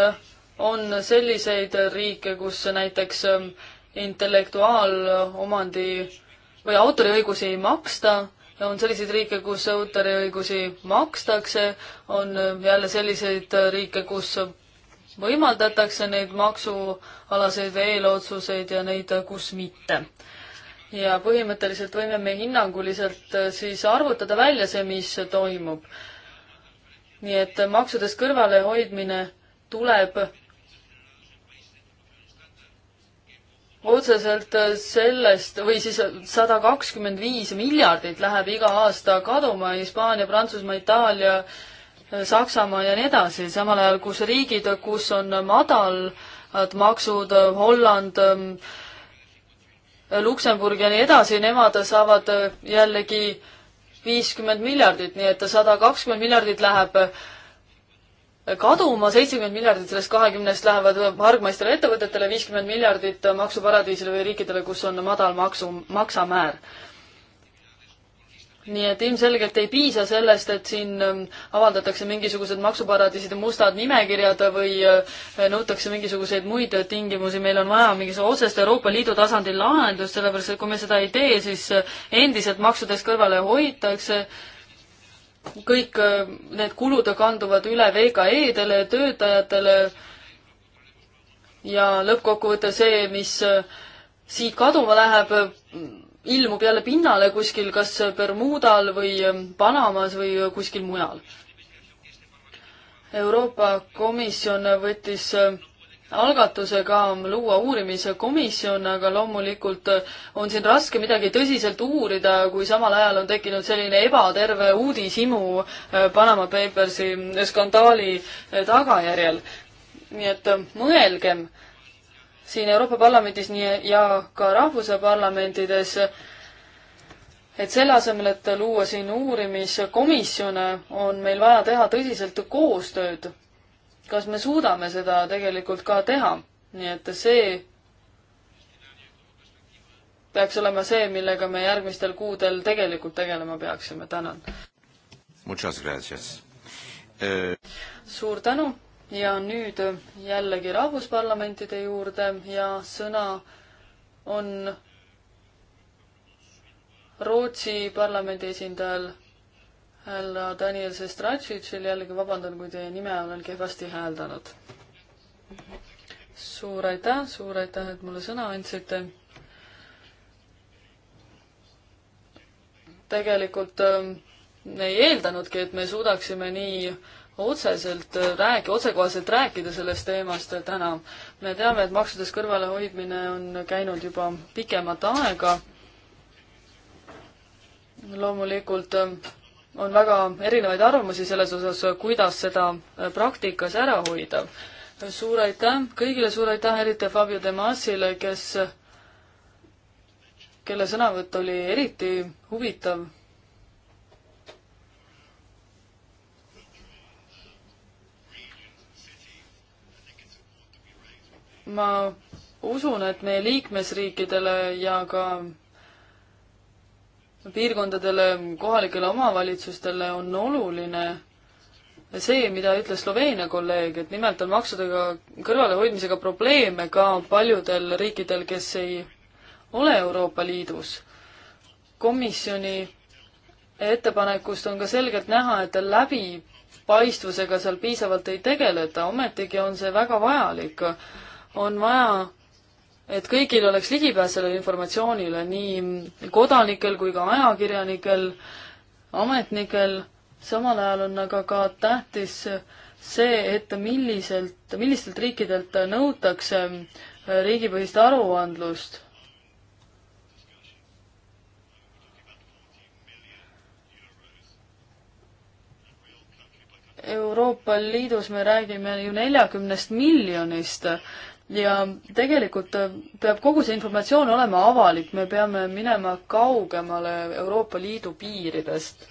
on selliseid riike, kus näiteks ähm, intellektuaalomandi või autoriõigusi ei maksta on selliseid riike, kus autoriõigusi makstakse, on jälle selliseid riike, kus võimaldatakse neid maksualaseid eelotsuseid ja neid, kus mitte. ja põhimõtteliselt võime me hinnanguliselt äh, siis arvutada välja see, mis toimub. nii et maksudest kõrvalehoidmine tuleb otseselt äh, sellest või siis äh, sada kakskümmend viis miljardit läheb iga aasta kaduma Hispaania, Prantsusmaa, Itaalia, äh, Saksamaa ja nii edasi, samal ajal kus riigid, kus on madalad maksud, Holland, ähm, Luksemburg ja nii edasi, nemad saavad jällegi viiskümmend miljardit, nii et sada kakskümmend miljardit läheb äh, kaduma, seitsekümmend miljardit sellest kahekümnest lähevad hargmaistele ettevõtetele, viiskümmend miljardit maksuparadiisile või riikidele, kus on madal maksu, maksamäär. nii et ilmselgelt ei piisa sellest, et siin ähm, avaldatakse mingisugused maksuparadiiside mustad nimekirjad või äh, nõutakse mingisuguseid muid tingimusi, meil on vaja mingisugust otsest Euroopa Liidu tasandil lahendust, sellepärast et kui me seda ei tee, siis äh, endiselt maksudest kõrvale hoitakse kõik äh, need kulud kanduvad üle VKE-dele, töötajatele ja lõppkokkuvõttes see, mis äh, siit kaduma läheb, äh, ilmub jälle pinnale kuskil kas Bermudal või Panamas või kuskil mujal. Euroopa Komisjon võttis algatusega luua uurimise komisjon, aga loomulikult on siin raske midagi tõsiselt uurida, kui samal ajal on tekkinud selline ebaterve uudishimu äh, Panama Papersi skandaali äh, tagajärjel. nii et äh, mõelgem siin Euroopa Parlamendis nii ja ka rahvusparlamentides, et selle asemel, et luua siin uurimiskomisjone, on meil vaja teha tõsiselt koostööd kas me suudame seda tegelikult ka teha, nii et see peaks olema see, millega me järgmistel kuudel tegelikult tegelema peaksime, tänan. Eh, suur tänu ja nüüd jällegi rahvusparlamentide juurde ja sõna on Rootsi parlamendi esindajal härra Daniel Sestratšitšil, jällegi vabandan, kui teie nime olen kehvasti hääldanud. suur aitäh, suur aitäh, et mulle sõna andsite. tegelikult äh, ei eeldanudki, et me suudaksime nii otseselt räägi, otsekohaselt rääkida sellest teemast täna. me teame, et maksudest kõrvalehoidmine on käinud juba pikemat aega. loomulikult ähm, on väga erinevaid arvamusi selles osas, kuidas seda äh, praktikas ära hoida. suur aitäh kõigile, suur aitäh eriti Fabio De Masile, kes, kelle sõnavõtt oli eriti huvitav ma usun, et meie liikmesriikidele ja ka piirkondadele, kohalikele omavalitsustele on oluline see, mida ütles Sloveenia kolleeg, et nimelt on maksudega kõrvalehoidmisega probleeme ka paljudel riikidel, kes ei ole Euroopa Liidus. komisjoni ettepanekust on ka selgelt näha, et läbipaistvusega seal piisavalt ei tegeleta, ometigi on see väga vajalik. on vaja et kõigil oleks ligipääs sellele informatsioonile, nii kodanikel kui ka ajakirjanikel, ametnikel, samal ajal on aga ka tähtis see, et milliselt, millistelt riikidelt nõutakse riigipõhist aruandlust. Euroopa Liidus me räägime ju neljakümnest miljonist ja tegelikult äh, peab kogu see informatsioon olema avalik, me peame minema kaugemale Euroopa Liidu piiridest.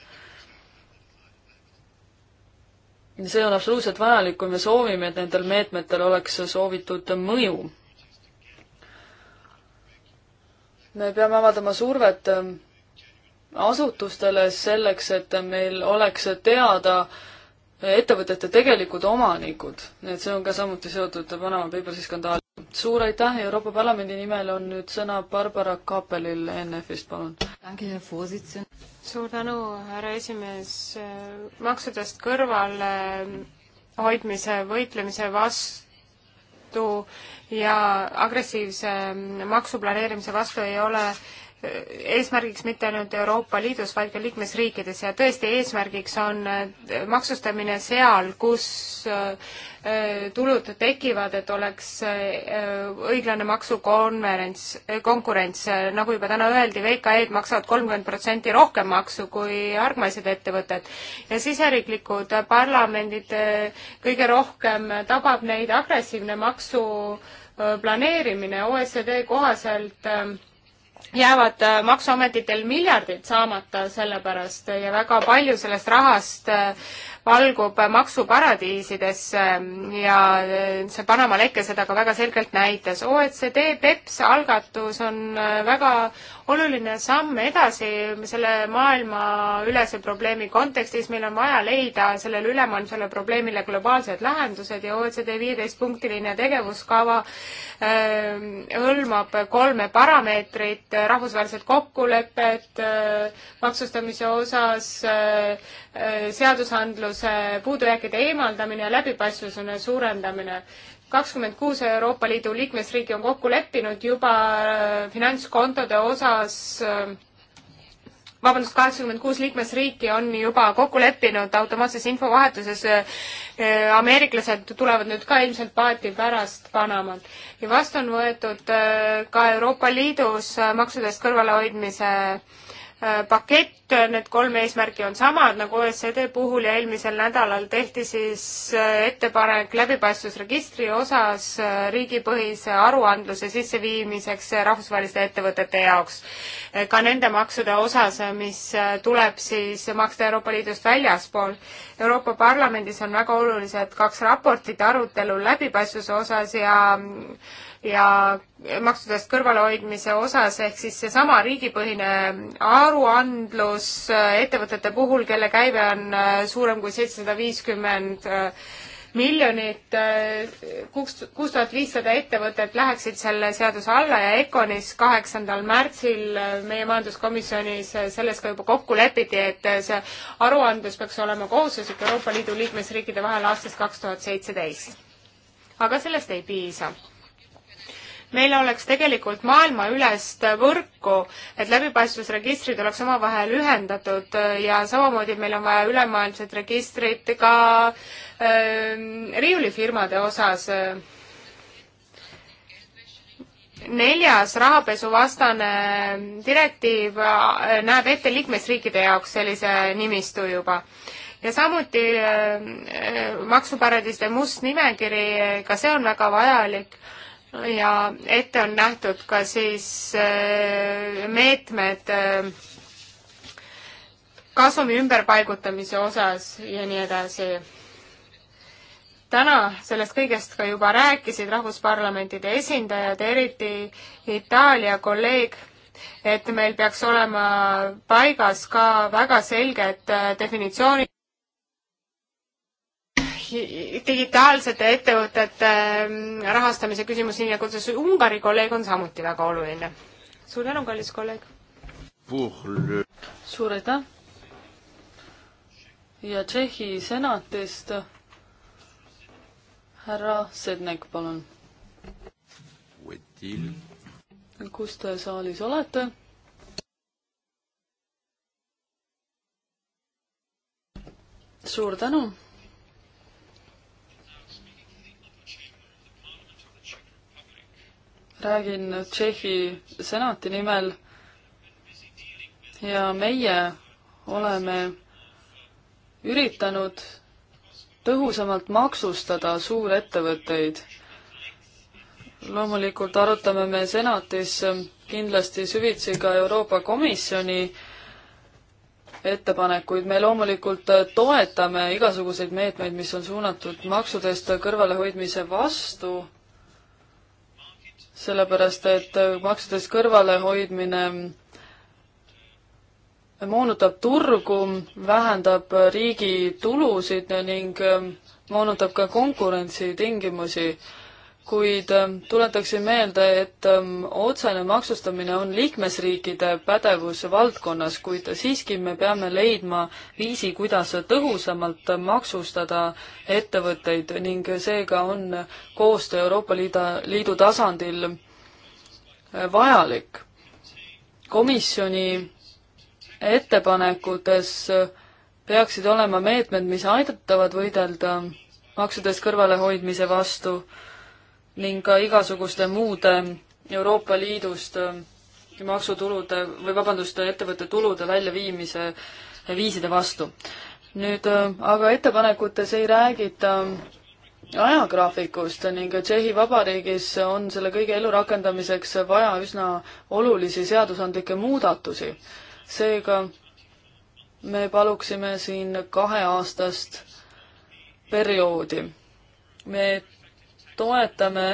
see on absoluutselt vajalik, kui me soovime, et nendel meetmetel oleks soovitud mõju. me peame avaldama survet äh, asutustele selleks, et meil oleks teada äh, ettevõtete tegelikud omanikud, nii et see on ka samuti seotud Panama Papersi skandaaliga. suur aitäh, Euroopa Parlamendi nimel on nüüd sõna Barbara Kappelil NF-ist, palun. suur tänu, härra esimees. maksudest kõrvale hoidmise võitlemise vastu ja agressiivse maksuplaneerimise vastu ei ole eesmärgiks mitte ainult Euroopa Liidus, vaid ka liikmesriikides ja tõesti eesmärgiks on äh, maksustamine seal, kus äh, äh, tulud tekivad, et oleks õiglane maksukonverents, konkurents, nagu juba täna öeldi, VKE-d maksavad kolmkümmend protsenti rohkem maksu kui hargmaised ettevõtted. ja siseriiklikud parlamendid, kõige rohkem tabab neid agressiivne maksu planeerimine OECD kohaselt jäävad äh, Maksuametitel miljardid saamata selle pärast äh, ja väga palju sellest rahast äh, valgub maksuparadiisidesse ja see Panama leke seda ka väga selgelt näitas. OECD BEPS algatus on äh, väga oluline samm edasi selle maailmaülese probleemi kontekstis. meil on vaja leida sellele ülemaailmsele probleemile globaalsed lahendused ja OECD viieteistpunktiline tegevuskava äh, hõlmab kolme parameetrit, äh, rahvusvahelised kokkulepped maksustamise osas, Äh, seadusandluse puudujääkide eemaldamine ja läbipaistvuse suurendamine. kakskümmend kuus Euroopa Liidu liikmesriiki on kokku leppinud juba äh, finantskontode osas äh, vabandust, kaheksakümmend kuus liikmesriiki on juba kokku leppinud automaatses infovahetuses. ameeriklased tulevad nüüd ka ilmselt paati pärast Panamat. ja vastu on võetud ka Euroopa Liidus maksudest kõrvalehoidmise Äh, pakett, äh, need kolm eesmärki on samad nagu OECD puhul ja eelmisel nädalal tehti siis äh, ettepanek läbipaistvusregistri osas riigipõhise aruandluse sisseviimiseks rahvusvaheliste ettevõtete jaoks. ka nende maksude osas, mis tuleb siis maksta Euroopa Liidust väljaspool. Euroopa Parlamendis on väga olulised kaks raportit arutelu läbipaistvuse osas ja mm, ja maksudest kõrvalehoidmise osas, ehk siis seesama riigipõhine aruandlus äh, ettevõtete puhul, kelle käive on äh, suurem kui seitsesada viiskümmend äh, miljonit, kuus, kuus tuhat viissada ettevõtet läheksid selle seaduse alla ja Econis kaheksandal märtsil meie majanduskomisjonis selles ka juba kokku lepiti, et see aruandlus peaks olema kohustuslik Euroopa Liidu liikmesriikide vahel aastast kaks tuhat seitseteist. aga sellest ei piisa meil oleks tegelikult maailmaülest võrku, et läbipaistvusregistrid oleks omavahel ühendatud äh, ja samamoodi meil on vaja ülemaailmset registrit ka äh, riiulifirmade osas äh. neljas rahapesuvastane direktiiv äh, näeb ette liikmesriikide jaoks sellise nimistu juba. ja samuti maksuparadiiside must nimekiri, ka see on väga vajalik ja ette on nähtud ka siis äh, meetmed äh, kasumi ümberpaigutamise osas ja nii edasi. täna sellest kõigest ka juba rääkisid rahvusparlamentide esindajad, eriti Itaalia kolleeg, et meil peaks olema paigas ka väga selged äh, definitsioonid digitaalsete ettevõtete ähm, rahastamise küsimus, nii nagu ütles Ungari kolleeg, on samuti väga oluline. suur tänu, kallis kolleeg! suur aitäh! ja Tšehhi senatist härra Sednek, palun. kus te saalis olete? suur tänu räägin Tšehhi senati nimel ja meie oleme üritanud tõhusamalt maksustada suurettevõtteid. loomulikult arutame me senatis kindlasti süvitsi ka Euroopa Komisjoni ettepanekuid, me loomulikult toetame igasuguseid meetmeid, mis on suunatud maksudest kõrvalehoidmise vastu sellepärast et maksudest kõrvalehoidmine moonutab turgu, vähendab riigi tulusid ning moonutab ka konkurentsitingimusi kuid ähm, tuletaksin meelde, et ähm, otsene maksustamine on liikmesriikide pädevuse valdkonnas, kuid siiski me peame leidma viisi, kuidas tõhusamalt maksustada ettevõtteid ning seega on koostöö Euroopa Liida, Liidu tasandil äh, vajalik. komisjoni ettepanekutes äh, peaksid olema meetmed, mis aidatavad võidelda maksudest kõrvalehoidmise vastu ning ka igasuguste muude Euroopa Liidust äh, maksutulude või vabandust, ettevõtte tulude väljaviimise viiside vastu. nüüd äh, aga ettepanekutes ei räägita ajagraafikust ning Tšehhi Vabariigis on selle kõige elu rakendamiseks vaja üsna olulisi seadusandlikke muudatusi. seega me paluksime siin kaheaastast perioodi. me toetame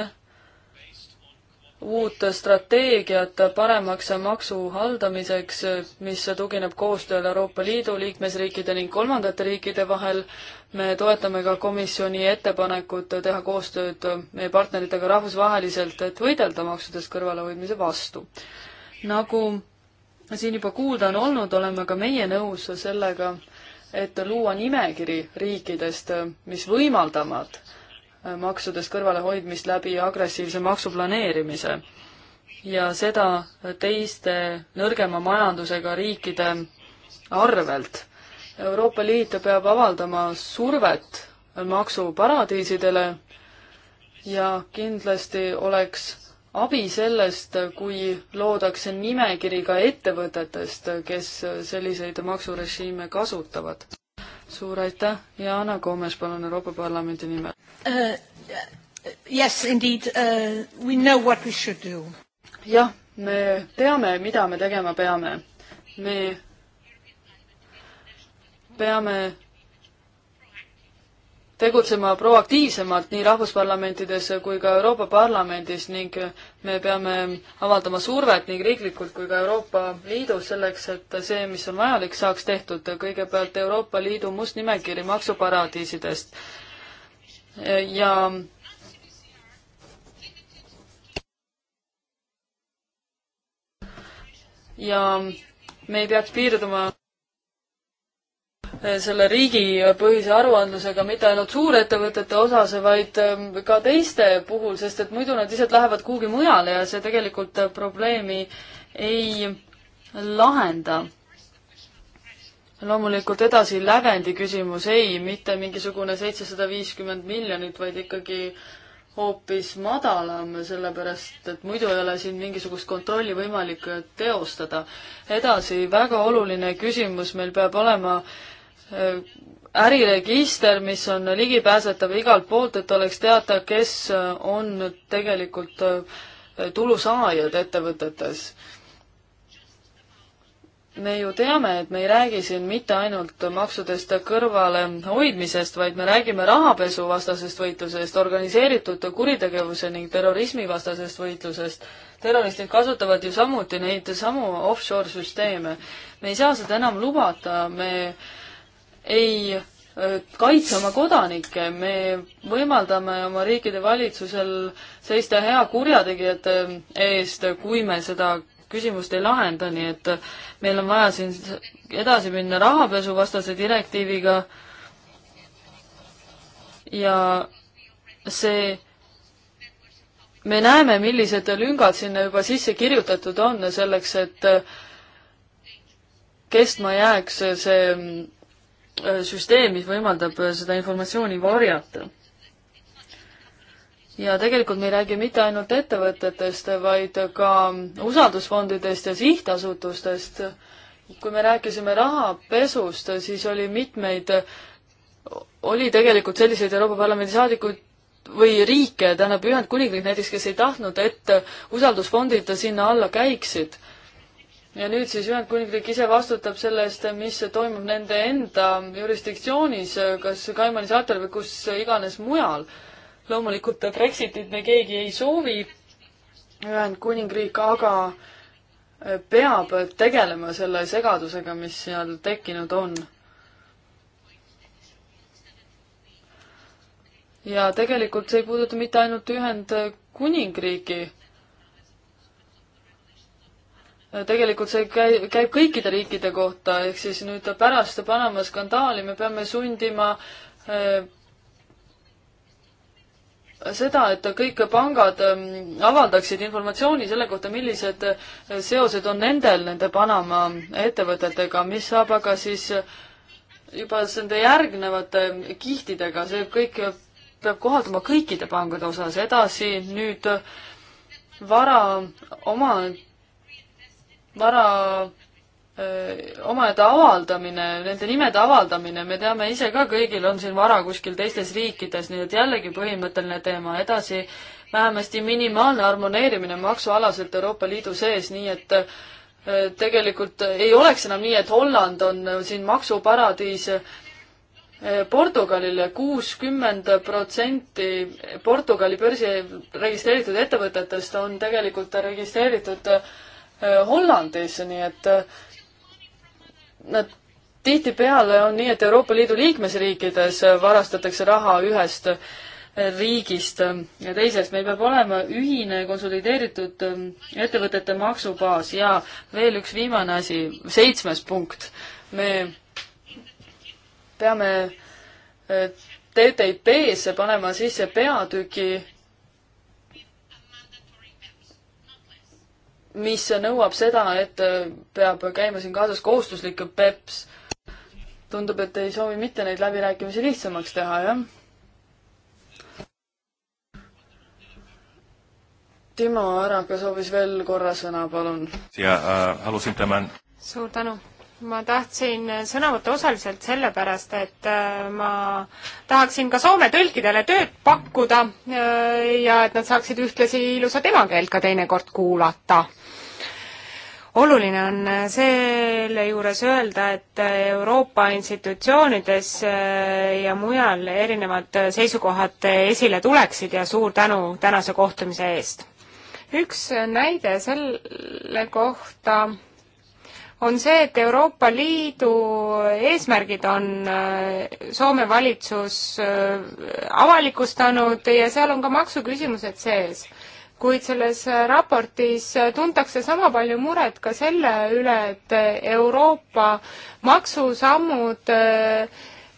uut strateegiat paremaks maksu haldamiseks, mis tugineb koostööle Euroopa Liidu liikmesriikide ning kolmandate riikide vahel. me toetame ka komisjoni ettepanekut teha koostööd meie partneritega rahvusvaheliselt, et võidelda maksudest kõrvalehoidmise vastu. nagu siin juba kuulda on olnud, oleme ka meie nõus sellega, et luua nimekiri riikidest, mis võimaldavad maksudest kõrvalehoidmist läbi agressiivse maksuplaneerimise ja seda teiste nõrgema majandusega riikide arvelt. Euroopa Liit peab avaldama survet maksuparadiisidele ja kindlasti oleks abi sellest, kui loodakse nimekiri ka ettevõtetest, kes selliseid maksurežiime kasutavad suur aitäh ja Anna Koomes, palun Euroopa Parlamendi nimel uh,. Yes, indeed uh,, we know what we should do. jah, me teame, mida me tegema peame. me peame tegutsema proaktiivsemalt nii rahvusparlamentides kui ka Euroopa Parlamendis ning me peame avaldama survet nii riiklikult kui ka Euroopa Liidus selleks, et see, mis on vajalik, saaks tehtud. kõigepealt Euroopa Liidu must nimekiri maksuparadiisidest ja ja me ei peaks piirduma Eh, selle riigipõhise aruandlusega mitte ainult suurettevõtete osas, vaid eh, ka teiste puhul, sest et muidu nad lihtsalt lähevad kuhugi mujale ja see tegelikult eh, probleemi ei lahenda. loomulikult edasi lävendi küsimus, ei, mitte mingisugune seitsesada viiskümmend miljonit, vaid ikkagi hoopis madalam, sellepärast et muidu ei ole siin mingisugust kontrolli võimalik teostada. edasi, väga oluline küsimus, meil peab olema äh, äriregister, mis on ligipääsetav igalt poolt, et oleks teada, kes on tegelikult äh, tulusaajad ettevõtetes. me ju teame, et me ei räägi siin mitte ainult maksudest kõrvalehoidmisest, vaid me räägime rahapesuvastasest võitlusest, organiseeritud kuritegevuse ning terrorismivastasest võitlusest. terroristid kasutavad ju samuti neid samu offshore süsteeme. me ei saa seda enam lubada, me äh, ei äh, kaitse oma kodanikke, me võimaldame oma riikide valitsusel seista hea kurjategijate äh, eest, kui me seda küsimust ei lahenda, nii et äh, meil on vaja siin edasi minna rahapesuvastase direktiiviga ja see me näeme, millised lüngad sinna juba sisse kirjutatud on selleks, et kestma jääks see Äh, süsteem, mis võimaldab äh, seda informatsiooni varjata. ja tegelikult me ei räägi mitte ainult ettevõtetest, vaid ka usaldusfondidest ja sihtasutustest. kui me rääkisime rahapesust, siis oli mitmeid, oli tegelikult selliseid Euroopa Parlamendi saadikuid, või riike, tähendab Ühendkuningriik näiteks, kes ei tahtnud, et usaldusfondid sinna alla käiksid ja nüüd siis Ühendkuningriik ise vastutab selle eest, mis toimub nende enda jurisdiktsioonis, kas Kaimani saartel või kus iganes mujal. loomulikult Brexitit me keegi ei soovi, Ühendkuningriik aga peab tegelema selle segadusega, mis seal tekkinud on. ja tegelikult see ei puuduta mitte ainult Ühendkuningriiki tegelikult see käi-, käib kõikide riikide kohta, ehk siis nüüd pärast Panama skandaali me peame sundima eh, seda, et kõik pangad ähm, avaldaksid informatsiooni selle kohta, millised äh, seosed on nendel nende Panama ettevõtetega, mis saab aga siis äh, juba nende järgnevate ähm, kihtidega, see kõik peab kohalduma kõikide pangade osas, edasi nüüd vara omand vara omaette avaldamine, nende nimede avaldamine, me teame ise ka, kõigil on siin vara kuskil teistes riikides, nii et jällegi põhimõtteline teema. edasi vähemasti minimaalne harmoneerimine maksualaselt Euroopa Liidu sees, nii et tegelikult ei oleks enam nii, et Holland on siin maksuparadiis Portugalile kuuskümmend protsenti Portugali börsi registreeritud ettevõtetest on tegelikult registreeritud äh, Äh, Hollandis, nii et äh, nad tihtipeale on nii, et Euroopa Liidu liikmesriikides äh, varastatakse raha ühest riigist ja teiseks meil peab olema ühine konsolideeritud ettevõtete maksubaas ja veel üks viimane asi, seitsmes punkt. me peame TTIP-sse panema sisse peatüki mis nõuab seda, et peab käima siin kaasas kohustuslik PEPS. tundub, et ei soovi mitte neid läbirääkimisi lihtsamaks teha, jah. Timo Araka soovis veel korra sõna, palun. ja äh, alusin tämän. suur tänu ma tahtsin sõna võtta osaliselt sellepärast, et äh, ma tahaksin ka Soome tõlkidele tööd pakkuda äh, ja et nad saaksid ühtlasi ilusat emakeelt ka teinekord kuulata oluline on selle juures öelda, et Euroopa institutsioonides äh, ja mujal erinevad seisukohad esile tuleksid ja suur tänu tänase kohtumise eest. üks näide selle kohta on see, et Euroopa Liidu eesmärgid on äh, Soome valitsus äh, avalikustanud ja seal on ka maksuküsimused sees kuid selles äh, raportis äh, tuntakse sama palju muret ka selle üle, et äh, Euroopa maksusammud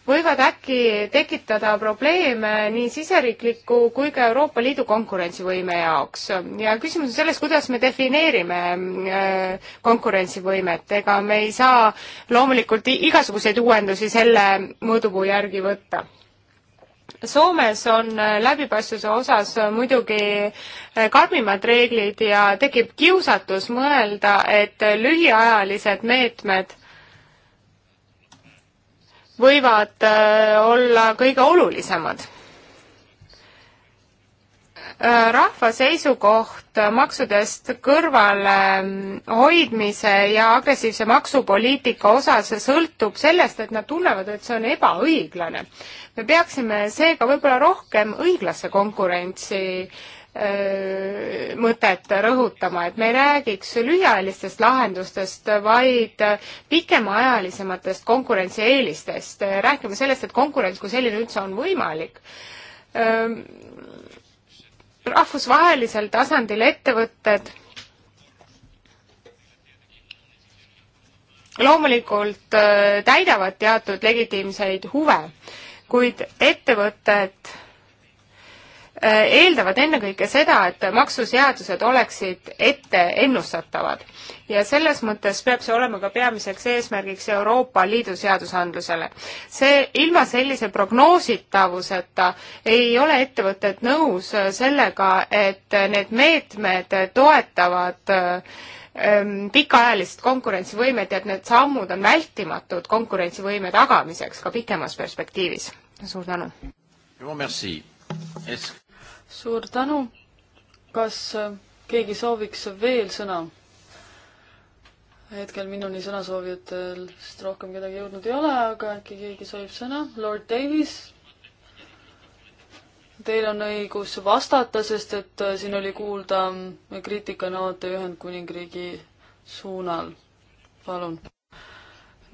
võivad äkki tekitada probleeme nii siseriikliku kui ka Euroopa Liidu konkurentsivõime jaoks. ja küsimus on selles, kuidas me defineerime konkurentsivõimet, ega me ei saa loomulikult igasuguseid uuendusi selle mõõdupuu järgi võtta Soomes on äh, läbipaistvuse osas äh, muidugi äh, karmimad reeglid ja tekib kiusatus mõelda, et lühiajalised meetmed võivad olla kõige olulisemad Äh, rahva seisukoht maksudest kõrvalehoidmise mm, ja agressiivse maksupoliitika osas sõltub sellest, et nad tunnevad, et see on ebaõiglane. me peaksime seega võib-olla rohkem õiglasse konkurentsi äh, mõtet rõhutama, et me ei räägiks lühiajalistest lahendustest, vaid pikemaajalisematest konkurentsieelistest, rääkima sellest, et konkurents kui selline üldse on võimalik äh, rahvusvahelisel tasandil ettevõtted loomulikult äh, täidavad teatud legitiimseid huve, kuid ettevõtted Äh, eeldavad ennekõike seda, et maksuseadused oleksid ette ennustatavad. ja selles mõttes peab see olema ka peamiseks eesmärgiks Euroopa Liidu seadusandlusele. see, ilma sellise prognoositavuseta ei ole ettevõtted nõus sellega, et need meetmed toetavad ähm, pikaajalist konkurentsivõimet ja et need sammud on vältimatud konkurentsivõime tagamiseks ka pikemas perspektiivis. suur tänu! Merci. Es suur tänu. kas äh, keegi sooviks veel sõna? hetkel minuni sõnasoovijatel vist rohkem kedagi jõudnud ei ole, aga äkki keegi soovib sõna? Lord Davis? Teil on õigus vastata, sest et äh, siin oli kuulda äh, kriitikanoote Ühendkuningriigi suunal. palun.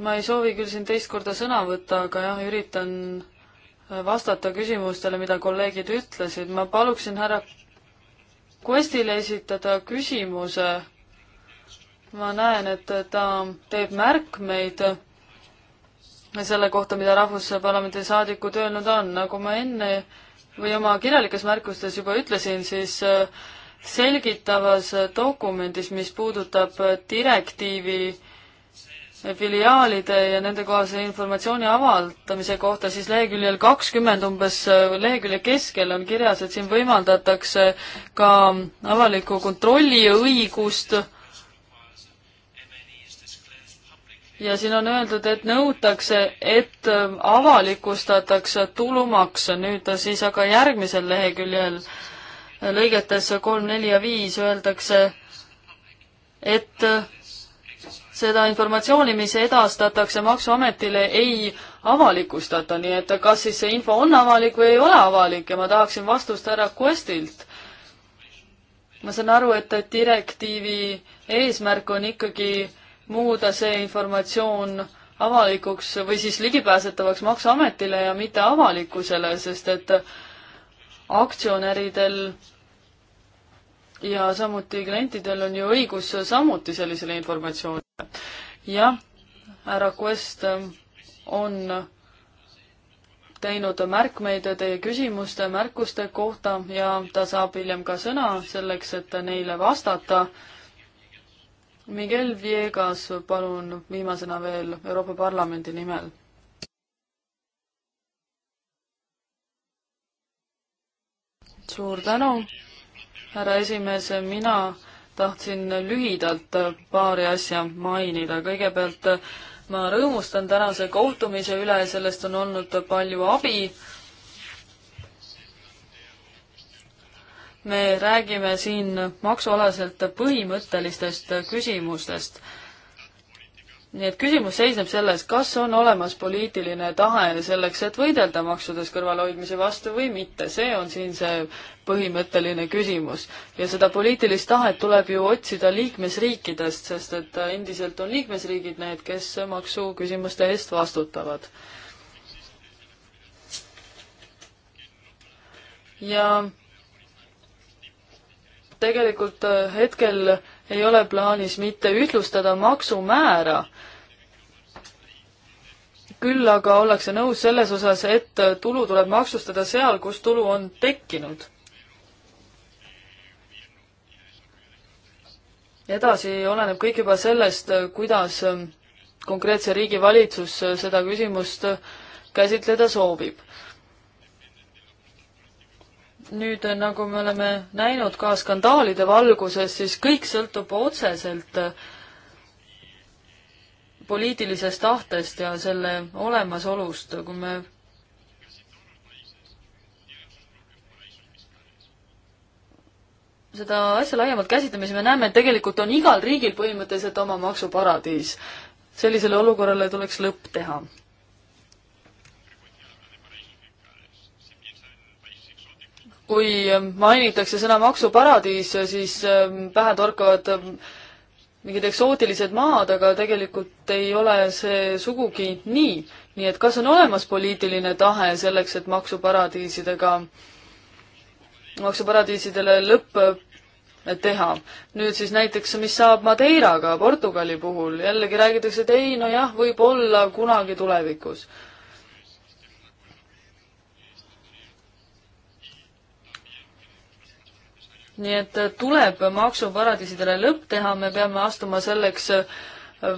ma ei soovi küll siin teist korda sõna võtta, aga jah, üritan vastata küsimustele, mida kolleegid ütlesid. ma paluksin härra Questile esitada küsimuse. ma näen, et ta teeb märkmeid selle kohta, mida Rahvusparlamendi saadikud öelnud on. nagu ma enne või oma kirjalikes märkustes juba ütlesin, siis äh, selgitavas dokumendis, mis puudutab direktiivi filiaalide ja nendekohase informatsiooni avaldamise kohta, siis leheküljel kakskümmend umbes lehekülje keskel on kirjas, et siin võimaldatakse ka avaliku kontrolli õigust. ja siin on öeldud, et nõutakse, et avalikustatakse tulumaks, nüüd siis aga järgmisel leheküljel lõigetes kolm, neli ja viis öeldakse, et seda informatsiooni, mis edastatakse Maksuametile, ei avalikustata, nii et kas siis see info on avalik või ei ole avalik ja ma tahaksin vastust härra Questilt. ma saan aru, et direktiivi eesmärk on ikkagi muuda see informatsioon avalikuks või siis ligipääsetavaks Maksuametile ja mitte avalikkusele, sest et aktsionäridel ja samuti klientidel on ju õigus samuti sellisele informatsioonile jah, härra Quest on teinud märkmeid teie küsimuste, märkuste kohta ja ta saab hiljem ka sõna selleks, et neile vastata. Miguel Viegas, palun viimasena veel Euroopa Parlamendi nimel. suur tänu, härra esimees, mina tahtsin lühidalt paari asja mainida. kõigepealt ma rõõmustan tänase kohtumise üle, sellest on olnud palju abi. me räägime siin maksualaselt põhimõttelistest küsimustest nii et küsimus seisneb selles, kas on olemas poliitiline tahe selleks, et võidelda maksudest kõrvalhoidmise vastu või mitte, see on siin see põhimõtteline küsimus. ja seda poliitilist tahet tuleb ju otsida liikmesriikidest, sest et endiselt on liikmesriigid need, kes maksuküsimuste eest vastutavad. ja tegelikult äh, hetkel ei ole plaanis mitte ühtlustada maksumäära, küll aga ollakse nõus selles osas, et äh, tulu tuleb maksustada seal, kus tulu on tekkinud. edasi oleneb kõik juba sellest, äh, kuidas konkreetse riigi valitsus seda küsimust käsitleda soovib nüüd, nagu me oleme näinud ka skandaalide valguses, siis kõik sõltub otseselt poliitilisest tahtest ja selle olemasolust, kui me seda asja laiemalt käsitleme, siis me näeme, et tegelikult on igal riigil põhimõtteliselt oma maksuparadiis. sellisele olukorrale tuleks lõpp teha kui mainitakse sõna maksuparadiis, siis ähm, pähe torkavad ähm, mingid eksootilised maad, aga tegelikult ei ole see sugugi nii. nii et kas on olemas poliitiline tahe selleks, et maksuparadiisidega, maksuparadiisidele lõpp äh, teha. nüüd siis näiteks, mis saab Madeiraga Portugali puhul, jällegi räägitakse, et ei nojah, võib-olla kunagi tulevikus nii et äh, tuleb maksuparadiisidele lõpp teha, me peame astuma selleks äh,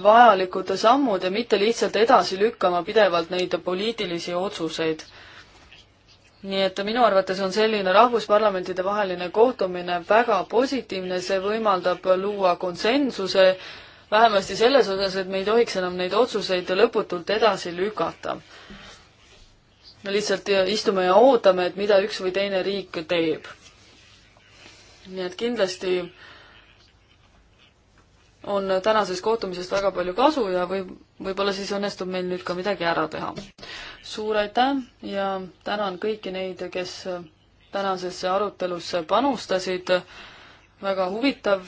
vajalikud sammud ja mitte lihtsalt edasi lükkama pidevalt neid poliitilisi otsuseid. nii et minu arvates on selline rahvusparlamentide vaheline kohtumine väga positiivne, see võimaldab luua konsensuse vähemasti selles osas, et me ei tohiks enam neid otsuseid lõputult edasi lükata. me lihtsalt äh, istume ja ootame, et mida üks või teine riik teeb nii et kindlasti on tänasest kohtumisest väga palju kasu ja võib, võib-olla siis õnnestub meil nüüd ka midagi ära teha. suur aitäh ja tänan kõiki neid, kes tänasesse arutelusse panustasid. väga huvitav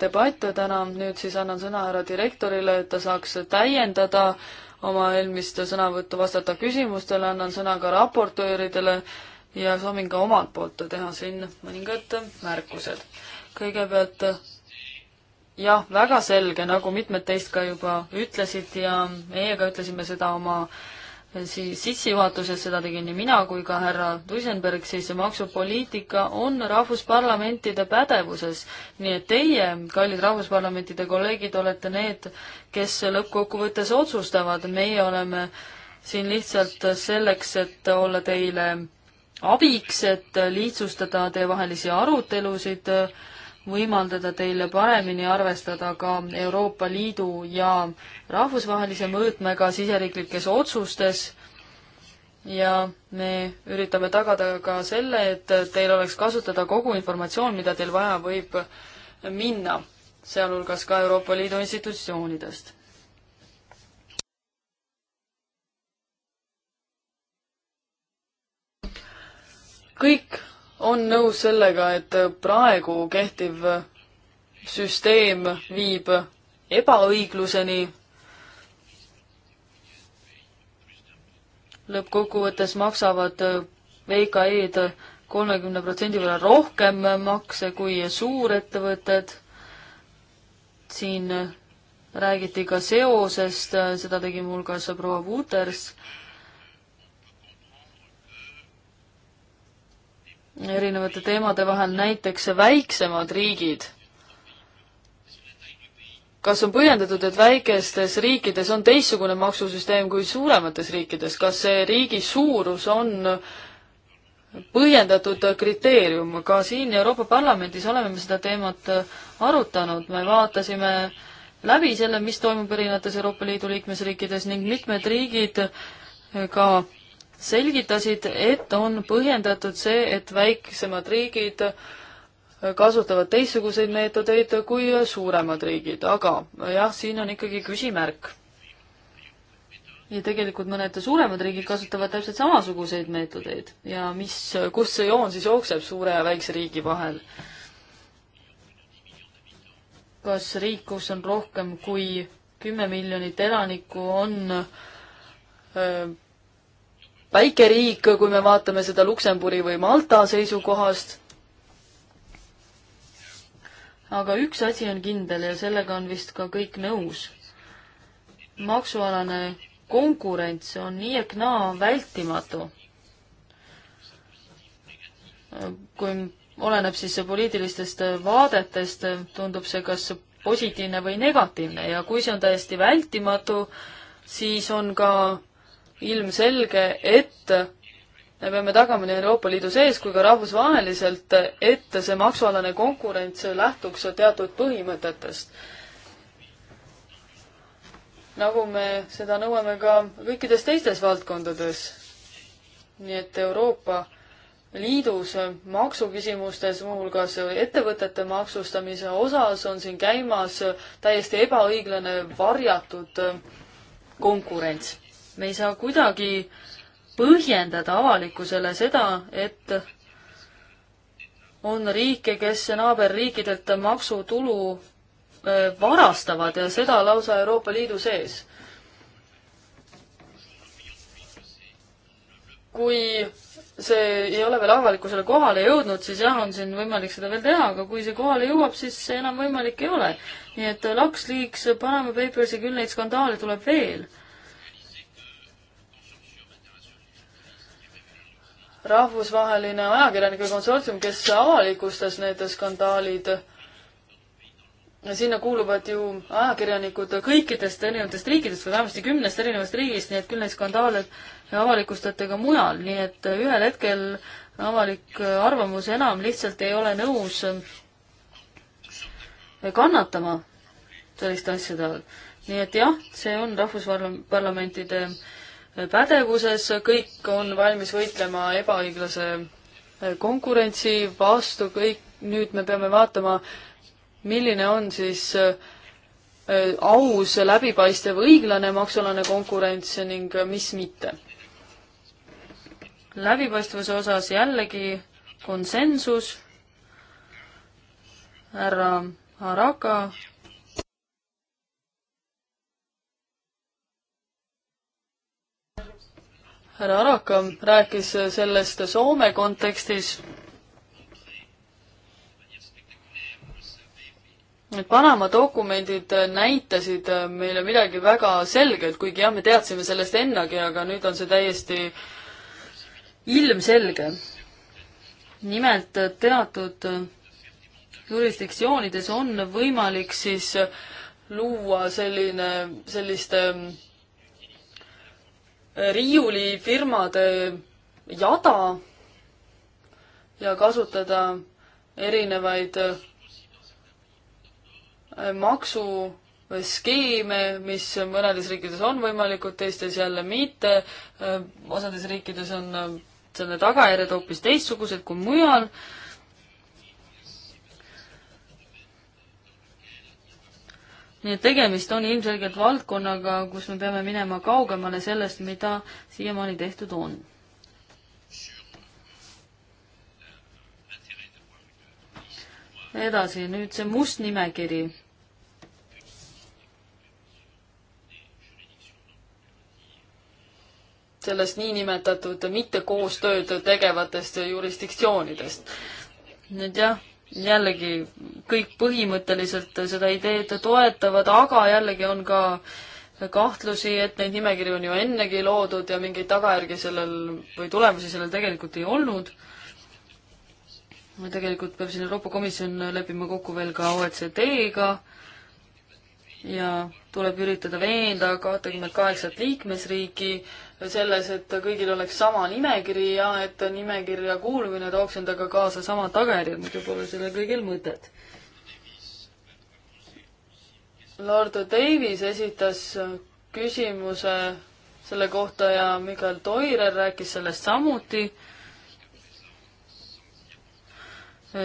debatt täna, nüüd siis annan sõna härra direktorile, et ta saaks täiendada oma eelmist sõnavõttu, vastata küsimustele, annan sõna ka raportööridele ja soovin ka omalt poolt teha siin mõningad märkused. kõigepealt jah, väga selge, nagu mitmed teist ka juba ütlesid ja meie ka ütlesime seda oma eh, siis sissejuhatuses, seda tegin nii mina kui ka härra Duisenberg, siis maksupoliitika on rahvusparlamentide pädevuses. nii et teie, kallid rahvusparlamentide kolleegid, olete need, kes lõppkokkuvõttes otsustavad, meie oleme siin lihtsalt selleks, et olla teile abiks, et lihtsustada teievahelisi arutelusid, võimaldada teile paremini arvestada ka Euroopa Liidu ja rahvusvahelise mõõtmega siseriiklikes otsustes ja me üritame tagada ka selle, et teil oleks kasutada kogu informatsioon, mida teil vaja võib minna, sealhulgas ka Euroopa Liidu institutsioonidest kõik on nõus sellega, et praegu kehtiv süsteem viib ebaõigluseni. lõppkokkuvõttes maksavad VKE-d kolmekümne protsendi võrra rohkem makse kui suurettevõtted. siin räägiti ka seosest, seda tegi muuhulgas proua Wooters erinevate teemade vahel, näiteks väiksemad riigid. kas on põhjendatud, et väikestes riikides on teistsugune maksusüsteem kui suuremates riikides, kas see riigi suurus on põhjendatud kriteerium, ka siin Euroopa Parlamendis oleme me seda teemat arutanud, me vaatasime läbi selle, mis toimub erinevates Euroopa Liidu liikmesriikides ning mitmed riigid ka selgitasid, et on põhjendatud see, et väiksemad riigid kasutavad teistsuguseid meetodeid kui suuremad riigid, aga jah, siin on ikkagi küsimärk. ja tegelikult mõned suuremad riigid kasutavad täpselt samasuguseid meetodeid ja mis, kus see joon siis jookseb suure ja väikse riigi vahel? kas riik, kus on rohkem kui kümme miljonit elanikku, on öö, äh, väike riik, kui me vaatame seda Luksemburi või Malta seisukohast. aga üks asi on kindel ja sellega on vist ka kõik nõus. maksualane konkurents on nii ehk naa vältimatu. kui oleneb siis poliitilistest vaadetest, tundub see kas positiivne või negatiivne ja kui see on täiesti vältimatu, siis on ka ilmselge, et me peame tagama nii Euroopa Liidu sees kui ka rahvusvaheliselt, et see maksualane konkurents lähtuks teatud põhimõtetest. nagu me seda nõuame ka kõikides teistes valdkondades. nii et Euroopa Liidus maksuküsimustes, muuhulgas ettevõtete maksustamise osas on siin käimas täiesti ebaõiglane varjatud konkurents me ei saa kuidagi põhjendada avalikkusele seda, et on riike, kes naaberriikidelt maksutulu äh, varastavad ja seda lausa Euroopa Liidu sees. kui see ei ole veel avalikkusele kohale jõudnud, siis jah, on siin võimalik seda veel teha, aga kui see kohale jõuab, siis see enam võimalik ei ole. nii et äh, Lux Leaks, Panama Papersi, küll neid skandaale tuleb veel rahvusvaheline ajakirjanike konsortsium, kes avalikustas need skandaalid. sinna kuuluvad ju ajakirjanikud kõikidest erinevatest riikidest või vähemasti kümnest erinevast riigist, nii et küll neid skandaale avalikustate ka mujal, nii et ühel hetkel avalik arvamus enam lihtsalt ei ole nõus kannatama selliste asjade all. nii et jah, see on rahvusparlamentide parlam pädevuses, kõik on valmis võitlema ebaõiglase eh, konkurentsi vastu, kõik, nüüd me peame vaatama, milline on siis eh, aus, läbipaistev, õiglane maksualane konkurents ning mis mitte. läbipaistvuse osas jällegi konsensus, härra Araka härra Araka rääkis sellest Soome kontekstis. et Panama dokumendid näitasid meile midagi väga selgelt, kuigi jah, me teadsime sellest ennagi, aga nüüd on see täiesti ilmselge. nimelt teatud jurisdiktsioonides on võimalik siis luua selline, selliste riiulifirmade jada ja kasutada erinevaid äh, maksuskeeme, mis mõnedes riikides on võimalikud, teistes jälle mitte. Äh, osades riikides on äh, selle tagajärjed hoopis teistsugused kui mujal nii et tegemist on ilmselgelt valdkonnaga, kus me peame minema kaugemale sellest, mida siiamaani tehtud on. edasi, nüüd see must nimekiri sellest niinimetatud mittekoostööd tegevatest jurisdiktsioonidest. nüüd jah, jällegi kõik põhimõtteliselt seda ideed toetavad, aga jällegi on ka kahtlusi, et neid nimekirju on ju ennegi loodud ja mingeid tagajärgi sellel või tulemusi sellel tegelikult ei olnud. tegelikult peab siin Euroopa Komisjon leppima kokku veel ka OECD-ga ja tuleb üritada veenda kahtekümmet kaheksat liikmesriiki selles, et kõigil oleks sama nimekiri ja et nimekirja kuulumine tooks endaga kaasa samad tagajärjed, muidu pole sellel kõigil mõtet. Lord Davis esitas küsimuse selle kohta ja Mikael Toirer rääkis sellest samuti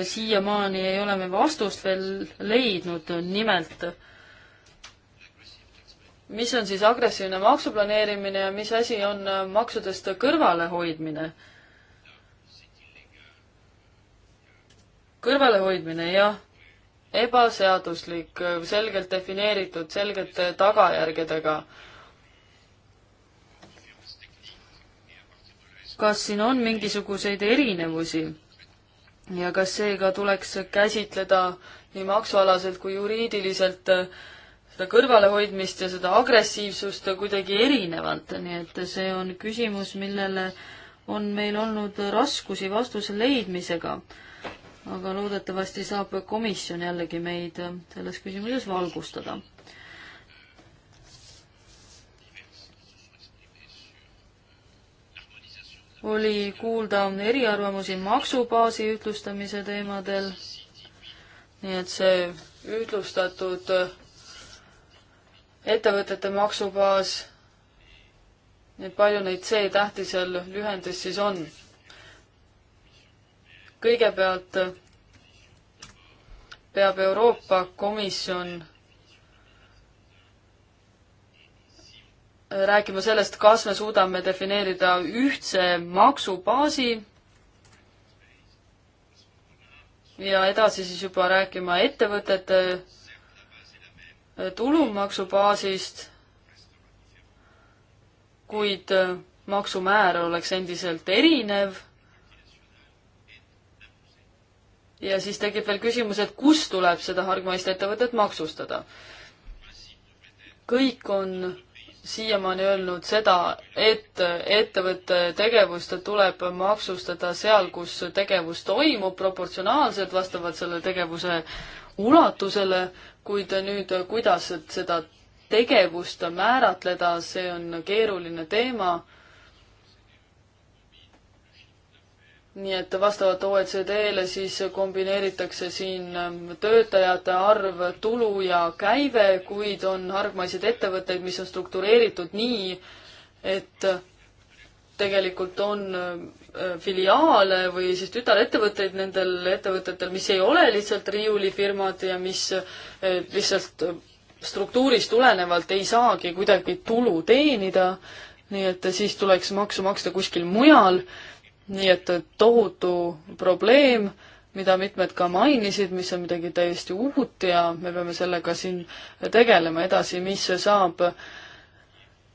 siiamaani ei ole me vastust veel leidnud, nimelt mis on siis agressiivne maksuplaneerimine ja mis asi on äh, maksudest kõrvalehoidmine? kõrvalehoidmine, jah. ebaseaduslik, äh, selgelt defineeritud, selgete tagajärgedega. kas siin on mingisuguseid erinevusi? ja kas seega tuleks käsitleda nii maksualaselt kui juriidiliselt äh, seda kõrvalehoidmist ja seda agressiivsust kuidagi erinevalt, nii et see on küsimus, millele on meil olnud raskusi vastuse leidmisega. aga loodetavasti saab komisjon jällegi meid selles küsimuses valgustada. oli kuulda eriarvamusi maksubaasi ühtlustamise teemadel, nii et see ühtlustatud ettevõtete maksubaas, et palju neid C-tähti seal lühendis siis on. kõigepealt peab Euroopa Komisjon rääkima sellest, kas me suudame defineerida ühtse maksubaasi ja edasi siis juba rääkima ettevõtete tulumaksubaasist, kuid äh, maksumäär oleks endiselt erinev. ja siis tekib veel küsimus, et kust tuleb seda hargmaist ettevõtet maksustada. kõik on siiamaani öelnud seda, et ettevõtte tegevust tuleb maksustada seal, kus tegevus toimub, proportsionaalselt vastavalt selle tegevuse ulatusele, kuid nüüd, kuidas seda tegevust määratleda, see on keeruline teema. nii et vastavalt OECD-le siis kombineeritakse siin ähm, töötajate arv, tulu ja käive, kuid on hargmaiseid ettevõtteid, mis on struktureeritud nii, et tegelikult on äh, filiaale või siis tütarettevõtteid nendel ettevõtetel, mis ei ole lihtsalt riiulifirmad ja mis äh, lihtsalt äh, struktuurist tulenevalt ei saagi kuidagi tulu teenida, nii et siis tuleks maksu maksta kuskil mujal, nii et tohutu probleem, mida mitmed ka mainisid, mis on midagi täiesti uut ja me peame sellega siin tegelema edasi, mis saab äh,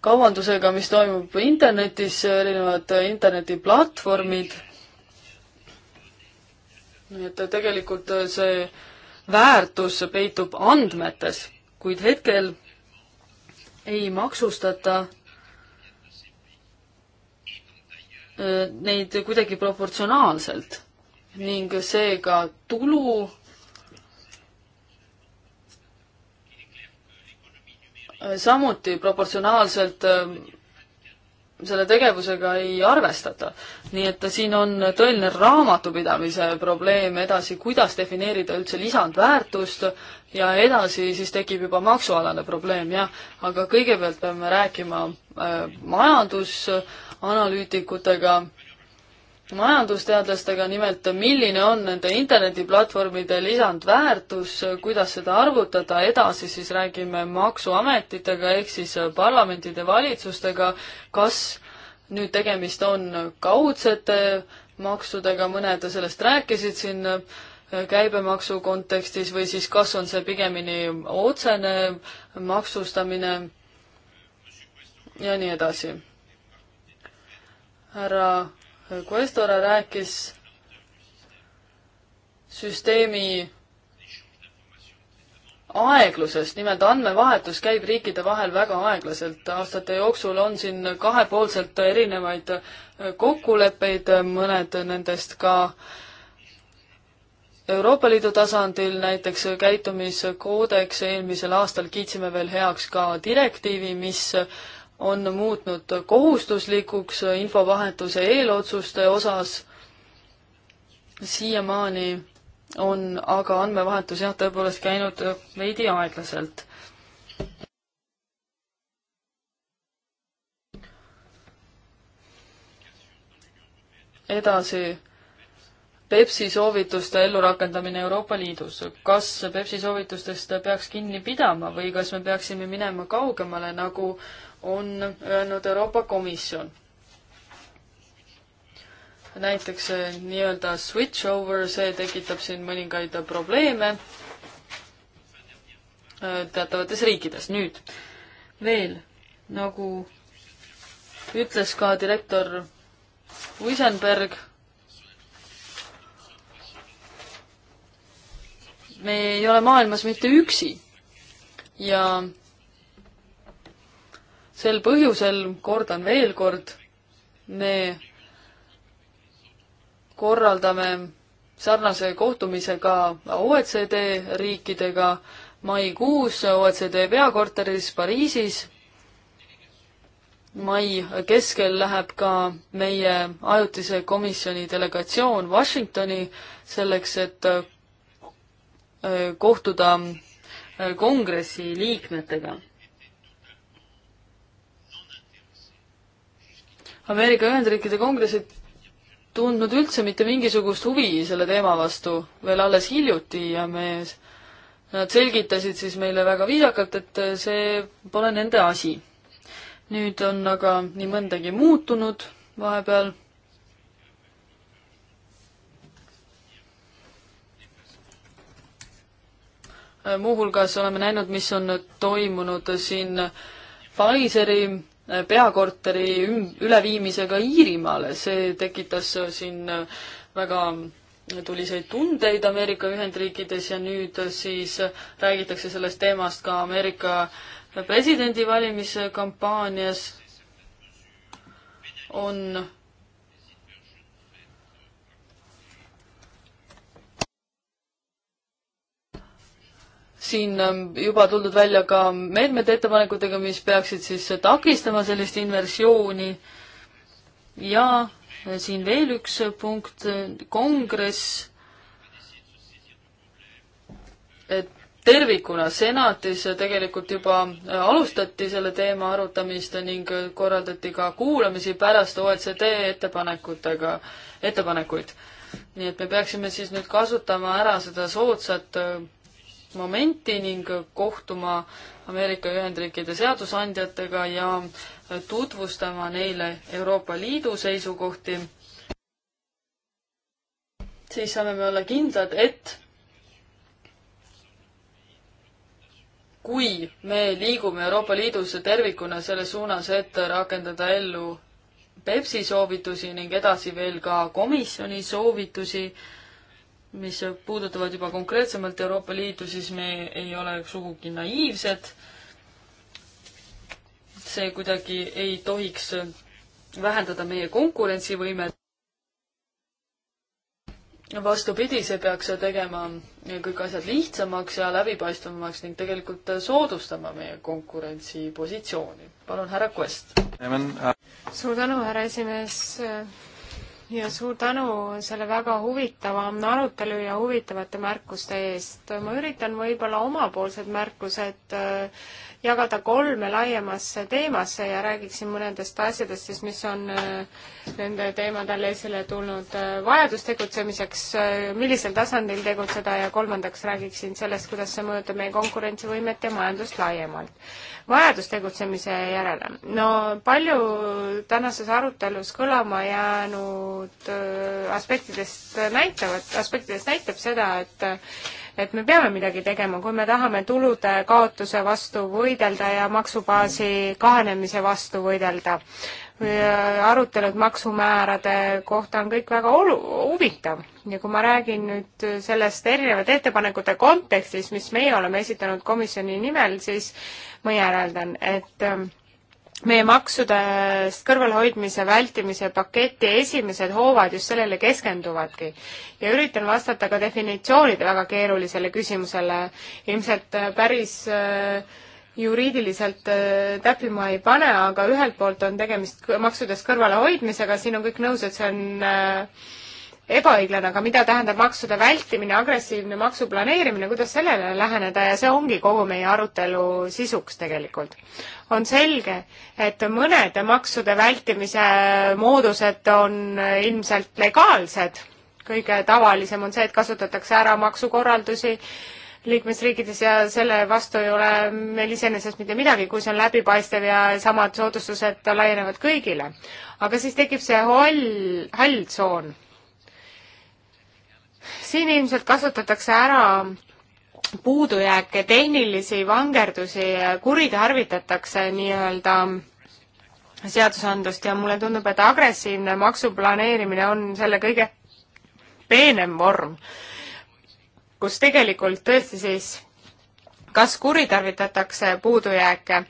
kaubandusega, mis toimub internetis, erinevad internetiplatvormid. nii et tegelikult see väärtus peitub andmetes, kuid hetkel ei maksustata eh, neid kuidagi proportsionaalselt ning seega tulu samuti proportsionaalselt ähm, selle tegevusega ei arvestata. nii et siin on tõeline raamatupidamise probleem edasi, kuidas defineerida üldse lisandväärtust ja edasi siis tekib juba maksualane probleem, jah. aga kõigepealt peame rääkima äh, majandusanalüütikutega äh, majandusteadlastega, nimelt milline on nende internetiplatvormide lisandväärtus, kuidas seda arvutada, edasi siis räägime maksuametitega ehk siis parlamentide valitsustega, kas nüüd tegemist on kaudsete maksudega, mõned sellest rääkisid siin käibemaksu kontekstis või siis kas on see pigemini otsene maksustamine ja nii edasi. härra Questora rääkis süsteemi aeglusest, nimelt andmevahetus käib riikide vahel väga aeglaselt. aastate jooksul on siin kahepoolselt erinevaid kokkuleppeid, mõned nendest ka Euroopa Liidu tasandil, näiteks käitumiskoodeks, eelmisel aastal kiitsime veel heaks ka direktiivi, mis on muutnud kohustuslikuks infovahetuse eelotsuste osas. siiamaani on aga andmevahetus jah, tõepoolest käinud veidi aeglaselt. edasi Pepsi soovituste ellurakendamine Euroopa Liidus. kas Pepsi soovitustest peaks kinni pidama või kas me peaksime minema kaugemale, nagu on öelnud Euroopa Komisjon. näiteks eh, nii-öelda switch over, see tekitab siin mõningaid probleeme eh, teatavates riikides. nüüd veel, nagu ütles ka direktor Wisenberg, me ei ole maailmas mitte üksi ja sel põhjusel, kordan veel kord, me korraldame sarnase kohtumise ka OECD riikidega maikuus OECD peakorteris Pariisis. mai keskel läheb ka meie ajutise komisjoni delegatsioon Washingtoni selleks, et äh, kohtuda äh, kongressi liikmetega Ameerika Ühendriikide kongressi tundnud üldse mitte mingisugust huvi selle teema vastu veel alles hiljuti ja me, nad selgitasid siis meile väga viisakalt, et see pole nende asi. nüüd on aga nii mõndagi muutunud vahepeal. muuhulgas oleme näinud, mis on toimunud siin Pfizeri peakorteri üleviimisega Iirimaale, see tekitas siin väga tuliseid tundeid Ameerika Ühendriikides ja nüüd siis räägitakse sellest teemast ka Ameerika presidendivalimiskampaanias on siin juba tuldud välja ka meetmete ettepanekutega, mis peaksid siis takistama sellist inversiooni. ja siin veel üks punkt, kongress, et tervikuna senatis tegelikult juba alustati selle teema arutamist ning korraldati ka kuulamisi pärast OECD ettepanekutega, ettepanekuid. nii et me peaksime siis nüüd kasutama ära seda soodsat momenti ning kohtuma Ameerika Ühendriikide seadusandjatega ja tutvustama neile Euroopa Liidu seisukohti, siis saame me olla kindlad, et kui me liigume Euroopa Liidus tervikuna selles suunas, et rakendada ellu Pepsi soovitusi ning edasi veel ka komisjoni soovitusi, mis puudutavad juba konkreetsemalt Euroopa Liitu, siis me ei ole sugugi naiivsed. see kuidagi ei tohiks vähendada meie konkurentsivõimet. vastupidi, see peaks tegema kõik asjad lihtsamaks ja läbipaistvamaks ning tegelikult soodustama meie konkurentsipositsiooni. palun, härra Quest. Uh suur tänu, härra esimees ja suur tänu selle väga huvitava arutelu ja huvitavate märkuste eest. ma üritan võib-olla omapoolsed märkused äh, jagada kolme laiemasse teemasse ja räägiksin mõnedest asjadest siis, mis on äh, nende teemadel esile tulnud. Äh, vajadus tegutsemiseks, äh, millisel tasandil tegutseda ja kolmandaks räägiksin sellest, kuidas see mõjutab meie konkurentsivõimet ja majandust laiemalt. vajadus tegutsemise järele. no palju tänases arutelus kõlama jäänud aspektidest näitavad, aspektidest näitab seda, et et me peame midagi tegema, kui me tahame tulude kaotuse vastu võidelda ja maksubaasi kahanemise vastu võidelda. arutelud maksumäärade kohta on kõik väga olu-, huvitav ja kui ma räägin nüüd sellest erinevate ettepanekute kontekstis, mis meie oleme esitanud komisjoni nimel, siis ma järeldan, et ähm, meie maksudest kõrvalhoidmise vältimise paketi esimesed hoovad just sellele keskenduvadki. ja üritan vastata ka definitsioonide väga keerulisele küsimusele, ilmselt äh, päris äh, juriidiliselt äh, täppima ei pane, aga ühelt poolt on tegemist maksudest kõrvalehoidmisega, siin on kõik nõus, et see on äh, ebaõiglane, aga mida tähendab maksude vältimine, agressiivne maksuplaneerimine, kuidas sellele läheneda ja see ongi kogu meie arutelu sisuks tegelikult. on selge, et mõned maksude vältimise moodused on ilmselt legaalsed, kõige tavalisem on see, et kasutatakse ära maksukorraldusi, liikmesriikides ja selle vastu ei ole meil iseenesest mitte midagi, kui see on läbipaistev ja samad soodustused laienevad kõigile. aga siis tekib see hall, hall tsoon siin ilmselt kasutatakse ära puudujääke, tehnilisi vangerdusi, kuritarvitatakse nii-öelda seadusandlust ja mulle tundub, et agressiivne maksuplaneerimine on selle kõige peenem vorm, kus tegelikult tõesti siis kas kuritarvitatakse puudujääke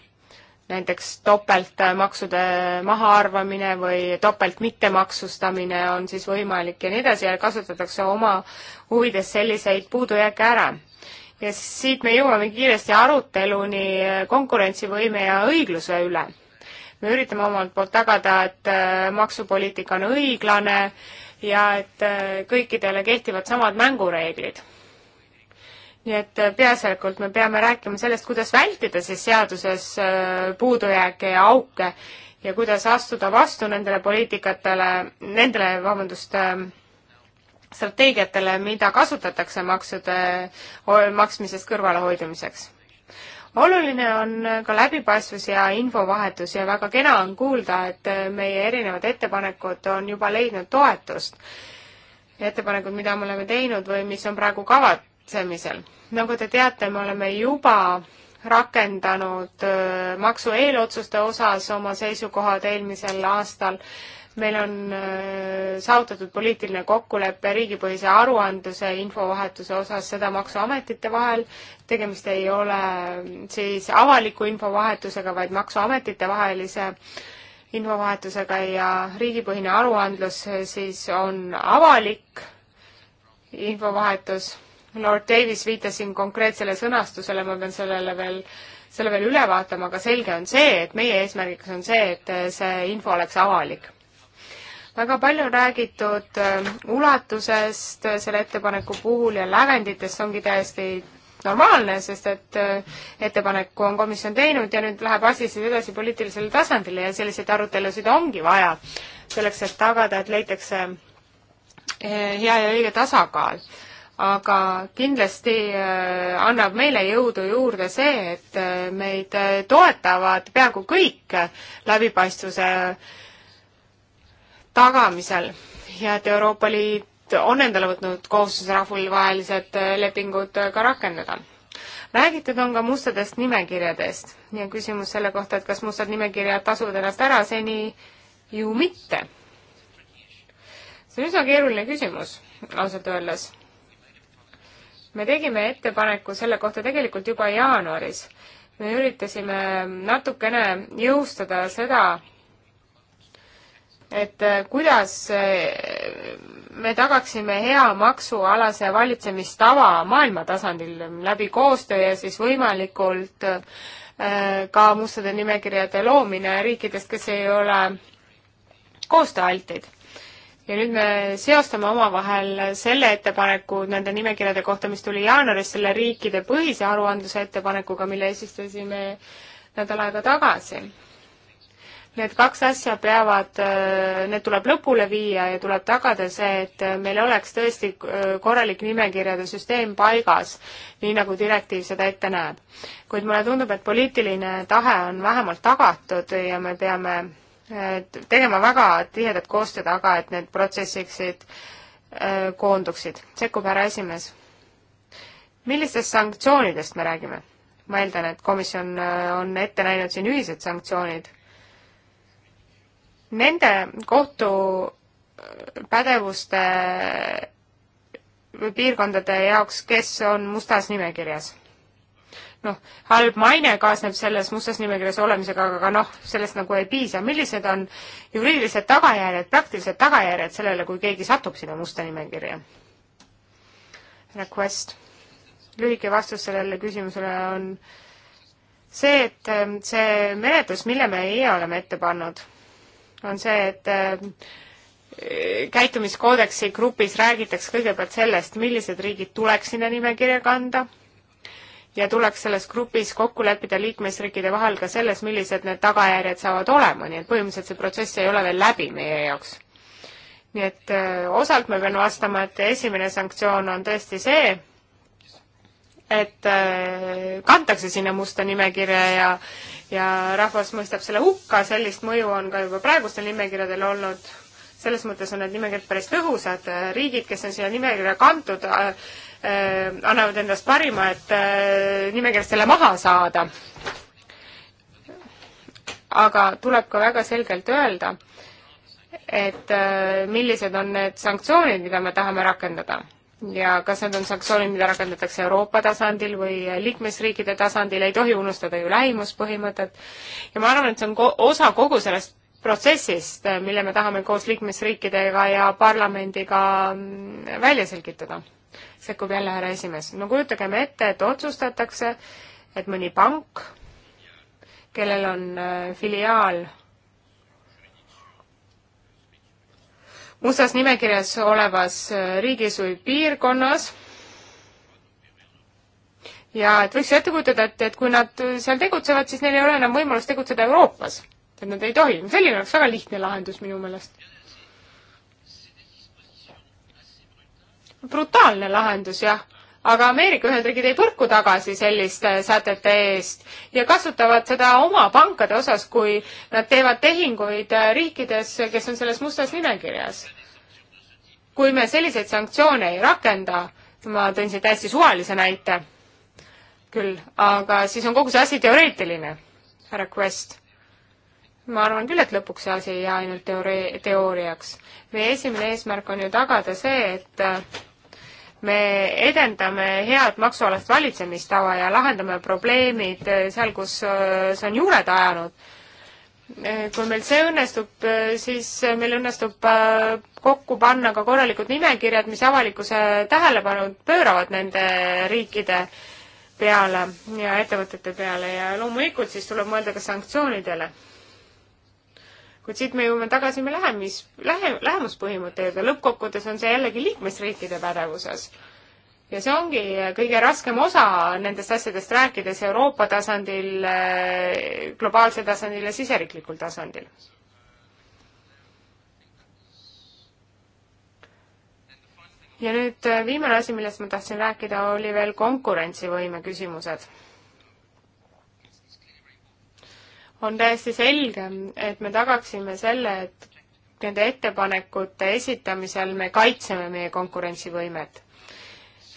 näiteks topeltmaksude mahaarvamine või topelt mittemaksustamine on siis võimalik ja nii edasi ja kasutatakse oma huvides selliseid puudujääke ära. ja siit me jõuame kiiresti aruteluni konkurentsivõime ja õigluse üle. me üritame omalt poolt tagada, et äh, maksupoliitika on õiglane ja et äh, kõikidele kehtivad samad mängureeglid nii et äh, peaasjalikult me peame rääkima sellest, kuidas vältida siis seaduses äh, puudujääke ja auke ja kuidas astuda vastu nendele poliitikatele, nendele, vabandust, ähm, strateegiatele, mida kasutatakse maksude maksmisest kõrvalehoidumiseks. oluline on äh, ka läbipaistvus ja infovahetus ja väga kena on kuulda, et meie erinevad ettepanekud on juba leidnud toetust. ettepanekud, mida me oleme teinud või mis on praegu kavad, tegutsemisel. nagu te teate, me oleme juba rakendanud maksu eelotsuste osas oma seisukohad eelmisel aastal. meil on saavutatud poliitiline kokkulepe riigipõhise aruandluse infovahetuse osas, seda Maksuametite vahel. tegemist ei ole siis avaliku infovahetusega, vaid Maksuametite vahelise infovahetusega ja riigipõhine aruandlus siis on avalik infovahetus Lord Davis viitas siin konkreetsele sõnastusele, ma pean sellele veel, selle veel üle vaatama, aga selge on see, et meie eesmärgiks on see, et eh, see info oleks avalik. väga palju on räägitud eh, ulatusest eh, selle ettepaneku puhul ja lävenditest, see ongi täiesti normaalne, sest et ettepaneku on komisjon teinud ja nüüd läheb asi siis edasi poliitilisele tasandile ja selliseid arutelusid ongi vaja, selleks et tagada, et leitakse hea ja õige tasakaal aga kindlasti äh, annab meile jõudu juurde see, et äh, meid äh, toetavad peaaegu kõik läbipaistvuse tagamisel ja et Euroopa Liit on endale võtnud kohustuse rahvusvahelised lepingud ka rakendada. räägitud on ka mustadest nimekirjadest ja küsimus selle kohta, et kas mustad nimekirjad tasuvad ennast ära, seni ju mitte. see on üsna keeruline küsimus, ausalt öeldes me tegime ettepaneku selle kohta tegelikult juba jaanuaris. me üritasime natukene jõustada seda, et äh, kuidas äh, me tagaksime hea maksualase valitsemistava maailma tasandil läbi koostöö ja siis võimalikult äh, ka mustade nimekirjade loomine riikidest, kes ei ole koostööaltid ja nüüd me seostame omavahel selle ettepaneku nende nimekirjade kohta, mis tuli jaanuaris selle riikide põhise aruandluse ettepanekuga, mille esitasime nädal aega tagasi. Need kaks asja peavad, need tuleb lõpule viia ja tuleb tagada see, et meil oleks tõesti äh, korralik nimekirjade süsteem paigas, nii nagu direktiiv seda ette näeb. kuid mulle tundub, et poliitiline tahe on vähemalt tagatud ja me peame tegema väga tihedat koostööd, aga et need protsessiksid, äh, koonduksid. sekkub härra esimees. millistest sanktsioonidest me räägime? ma eeldan, et komisjon äh, on ette näinud siin ühised sanktsioonid. Nende kohtupädevuste äh, või piirkondade jaoks, kes on mustas nimekirjas noh, halb maine kaasneb selles mustas nimekirjas olemisega, aga noh, sellest nagu ei piisa. millised on juriidilised tagajärjed, praktilised tagajärjed sellele, kui keegi satub sinna musta nimekirja? Request. lühike vastus sellele küsimusele on see, et ähm, see menetlus, mille me EIA oleme ette pannud, on see, et ähm, käitumiskoodeksi grupis räägitakse kõigepealt sellest, millised riigid tuleks sinna nimekirja kanda ja tuleks selles grupis kokku leppida liikmesriikide vahel ka selles, millised need tagajärjed saavad olema, nii et põhimõtteliselt see protsess ei ole veel läbi meie jaoks. nii et äh, osalt ma pean vastama, et esimene sanktsioon on tõesti see, et äh, kantakse sinna musta nimekirja ja ja rahvas mõistab selle hukka, sellist mõju on ka juba praegustel nimekirjadel olnud, selles mõttes on need nimekirjad päris tõhusad, äh, riigid, kes on sinna nimekirja kantud, Äh, annavad endast parima, et äh, nimekirjast selle maha saada. aga tuleb ka väga selgelt öelda, et äh, millised on need sanktsioonid, mida me tahame rakendada ja kas need on sanktsioonid, mida rakendatakse Euroopa tasandil või liikmesriikide tasandil, ei tohi unustada ju lähimuspõhimõtet. ja ma arvan, et see on ko osa kogu sellest protsessist, mille me tahame koos liikmesriikidega ja parlamendiga mm, välja selgitada sekkub jälle härra esimees. no kujutagem ette, et otsustatakse, et mõni pank, kellel on äh, filiaal mustas nimekirjas olevas äh, riigis või piirkonnas. ja et võiks ette kujutada, et, et kui nad äh, seal tegutsevad, siis neil ei ole enam võimalust tegutseda Euroopas. et nad ei tohi, selline oleks väga lihtne lahendus minu meelest. brutaalne lahendus, jah. aga Ameerika Ühendriigid ei põrku tagasi selliste sätete eest ja kasutavad seda oma pankade osas, kui nad teevad tehinguid riikides, kes on selles mustas nimekirjas. kui me selliseid sanktsioone ei rakenda, ma tõin siin täiesti suvalise näite küll, aga siis on kogu see asi teoreetiline, härra Quest ma arvan küll, et lõpuks see asi ei jää ainult teoori-, teooriaks. meie esimene eesmärk on ju tagada see, et me edendame head maksualast valitsemistava ja lahendame probleemid äh, seal, kus äh, see on juured ajanud. Äh, kui meil see õnnestub, siis meil õnnestub kokku panna ka korralikud nimekirjad, mis avalikkuse tähelepanu pööravad nende riikide peale ja ettevõtete peale ja loomulikult siis tuleb mõelda ka sanktsioonidele kuid siit me jõuame tagasi me lähemis, lähe, lähemuspõhimõtte juurde, lõppkokkuvõttes on see jällegi liikmesriikide pädevuses. ja see ongi kõige raskem osa nendest asjadest rääkides Euroopa tasandil, eh, globaalsel tasandil ja siseriiklikul tasandil. ja nüüd eh, viimane asi, millest ma tahtsin rääkida, oli veel konkurentsivõime küsimused on täiesti selge, et me tagaksime selle, et nende ettepanekute esitamisel me kaitseme meie konkurentsivõimet.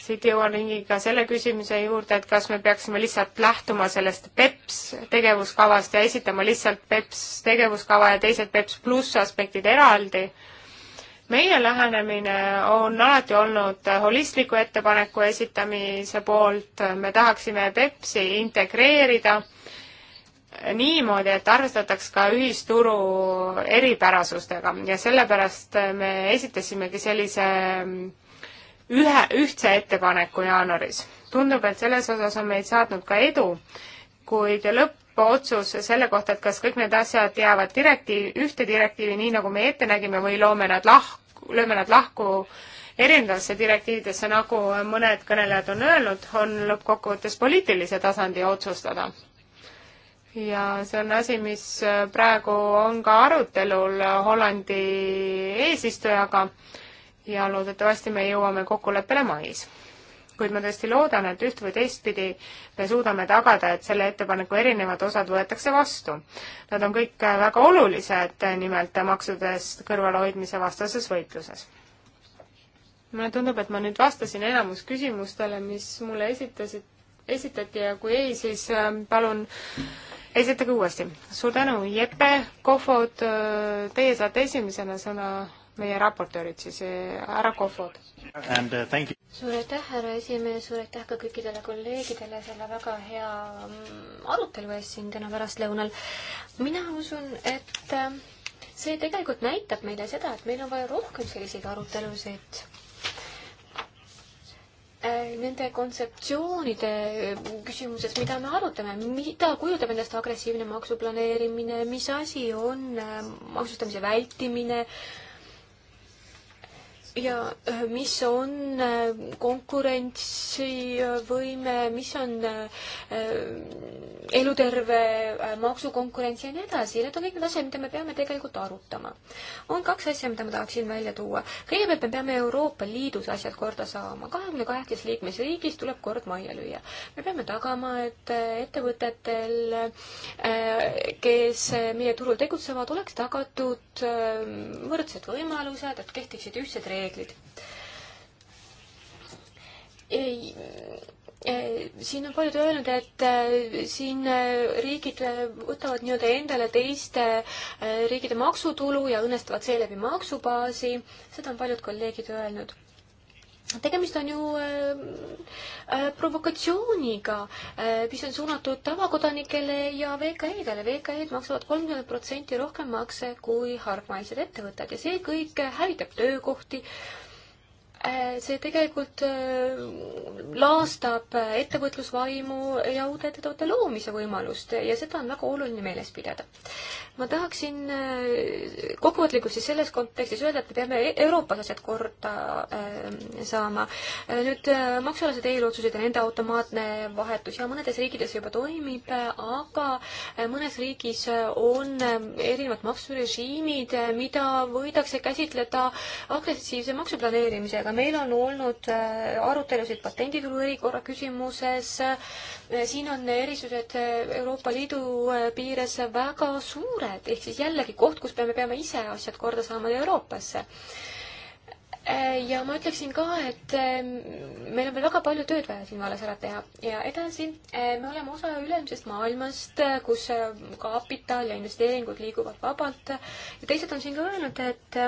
siit jõuan ringi ka selle küsimuse juurde, et kas me peaksime lihtsalt lähtuma sellest PEPS tegevuskavast ja esitama lihtsalt PEPS tegevuskava ja teised PEPS pluss aspektid eraldi meie lähenemine on alati olnud holistliku ettepaneku esitamise poolt, me tahaksime Pepsi integreerida niimoodi, et arvestataks ka ühisturu eripärasustega ja sellepärast me esitasimegi sellise mm, ühe, ühtse ettepaneku jaanuaris. tundub, et selles osas on meid saatnud ka edu, kuid lõppotsus selle kohta, et kas kõik need asjad jäävad direktiivi, ühte direktiivi, nii nagu me ette nägime, või loome nad lahku, lööme nad lahku erinevatesse direktiividesse, nagu mõned kõnelejad on öelnud, on lõppkokkuvõttes poliitilise tasandi otsustada ja see on asi, mis äh, praegu on ka arutelul Hollandi eesistujaga ja loodetavasti me jõuame kokkuleppele mais. kuid ma tõesti loodan, et üht või teistpidi me suudame tagada, et selle ettepaneku erinevad osad võetakse vastu. Nad on kõik äh, väga olulised äh, nimelt maksudest kõrvalehoidmise vastases võitluses. mulle tundub, et ma nüüd vastasin enamus küsimustele, mis mulle esitasid, esitati ja kui ei, siis palun äh, esitage uuesti. suur tänu, Jeppe, Kohvod, äh, teie saate esimesena sõna, meie raportöörid siis, äh, härra Kohvod. Äh, suur aitäh, härra esimees, suur aitäh ka kõikidele kolleegidele selle väga hea mm, arutelu eest siin täna pärastlõunal. mina usun, et see tegelikult näitab meile seda, et meil on vaja rohkem selliseid arutelusid Äh, nende kontseptsioonide äh, küsimuses, mida me arutame, mida kujutab endast agressiivne maksuplaneerimine, mis asi on äh, maksustamise vältimine äh,, ja äh, mis on äh, konkurentsivõime, mis on äh, eluterve maksukonkurents ja nii edasi, need on kõik need asjad, mida me peame tegelikult arutama. on kaks asja, mida ma tahaksin välja tuua. kõigepealt me peame Euroopa Liidus asjad korda saama, kahekümne kaheksas liikmesriigis tuleb kord majja lüüa. me peame tagama, et ettevõtetel, kes meie turul tegutsevad, oleks tagatud võrdsed võimalused, et kehtiksid ühtsed reeglid, reeglid. Eh, siin on paljud öelnud, et eh, siin eh, riigid võtavad nii-öelda endale teiste riikide maksutulu ja õnnestavad seeläbi maksubaasi. seda on paljud kolleegid öelnud Noh, tegemist on ju äh, äh, provokatsiooniga äh,, mis on suunatud tavakodanikele ja VKE-dele. VKE-d maksavad kolmkümmend protsenti rohkem makse kui hargmaised ettevõtted ja see kõik hävitab töökohti äh,, Äh, see tegelikult äh, laastab äh, ettevõtlusvaimu ja uute ettevõtete loomise võimalust ja seda on väga oluline meeles pidada. ma tahaksin kokkuvõtlikult siis selles kontekstis öelda, et me peame e-, Euroopas asjad korda saama. nüüd maksualased eelotsused ja nende automaatne vahetus ja mõnedes riikides juba toimib, aga mõnes riigis on erinevad maksurežiimid, mida võidakse käsitleda agressiivse maksuplaneerimisega meil on olnud äh, arutelusid patenditulu erikorra küsimuses, äh, siin on erisused äh, Euroopa Liidu piires väga suured, ehk siis jällegi koht, kus me peame ise asjad korda saama Euroopasse ja ma ütleksin ka, et ähm, meil on veel väga palju tööd vaja siin vallas ära teha ja edasi, me oleme osa ülemisest maailmast, kus kapital ja investeeringud liiguvad vabalt ja teised on siin ka öelnud, et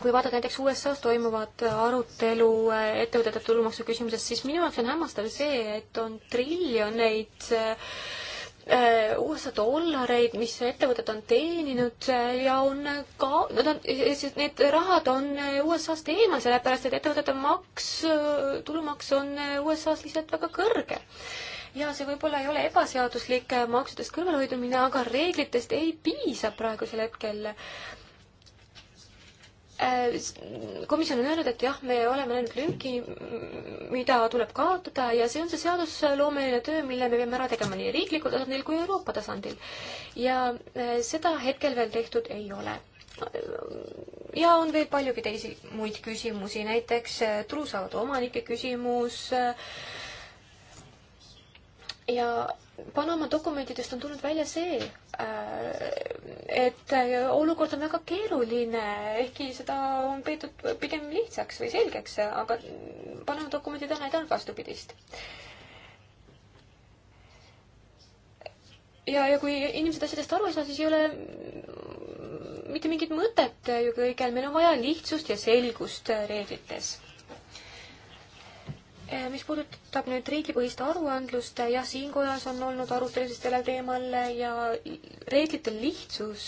kui vaadata näiteks USA-s toimuvat arutelu äh, ettevõtete tulumaksu küsimuses, siis minu jaoks on hämmastav see, et on triljoneid äh, äh, USA dollareid, mis ettevõtted on teeninud ja on ka, nad on, need rahad on USA-st eemal, sellepärast et ettevõtete maks, tulumaks on USA-s lihtsalt väga kõrge. ja see võib-olla ei ole ebaseaduslik maksudest kõrvalhoidumine, aga reeglitest ei piisa praegusel hetkel Äh, komisjon on öelnud, et jah, me oleme näinud lünki, mida tuleb kaotada ja see on see seadusloomeline töö, mille me peame ära tegema nii riiklikul tasandil kui Euroopa tasandil. ja äh, seda hetkel veel tehtud ei ole. ja on veel paljugi teisi muid küsimusi, näiteks äh, truusaauto omanike küsimus äh,, ja Panama dokumentidest on tulnud välja see, äh, et äh, olukord on väga keeruline, ehkki seda on peetud pigem lihtsaks või selgeks, aga Panama dokumendid on näidanud vastupidist. ja, ja kui inimesed asjadest aru ei saa, siis ei ole mitte mingit mõtet ju kõigel, meil on vaja lihtsust ja selgust reeglites Eh, mis puudutab nüüd riigipõhist aruandlust, eh, jah, siin kojas on olnud arutelusid sellel teemal eh, ja reeglite lihtsus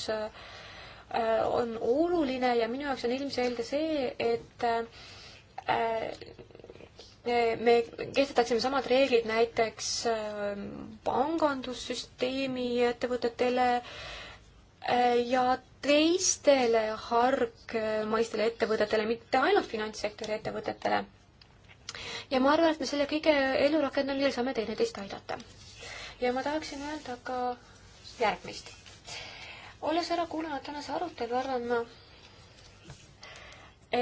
on oluline ja minu jaoks on ilmselge see, et me kehtestaksime samad reeglid näiteks pangandussüsteemi ettevõtetele ja teistele hargmaistele ettevõtetele, mitte ainult finantssektori ettevõtetele ja ma arvan, et me selle kõige ellurakendamisel saame teineteist aidata. ja ma tahaksin öelda ka järgmist. olles ära kuulanud tänase arutelu, arvan ma,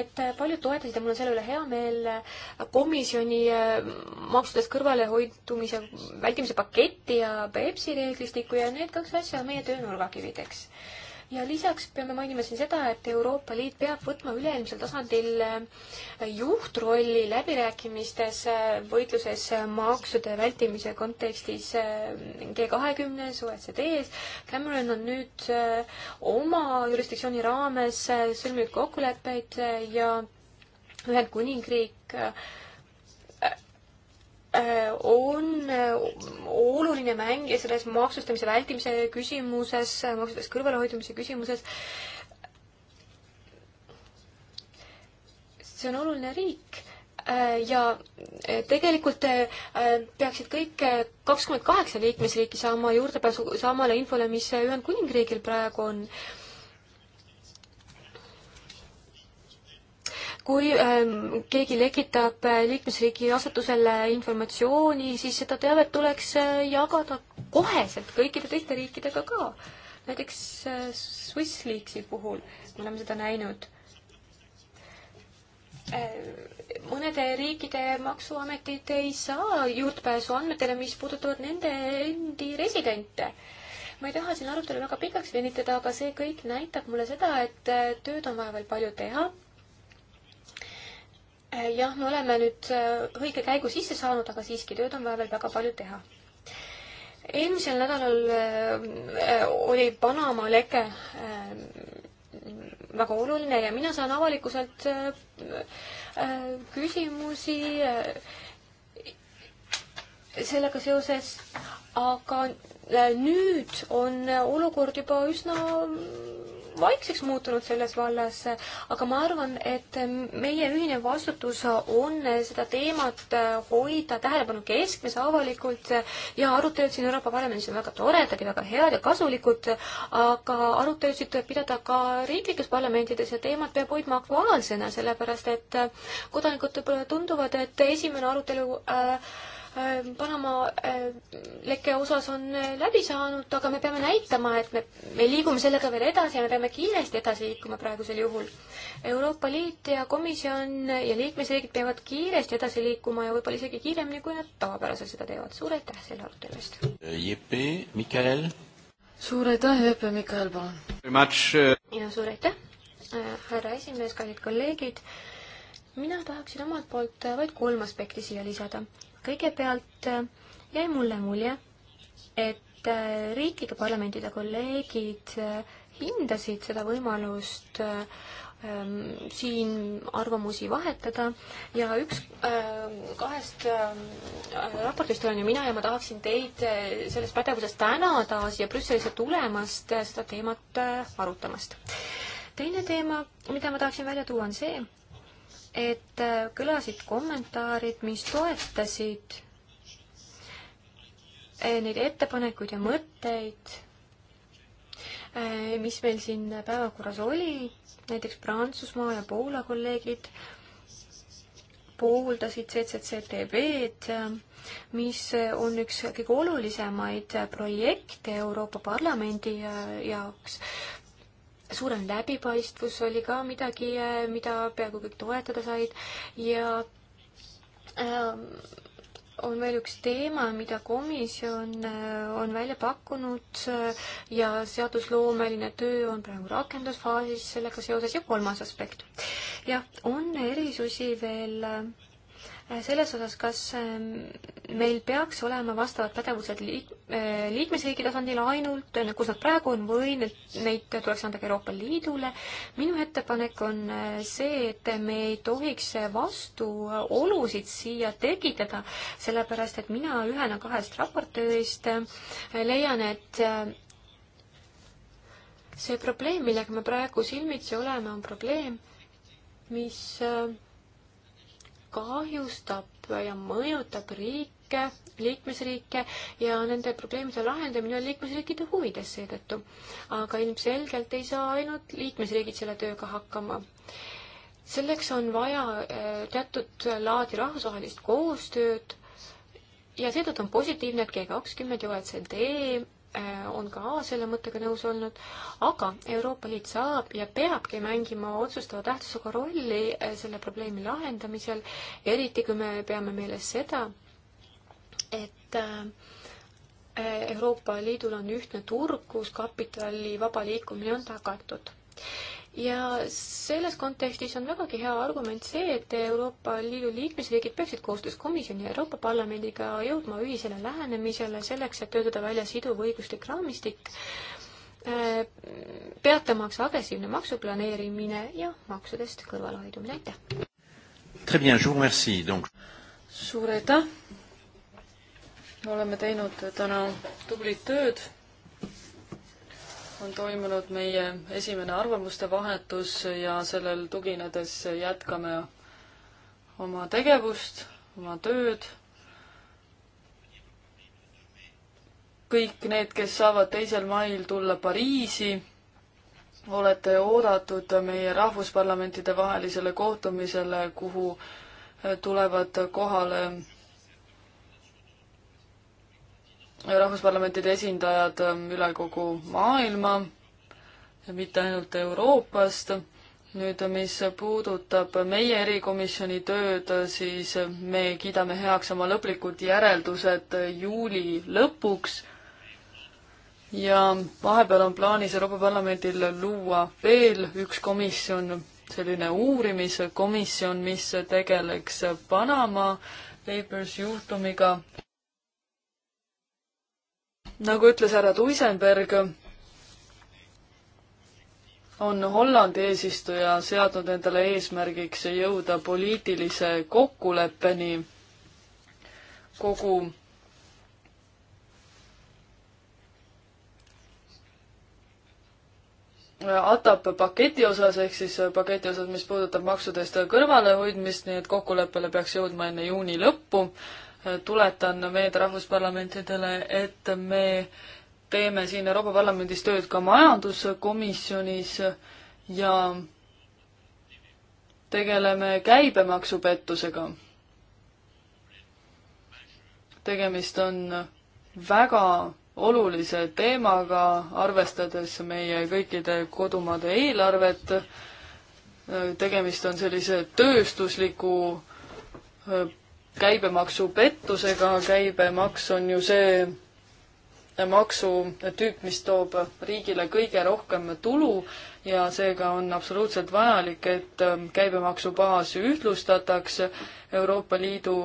et paljud toetasid ja mul on selle üle hea meel komisjoni äh, maksudest kõrvalehoidumise vältimise paketti ja Peipsi reeglistikku ja need kaks asja on meie töö nurgakivideks ja lisaks peame mainima siin seda, et Euroopa Liit peab võtma üleilmsel tasandil äh, juhtrolli läbirääkimistes äh, võitluses äh, maksude vältimise kontekstis G20-s, OECD-s. Cameron on nüüd oma jurisdiktsiooni raames sõlminud kokkuleppeid ja Ühendkuningriik äh, Äh, on äh, oluline mängija selles maksustamise vältimise küsimuses, äh, maksudest kõrvalehoidmise küsimuses. see on oluline riik ja tegelikult peaksid kõik kakskümmend kaheksa liikmesriiki saama juurdepääsu samale infole, mis Ühendkuningriigil praegu on kui ähm, keegi lekitab äh, liikmesriigi asutusele informatsiooni, siis seda teavet tuleks äh, jagada koheselt kõikide teiste riikidega ka. näiteks äh, Swiss Leaksi puhul me oleme seda näinud mõnede riikide maksuametid ei saa juurdepääsu andmetele, mis puudutavad nende endi residente. ma ei taha siin arutelu väga pikaks venitada, aga see kõik näitab mulle seda, et tööd on vaja veel palju teha. Äh, jah, me oleme nüüd äh, õige käigu sisse saanud, aga siiski tööd on vaja veel väga palju teha. eelmisel nädalal äh, oli Panama leke väga oluline ja mina saan avalikkuselt küsimusi sellega seoses, aga nüüd on olukord juba üsna vaikseks muutunud selles vallas, aga ma arvan, et meie ühine vastutus on seda teemat hoida tähelepanu keskmes avalikult ja arutelud siin Euroopa Parlamendis on väga toredad ja väga head ja kasulikud, aga arutelusid tuleb pidada ka riiklikes parlamentides ja teemat peab hoidma aktuaalsena, sellepärast et kodanikud võib-olla tunduvad, et esimene arutelu äh, Äh, Panama äh, leke osas on äh, läbi saanud, aga me peame näitama, et me, me liigume sellega veel edasi ja me peame kindlasti edasi liikuma praegusel juhul. Euroopa Liit ja komisjon ja liikmesriigid peavad kiiresti edasi liikuma ja võib-olla isegi kiiremini, kui nad tavapäraselt seda teevad. suur aitäh selle arutelu eest! Jeppe, Mikael? suur aitäh, Jeppe, Mikael, palun! ja suur aitäh, härra esimees, kallid kolleegid! mina tahaksin omalt poolt vaid kolm aspekti siia lisada kõigepealt äh, jäi mulle mulje, et äh, riiklike parlamentide kolleegid äh, hindasid seda võimalust ähm, siin arvamusi vahetada ja üks äh, kahest äh, raportist olen ju mina ja ma tahaksin teid selles pädevuses tänada siia Brüsselisse tulemast seda teemat äh, arutamast. teine teema, mida ma tahaksin välja tuua, on see, et äh, kõlasid kommentaarid, mis toetasid äh, neid ettepanekuid ja mõtteid, äh, mis meil siin päevakorras oli, näiteks Prantsusmaa ja Poola kolleegid pooldasid CCCTV-d, mis on üks kõige olulisemaid projekte Euroopa Parlamendi jaoks ja suurem läbipaistvus oli ka midagi, eh, mida peaaegu kõik toetada said ja eh, on veel üks teema, mida komisjon eh, on välja pakkunud ja seadusloomeline töö on praegu rakendusfaasis sellega seoses ja kolmas aspekt. jah, on erisusi veel selles osas, kas ähm, meil peaks olema vastavad pädevused liik-, äh, liikmesriigi tasandil ainult, äh, kus nad praegu on, või need, neid tuleks anda ka Euroopa Liidule. minu ettepanek on äh, see, et me ei tohiks vastuolusid siia tekitada, sellepärast et mina ühena kahest raportöörist leian, et see probleem, millega me praegu silmitsi oleme, on probleem, mis kahjustab ja mõjutab riike, liikmesriike ja nende probleemide lahendamine on liikmesriikide huvides seetõttu. aga ilmselgelt ei saa ainult liikmesriigid selle tööga hakkama selleks on vaja eh, teatud laadi rahvusvahelist koostööd ja seetõttu on positiivne, et G kakskümmend ja OECD Äh, on ka selle mõttega nõus olnud, aga Euroopa Liit saab ja peabki mängima otsustava tähtsusega rolli äh, selle probleemi lahendamisel, eriti kui me peame meeles seda, et äh, Euroopa Liidul on ühtne turg, kus kapitali vaba liikumine on tagatud ja selles kontekstis on vägagi hea argument see, et Euroopa Liidu liikmesriigid peaksid koostöös komisjoni ja Euroopa Parlamendiga jõudma ühisele lähenemisele selleks, et töötada välja siduv õiguslik raamistik, äh, peatamaks agressiivne maksuplaneerimine ja maksudest kõrvalehoidumine, aitäh! suur aitäh! me oleme teinud täna tublit tööd on toimunud meie esimene arvamuste vahetus ja sellel tuginedes jätkame oma tegevust, oma tööd. kõik need, kes saavad teisel mail tulla Pariisi, olete oodatud meie rahvusparlamentide vahelisele kohtumisele, kuhu tulevad kohale rahvusparlamentide esindajad ähm, üle kogu maailma, mitte ainult Euroopast. nüüd, mis puudutab meie erikomisjoni tööd, siis me kiidame heaks oma lõplikud järeldused juuli lõpuks ja vahepeal on plaanis Euroopa Parlamendil luua veel üks komisjon, selline uurimiskomisjon, mis tegeleks Panama Papers juhtumiga nagu ütles härra Tuisenberg, on Hollandi eesistuja seadnud endale eesmärgiks jõuda poliitilise kokkuleppeni kogu ATAP paketi osas, ehk siis paketi osas, mis puudutab maksudest kõrvalehoidmist, nii et kokkuleppele peaks jõudma enne juuni lõppu tuletan meelde rahvusparlamentidele, et me teeme siin Euroopa Parlamendis tööd ka majanduskomisjonis ja tegeleme käibemaksupettusega. tegemist on väga olulise teemaga, arvestades meie kõikide kodumaade eelarvet. tegemist on sellise tööstusliku käibemaksupettusega, käibemaks on ju see maksutüüp, mis toob riigile kõige rohkem tulu ja seega on absoluutselt vajalik, et käibemaksubaas ühtlustatakse Euroopa Liidu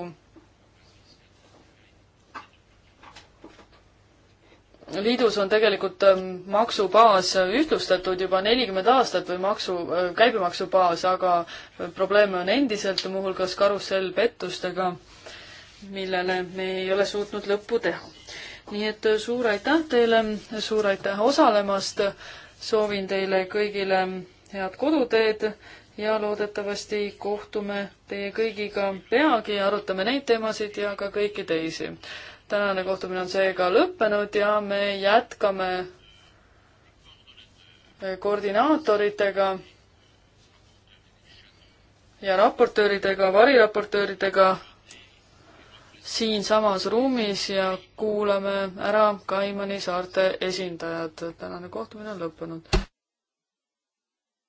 liidus on tegelikult ähm, maksubaas äh, ühtlustatud juba nelikümmend aastat või maksu, äh, käibemaksubaas, aga äh, probleeme on endiselt, muuhulgas karussellpettustega, millele me ei ole suutnud lõppu teha. nii et suur aitäh teile, suur aitäh osalemast, soovin teile kõigile ähm, head koduteed ja loodetavasti kohtume teie kõigiga peagi ja arutame neid teemasid ja ka kõiki teisi tänane kohtumine on seega lõppenud ja me jätkame koordinaatoritega ja raportööridega, variraportööridega siinsamas ruumis ja kuulame ära Kaimani saarte esindajad. tänane kohtumine on lõppenud.